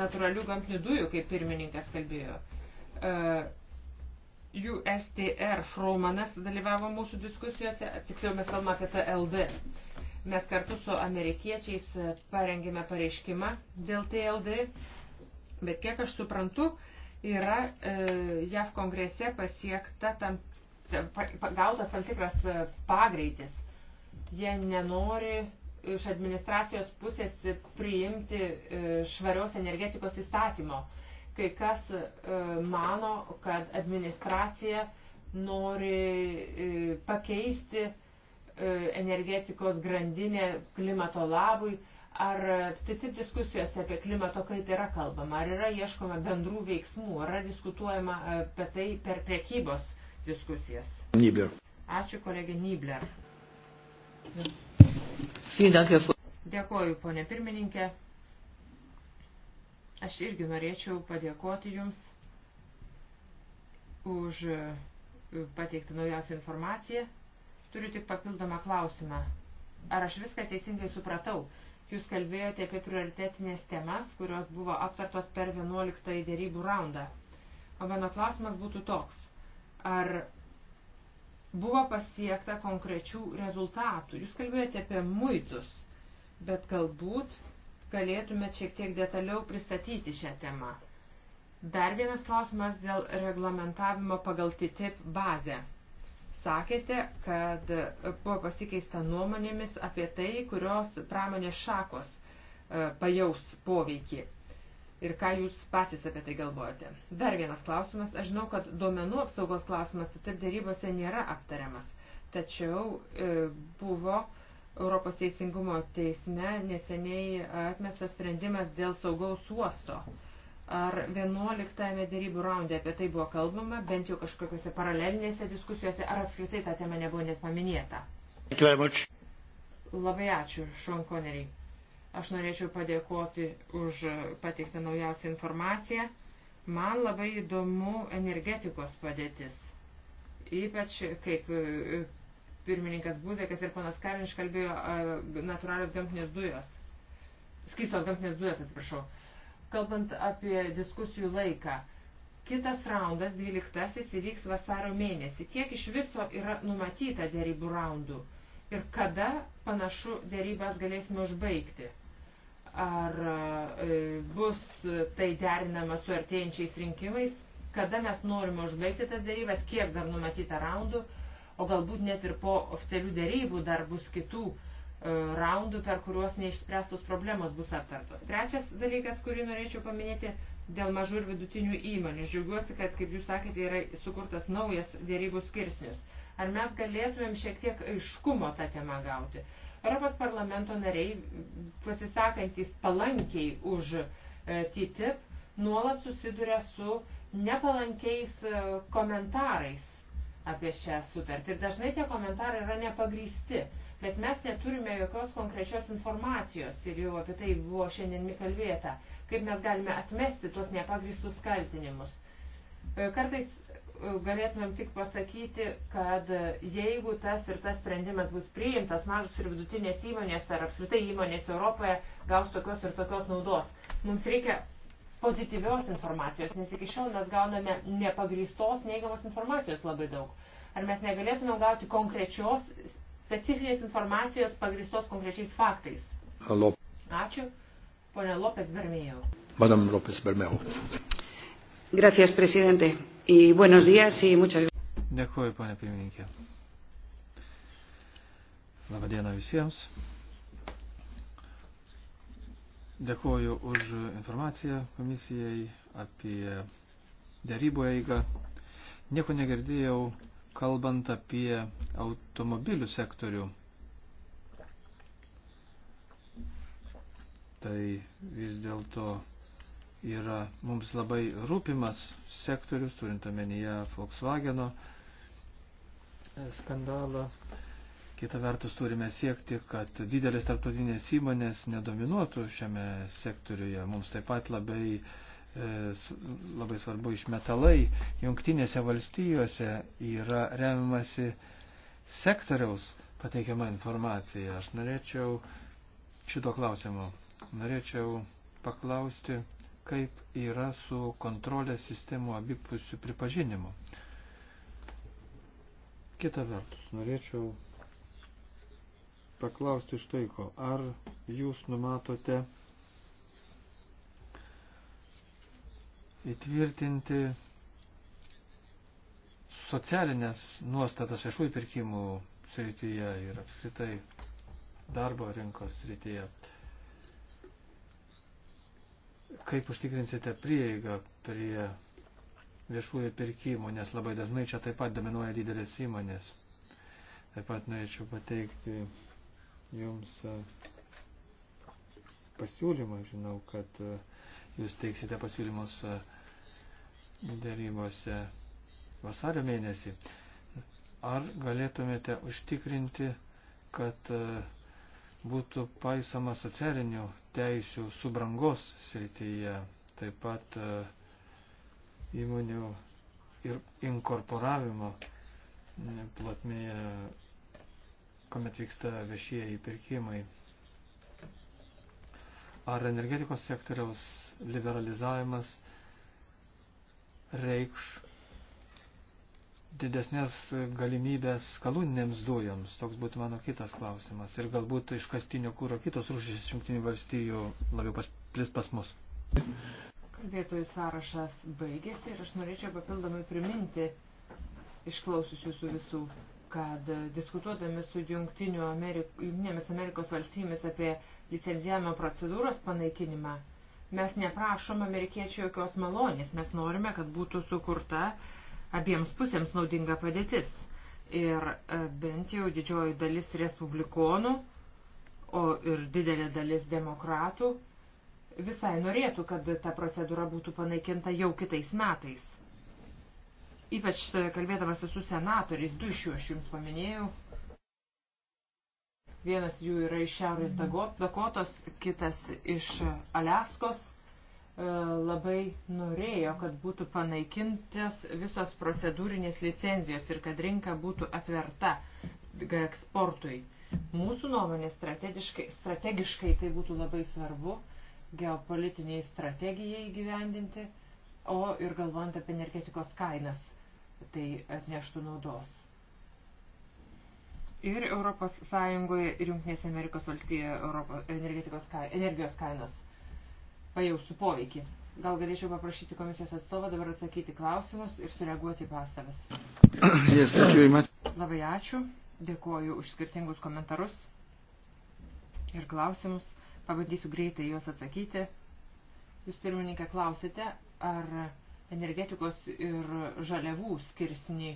natūralių gamtinių dujų, kaip pirmininkas kalbėjo. E, USTR Fromanas dalyvavo mūsų diskusijose, tiksliau mes kalbame apie TLD. Mes kartu su amerikiečiais e, parengėme pareiškimą dėl TLD, bet kiek aš suprantu, yra e, JAV kongrese pasiekta tam gautas tam tikras e, pagreitis. Jie nenori iš administracijos pusės priimti e, švarios energetikos įstatymo. Kai kas e, mano, kad administracija nori pakeisti energetikos grandinę klimato labui, ar tai taip diskusijose apie klimato kaitą yra kalbama, ar yra ieškoma bendrų veiksmų, ar yra diskutuojama apie tai per priekybos diskusijas. Nibler. Ačiū kolegė Nibler. Dėkoju, ponė pirmininkė. Aš irgi norėčiau padėkoti Jums už e, pateiktą naujausią informaciją. Turiu tik papildomą klausimą. Ar aš viską teisingai supratau? Jūs kalbėjote apie prioritetinės temas, kurios buvo aptartos per 11 dėrybų raundą. O mano klausimas būtų toks. Ar buvo pasiekta konkrečių rezultatų? Jūs kalbėjote apie muitus, bet galbūt galėtumėt šiek tiek detaliau pristatyti šią temą. Dar vienas klausimas dėl reglamentavimo pagal TTIP bazę. Sakėte, kad buvo pasikeista nuomonėmis apie tai, kurios pramonės šakos e, pajaus poveikį ir ką jūs patys apie tai galvojate. Dar vienas klausimas. Aš žinau, kad duomenų apsaugos klausimas tai taip dėrybose nėra aptariamas, tačiau e, buvo Europos teisingumo teisme neseniai atmestas sprendimas dėl saugaus uosto. Ar 11-ame dėrybų raunde apie tai buvo kalbama, bent jau kažkokiuose paralelinėse diskusijose, ar apskritai ta tema nebuvo net paminėta? Labai ačiū, Šonkoneriai. Aš norėčiau padėkoti už pateiktą naujausią informaciją. Man labai įdomu energetikos padėtis. Ypač kaip e, pirmininkas Būzekas ir ponas Kariniš kalbėjo e, natūralios gamtinės dujos. Skystos gamtinės dujos, atsiprašau. Kalbant apie diskusijų laiką, kitas raundas, dvyliktasis, įvyks vasario mėnesį. Kiek iš viso yra numatyta dėrybų raundų ir kada panašu dėrybas galėsime užbaigti? ar e, bus tai derinama su artėjančiais rinkimais, kada mes norime užbaigti tas dėrybas, kiek dar numatyta raundų, o galbūt net ir po oficialių dėrybų dar bus kitų e, raundų, per kuriuos neišspręstos problemos bus aptartos. Trečias dalykas, kurį norėčiau paminėti, dėl mažų ir vidutinių įmonių. Žiūriuosi, kad, kaip jūs sakėte, yra sukurtas naujas dėrybų skirsnis. Ar mes galėtumėm šiek tiek aiškumo tą temą gauti? Uh, Europos parlamento nariai, pasisakantis palankiai už e, TTIP, nuolat susiduria su nepalankiais e, komentarais apie šią sutartį. Ir dažnai tie komentarai yra nepagrysti, bet mes neturime jokios konkrečios informacijos ir jau apie tai buvo šiandien kalbėta, kaip mes galime atmesti tuos nepagristus kaltinimus. E, kartais galėtumėm tik pasakyti, kad jeigu tas ir tas sprendimas bus priimtas, mažus ir vidutinės įmonės ar apskritai įmonės Europoje gaus tokios ir tokios naudos. Mums reikia pozityvios informacijos, nes iki šiol mes gauname nepagrįstos neigiamos informacijos labai daug. Ar mes negalėtume gauti konkrečios, specifinės informacijos pagrįstos konkrečiais faktais? Alo. Ačiū. Pone Lopes Bermėjau. Madam Lopes Bermėjau. Gracias, presidente. Y buenos días y muchas gracias. Dėkuoju, ponė pirmininkė. Labadiena visiems. Dėkuoju už informaciją komisijai apie dėrybų eigą. Nieko negirdėjau, kalbant apie automobilių sektorių. Tai vis dėlto yra mums labai rūpimas sektorius, turint omenyje Volkswageno e, skandalą. Kita vertus turime siekti, kad didelės tarptautinės įmonės nedominuotų šiame sektoriuje. Mums taip pat labai, e, labai svarbu iš metalai. Jungtinėse valstijose yra remiamasi sektoriaus pateikiama informacija. Aš norėčiau šito klausimo. Norėčiau paklausti kaip yra su kontrolės sistemų abipusių pripažinimu. Kita vertus, norėčiau paklausti štai ko. Ar jūs numatote įtvirtinti socialinės nuostatas viešųjų pirkimų srityje ir apskritai darbo rinkos srityje? kaip užtikrinsite prieigą prie viešųjų pirkimų, nes labai dažnai čia taip pat dominuoja didelės įmonės. Taip pat norėčiau pateikti jums e, pasiūlymą. Žinau, kad e, jūs teiksite pasiūlymus e, dėrybose vasario mėnesį. Ar galėtumėte užtikrinti, kad uh, būtų paisoma socialinių teisių subrangos srityje, taip pat e, įmonių ir inkorporavimo e, platmėje, kuomet vyksta viešieji pirkimai. Ar energetikos sektoriaus liberalizavimas reikš didesnės galimybės kalūninėms dujoms? Toks būtų mano kitas klausimas. Ir galbūt iškastinio kūro kitos rūšys jungtinių valstijų labiau pas, plis pas mus. Kalbėtojų sąrašas baigėsi ir aš norėčiau papildomai priminti, išklausius jūsų visų, kad diskutuodami su Amerik... Junktinėmis Amerikos valstybėmis apie licenzijavimo procedūros panaikinimą, mes neprašom amerikiečių jokios malonės, mes norime, kad būtų sukurta uh, abiems pusėms naudinga padėtis. Ir e, bent jau didžioji dalis respublikonų, o ir didelė dalis demokratų visai norėtų, kad ta procedūra būtų panaikinta jau kitais metais. Ypač e, kalbėdamas su senatoriais, du iš jų aš jums paminėjau. Vienas jų yra iš Šiaurės Dakotos, kitas iš Aliaskos E, labai norėjo, kad būtų panaikintas visos procedūrinės licenzijos ir kad rinka būtų atverta eksportui. Mūsų nuomonė strategiškai, strategiškai tai būtų labai svarbu geopolitiniai strategijai gyvendinti, o ir galvojant apie energetikos kainas, tai atneštų naudos. Ir ES ir Junktinėse Amerikos valstyje energetikos, energijos kainas pajaustų poveikį. Gal galėčiau paprašyti komisijos atstovą dabar atsakyti klausimus ir sureaguoti pastabas. [coughs] Yes, Labai ačiū, dėkoju už skirtingus komentarus ir klausimus. Pabandysiu greitai juos atsakyti. Jūs pirmininkė klausite, ar energetikos ir žaliavų skirsnį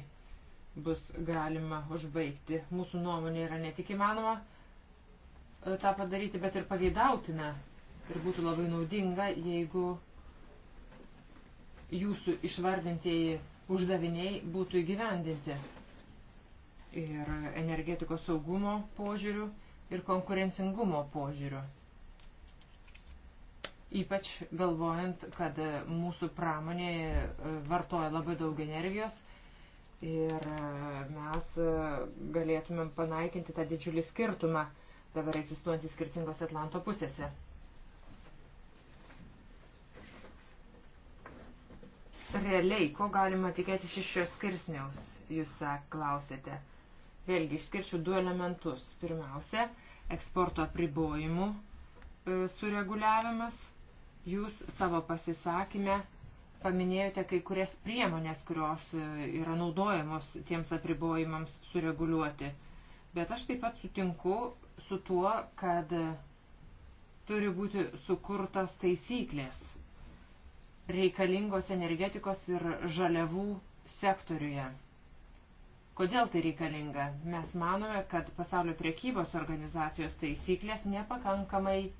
bus galima užbaigti. Mūsų nuomonė yra ne tik įmanoma tą padaryti, bet ir pageidautina ir būtų labai naudinga, jeigu jūsų išvardintieji uždaviniai būtų įgyvendinti ir energetikos saugumo požiūrių ir konkurencingumo požiūrių. Ypač galvojant, kad mūsų pramonė e, vartoja labai daug energijos ir e, mes e, galėtumėm panaikinti tą didžiulį skirtumą dabar egzistuojantį skirtingose Atlanto pusėse. realiai, ko galima tikėtis iš šios skirsniaus, jūs klausėte. Vėlgi išskirčiau du elementus. Pirmiausia, eksporto apribojimų e, sureguliavimas. Jūs savo pasisakymę paminėjote kai kurias priemonės, kurios e, yra naudojamos tiems apribojimams sureguliuoti. Bet aš taip pat sutinku su tuo, kad e, turi būti sukurtas taisyklės reikalingos energetikos ir žaliavų sektoriuje. Kodėl tai reikalinga? Mes manome, kad pasaulio priekybos organizacijos taisyklės nepakankamai e,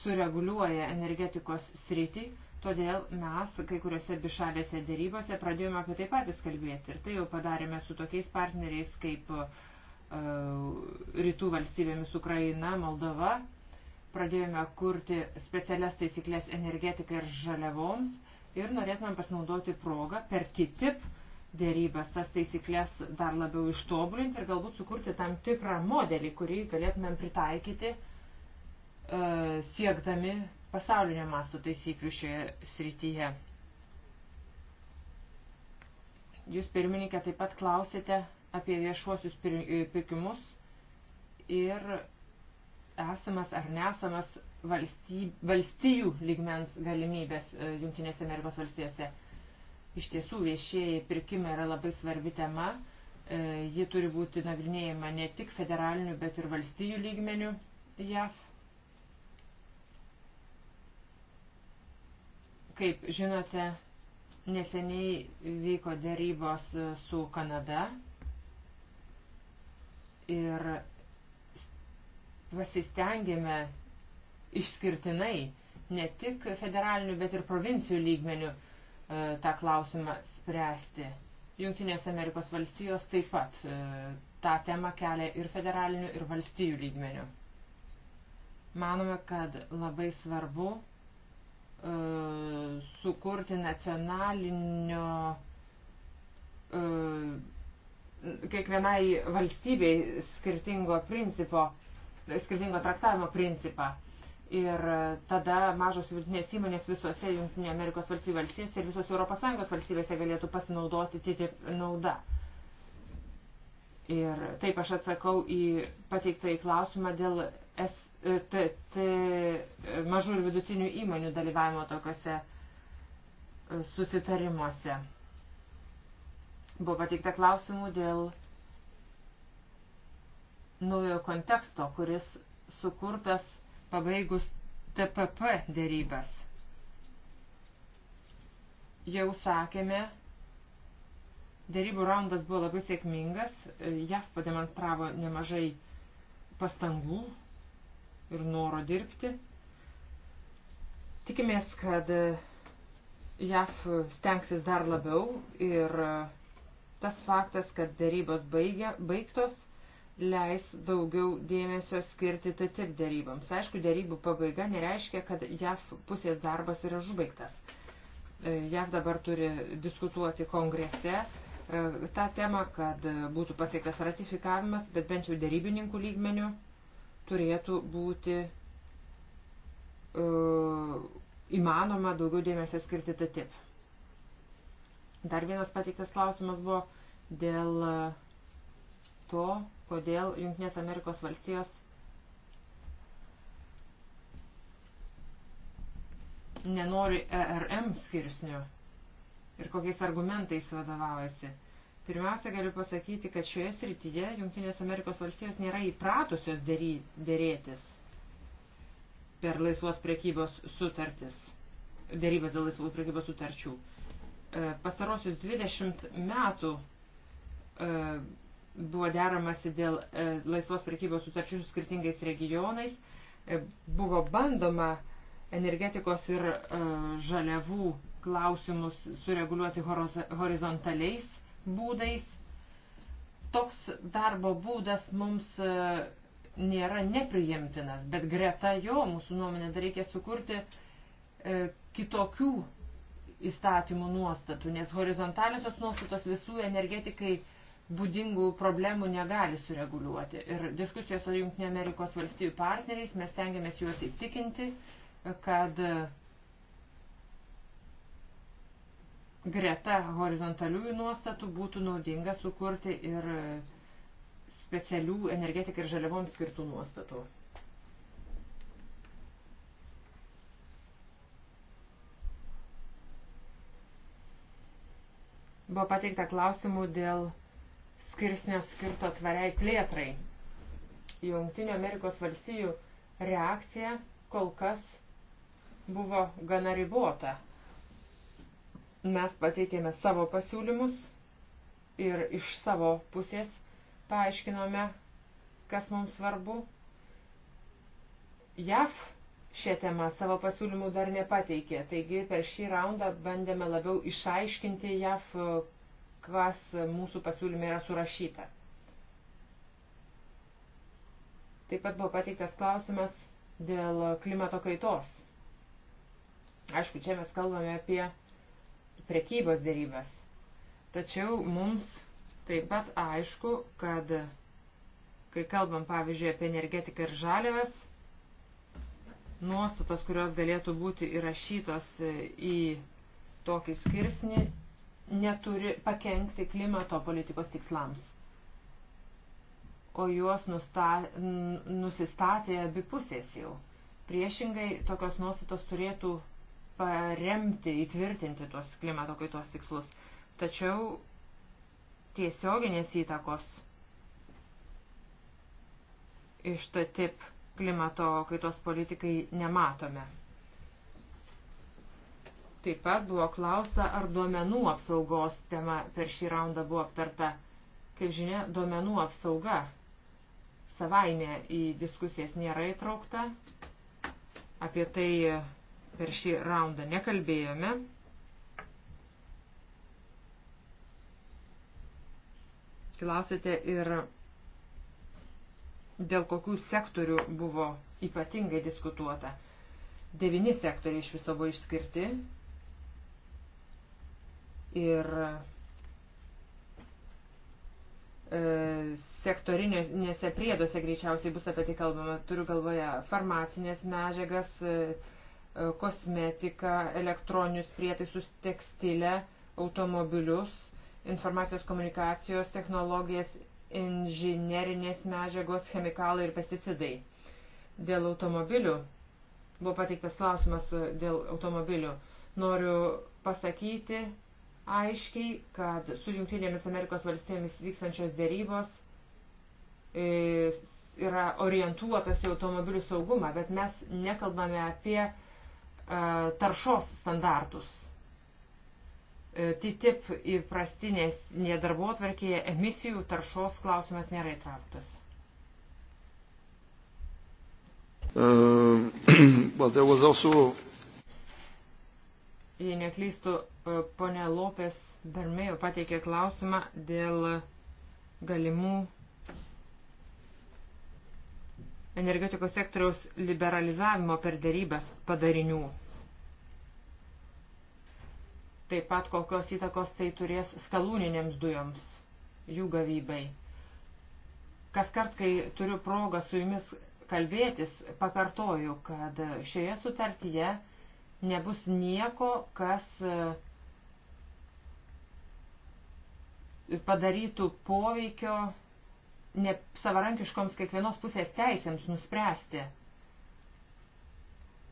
sureguliuoja energetikos sritį, todėl mes kai kuriuose bišalėse dėrybose pradėjome apie tai patys kalbėti. Ir tai jau padarėme su tokiais partneriais kaip e, rytų valstybėmis Ukraina, Moldova, Pradėjome kurti specialias taisyklės energetikai ir žaliavoms ir norėtumėm pasinaudoti progą per kitip dėrybas tas taisyklės dar labiau ištobulinti ir galbūt sukurti tam tikrą modelį, kurį galėtumėm pritaikyti e, siekdami pasaulinio masto taisyklių šioje srityje. Jūs pirmininkė taip pat klausėte apie viešuosius pirkimus ir esamas ar nesamas valstyb, valstijų lygmens galimybės e, Junktinėse Amerikos valstijose. Iš tiesų viešieji pirkimai yra labai svarbi tema. E, ji turi būti nagrinėjama ne tik federaliniu, bet ir valstijų lygmeniu JAV. Kaip žinote, neseniai vyko dėrybos e, su Kanada ir pasistengėme išskirtinai ne tik federaliniu, bet ir provincijų lygmeniu e, tą klausimą spręsti. Junktinės Amerikos valstijos taip pat e, tą temą kelia ir federaliniu, ir valstijų lygmeniu. Manome, kad labai svarbu e, sukurti nacionalinio kiekvienai valstybei skirtingo principo uh, skirtingo traktavimo principą. Ir tada mažos vidutinės įmonės visose Junktinio Amerikos valstybių valstybėse ir visos ES valstybėse galėtų pasinaudoti TTIP nauda. Ir taip aš atsakau į pateiktą į klausimą dėl STT mažų ir vidutinių įmonių dalyvavimo tokiuose e, susitarimuose. Buvo pateikta klausimų dėl naujo konteksto, kuris sukurtas pabaigus TPP dėrybas. Jau sakėme, dėrybų raundas buvo labai sėkmingas, JAV pademonstravo nemažai pastangų ir noro dirbti. Tikimės, kad JAV stengsis dar labiau ir tas faktas, kad dėrybos baigia, baigtos, leis daugiau dėmesio skirti tai taip dėryboms. Aišku, dėrybų pabaiga nereiškia, kad JAV pusės darbas yra užbaigtas. E, JAV dabar turi diskutuoti kongrese e, tą temą, kad būtų pasiektas ratifikavimas, bet bent jau dėrybininkų lygmenių turėtų būti uh, įmanoma daugiau dėmesio skirti tą tip. Dar vienas pateiktas klausimas buvo dėl to, kodėl Junktinės Amerikos valstijos nenori ERM skirsnio ir kokiais argumentais vadovaujasi. Pirmiausia, galiu pasakyti, kad šioje srityje Junktinės Amerikos valstijos nėra įpratusios dėry, dėrėtis per laisvos prekybos sutartis, dėrybas dėl laisvos prekybos sutarčių. E, pastarosius 20 metų e, buvo deramasi dėl e, laisvos prekybos sutarčių su skirtingais regionais, e, buvo bandoma energetikos ir e, žaliavų klausimus sureguliuoti horizontaliais būdais. Toks darbo būdas mums nėra nepriimtinas, bet greta jo mūsų nuomonė dar reikia sukurti kitokių įstatymų nuostatų, nes horizontaliosios nuostatos visų energetikai uh, būdingų problemų negali sureguliuoti. Ir diskusijos su Junktinė Amerikos valstybių partneriais mes tengiamės juos įtikinti, kad greta horizontaliųjų nuostatų būtų naudinga sukurti ir specialių energetikai ir žaliavoms skirtų nuostatų. Buvo pateikta klausimų dėl skirsnio skirto tvariai plėtrai. Jungtinių Amerikos valstijų reakcija kol kas buvo gana ribota. Mes pateikėme savo pasiūlymus ir iš savo pusės paaiškinome, kas mums svarbu. JAF šią temą savo pasiūlymų dar nepateikė, taigi per šį raundą bandėme labiau išaiškinti JAF kas mūsų pasiūlyme yra surašyta. Taip pat buvo pateiktas klausimas dėl klimato kaitos. Aišku, čia mes kalbame apie prekybos dėrybas. Tačiau mums taip pat aišku, kad kai kalbam, pavyzdžiui, apie energetiką ir žalėvas, nuostatos, kurios galėtų būti įrašytos į tokį skirsnį, neturi pakengti klimato politikos tikslams. O juos nusta, nusistatė abipusės jau. Priešingai, tokios nuostatos turėtų paremti, įtvirtinti tuos klimato kaitos tikslus. Tačiau tiesioginės įtakos iš TTIP klimato kaitos politikai nematome. Taip pat buvo klausa, ar duomenų apsaugos tema per šį raundą buvo aptarta. Kaip žinia, duomenų apsauga savaime į diskusijas nėra įtraukta. Apie tai per šį raundą nekalbėjome. Klausėte ir dėl kokių sektorių buvo ypatingai diskutuota. Devini sektoriai iš viso buvo išskirti ir e, sektorinėse prieduose greičiausiai bus apie tai kalbama. Turiu galvoje farmacinės medžiagas, e, e, kosmetiką, elektroninius prietaisus, tekstilę, automobilius, informacijos komunikacijos technologijas, inžinerinės medžiagos, chemikalai ir pesticidai. Dėl automobilių buvo pateiktas klausimas dėl automobilių. Noriu pasakyti, aiškiai, kad su Junktinėmis Amerikos valstybėmis vykstančios dėrybos e, yra orientuotas į automobilių saugumą, bet mes nekalbame apie e, taršos standartus. E, TTIP įprastinės nedarbo atvarkėje emisijų taršos klausimas nėra įtrauktas. Uh, [clears throat] well, there was also... Jei neklystų, Pone Lopės Bermėjo pateikė klausimą dėl galimų energetikos sektoriaus liberalizavimo per dėrybęs padarinių. Taip pat kokios įtakos tai turės skalūninėms dujoms, jų gavybai. Kas kart, kai turiu progą su jumis kalbėtis, pakartoju, kad šioje sutartyje nebus nieko, kas uh, padarytų poveikio ne savarankiškoms kiekvienos pusės teisėms nuspręsti,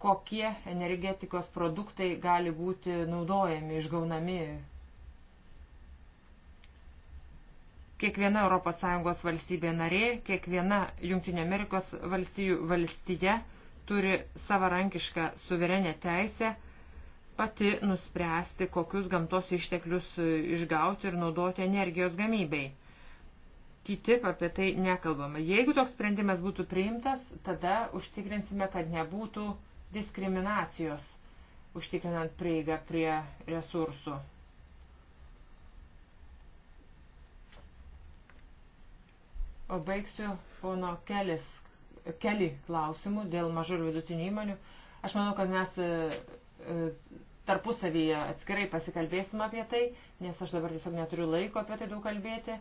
kokie energetikos produktai gali būti naudojami, išgaunami. Kiekviena ES valstybė narė, kiekviena JAV valstijų valstija turi savarankišką suverenę teisę pati nuspręsti, kokius gamtos išteklius e, išgauti ir naudoti energijos gamybei. TTIP apie tai nekalbama. Jeigu toks sprendimas būtų priimtas, tada užtikrinsime, kad nebūtų diskriminacijos, užtikrinant prieigą prie resursų. O baigsiu pono kelis, keli klausimų dėl mažų ir vidutinių įmonių. Aš manau, kad mes e, e, tarpusavyje atskirai pasikalbėsim apie tai, nes aš dabar tiesiog neturiu laiko apie tai daug kalbėti.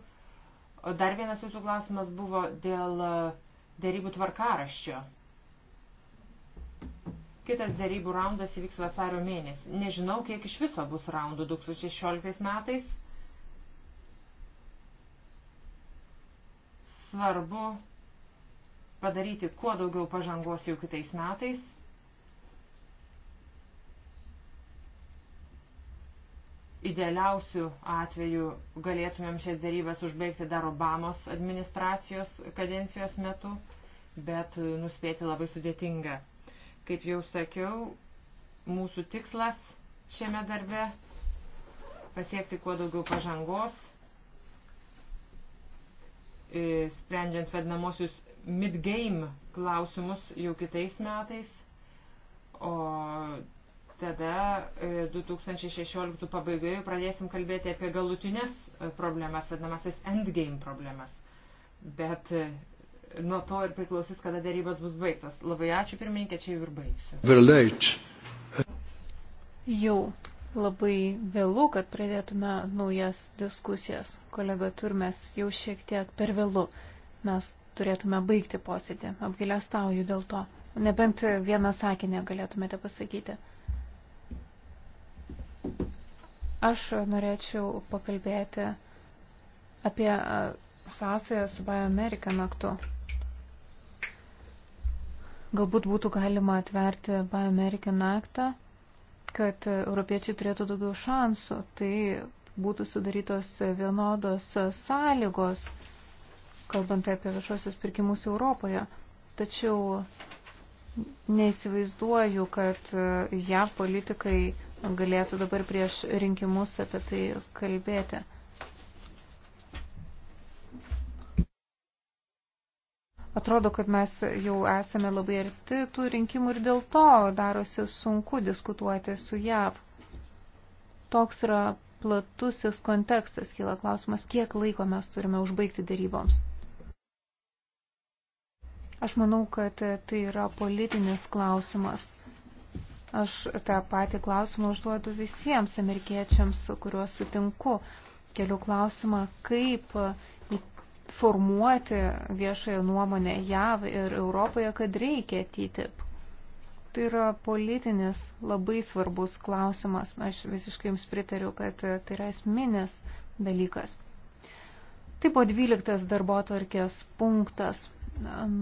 O dar vienas jūsų klausimas buvo dėl e, dėrybų tvarkaraščio. Kitas dėrybų raundas įvyks vasario mėnesį. Nežinau, kiek iš viso bus raundų 2016 metais. Svarbu padaryti kuo daugiau pažangos jau kitais metais. idealiausių atvejų galėtumėm šias dėrybas užbaigti dar Obamos administracijos kadencijos metu, bet e, nuspėti labai sudėtinga. Kaip jau sakiau, mūsų tikslas šiame darbe pasiekti kuo daugiau pažangos, e, sprendžiant vadinamosius mid-game klausimus jau kitais metais, o tada 2016 e, pabaigoje pradėsim kalbėti apie galutinės e, problemas, vadinamasis endgame problemas. Bet e, nuo to ir priklausys, kada darybos bus baigtos. Labai ačiū pirmininkė, čia jau ir baigsiu. Jau labai vėlų, kad pradėtume naujas diskusijas. Kolega Turmes jau šiek tiek per vėlų. Mes turėtume baigti posėdį. Apgailestauju dėl to. Nebent vieną sakinį galėtumėte pasakyti. Aš norėčiau pakalbėti apie e, sąsąją su Buy American aktu. Galbūt būtų galima atverti Buy American aktą, kad europiečiai turėtų daugiau šansų. Tai būtų sudarytos vienodos sąlygos, kalbant apie viešosios pirkimus Europoje. Tačiau neįsivaizduoju, kad e, JAV politikai galėtų dabar prieš rinkimus apie tai kalbėti. Atrodo, kad mes jau esame labai arti tų rinkimų ir dėl to darosi sunku diskutuoti su JAV. Toks yra platusis kontekstas, kyla klausimas, kiek laiko mes turime užbaigti daryboms. Aš manau, kad tai yra politinis klausimas. Aš tą patį klausimą užduodu visiems amerikiečiams, kuriuos sutinku. Keliu klausimą, kaip formuoti viešoje nuomonę JAV ir Europoje, kad reikia TTIP. Tai yra politinis labai svarbus klausimas. Aš visiškai jums pritariu, kad tai yra esminis dalykas. Tai buvo 12 darbo tvarkės punktas.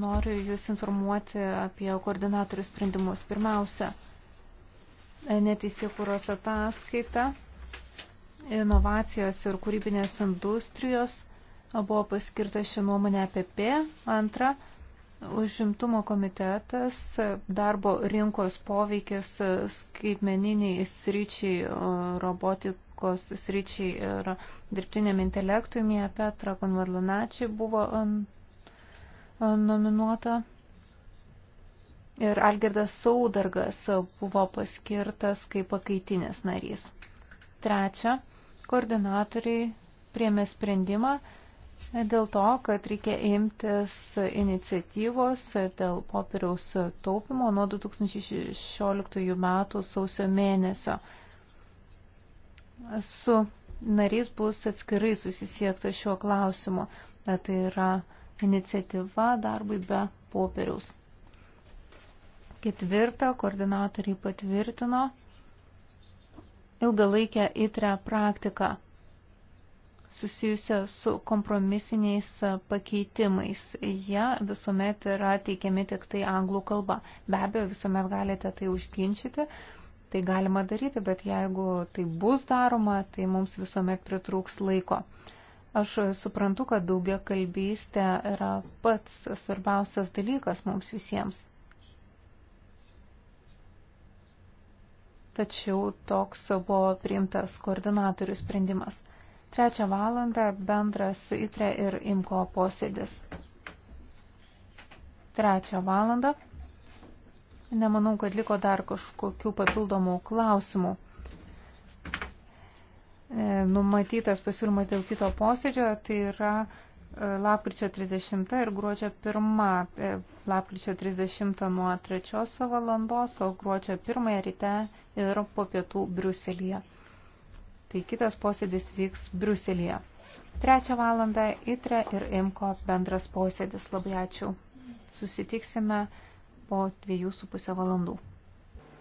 Noriu Jūs informuoti apie koordinatorių sprendimus. Pirmiausia, neteisėkūros ataskaita, inovacijos ir kūrybinės industrijos buvo paskirta ši nuomonė apie P. Antra, užimtumo komitetas, darbo rinkos poveikis skaitmeniniai sryčiai, robotikos sryčiai ir dirbtiniam intelektui, Mija Petra Konvadlanačiai buvo nominuota ir Algirdas Saudargas buvo paskirtas kaip pakaitinės narys. Trečia, koordinatoriai priemė sprendimą dėl to, kad reikia imtis iniciatyvos dėl popieriaus taupimo nuo 2016 metų sausio mėnesio. Su narys bus atskirai susisiekta šiuo klausimu. Tai yra iniciatyva darbui be popieriaus. Ketvirta, koordinatoriai patvirtino ilgalaikę įtrę praktiką susijusią su kompromisiniais pakeitimais. Jie visuomet yra teikiami tik tai anglų kalba. Be abejo, visuomet galite tai užginčyti, tai galima daryti, bet jeigu tai bus daroma, tai mums visuomet pritrūks laiko. Aš suprantu, kad daugia kalbystė yra pats svarbiausias dalykas mums visiems. tačiau toks buvo priimtas koordinatorių sprendimas. Trečią valandą bendras ITRE ir IMKO posėdis. Trečią valandą. Nemanau, kad liko dar kažkokių papildomų klausimų. E, numatytas pasiūlymas dėl kito posėdžio, tai yra lapkričio 30 ir gruodžio 1. E, lapkričio 30 nuo 3 valandos, o gruodžio 1 ryte ir po pietų Briuselėje. Tai kitas posėdis vyks Briuselėje. 3 valandą ITRE ir IMKO bendras posėdis. Labai ačiū. Susitiksime po 2,5 valandų.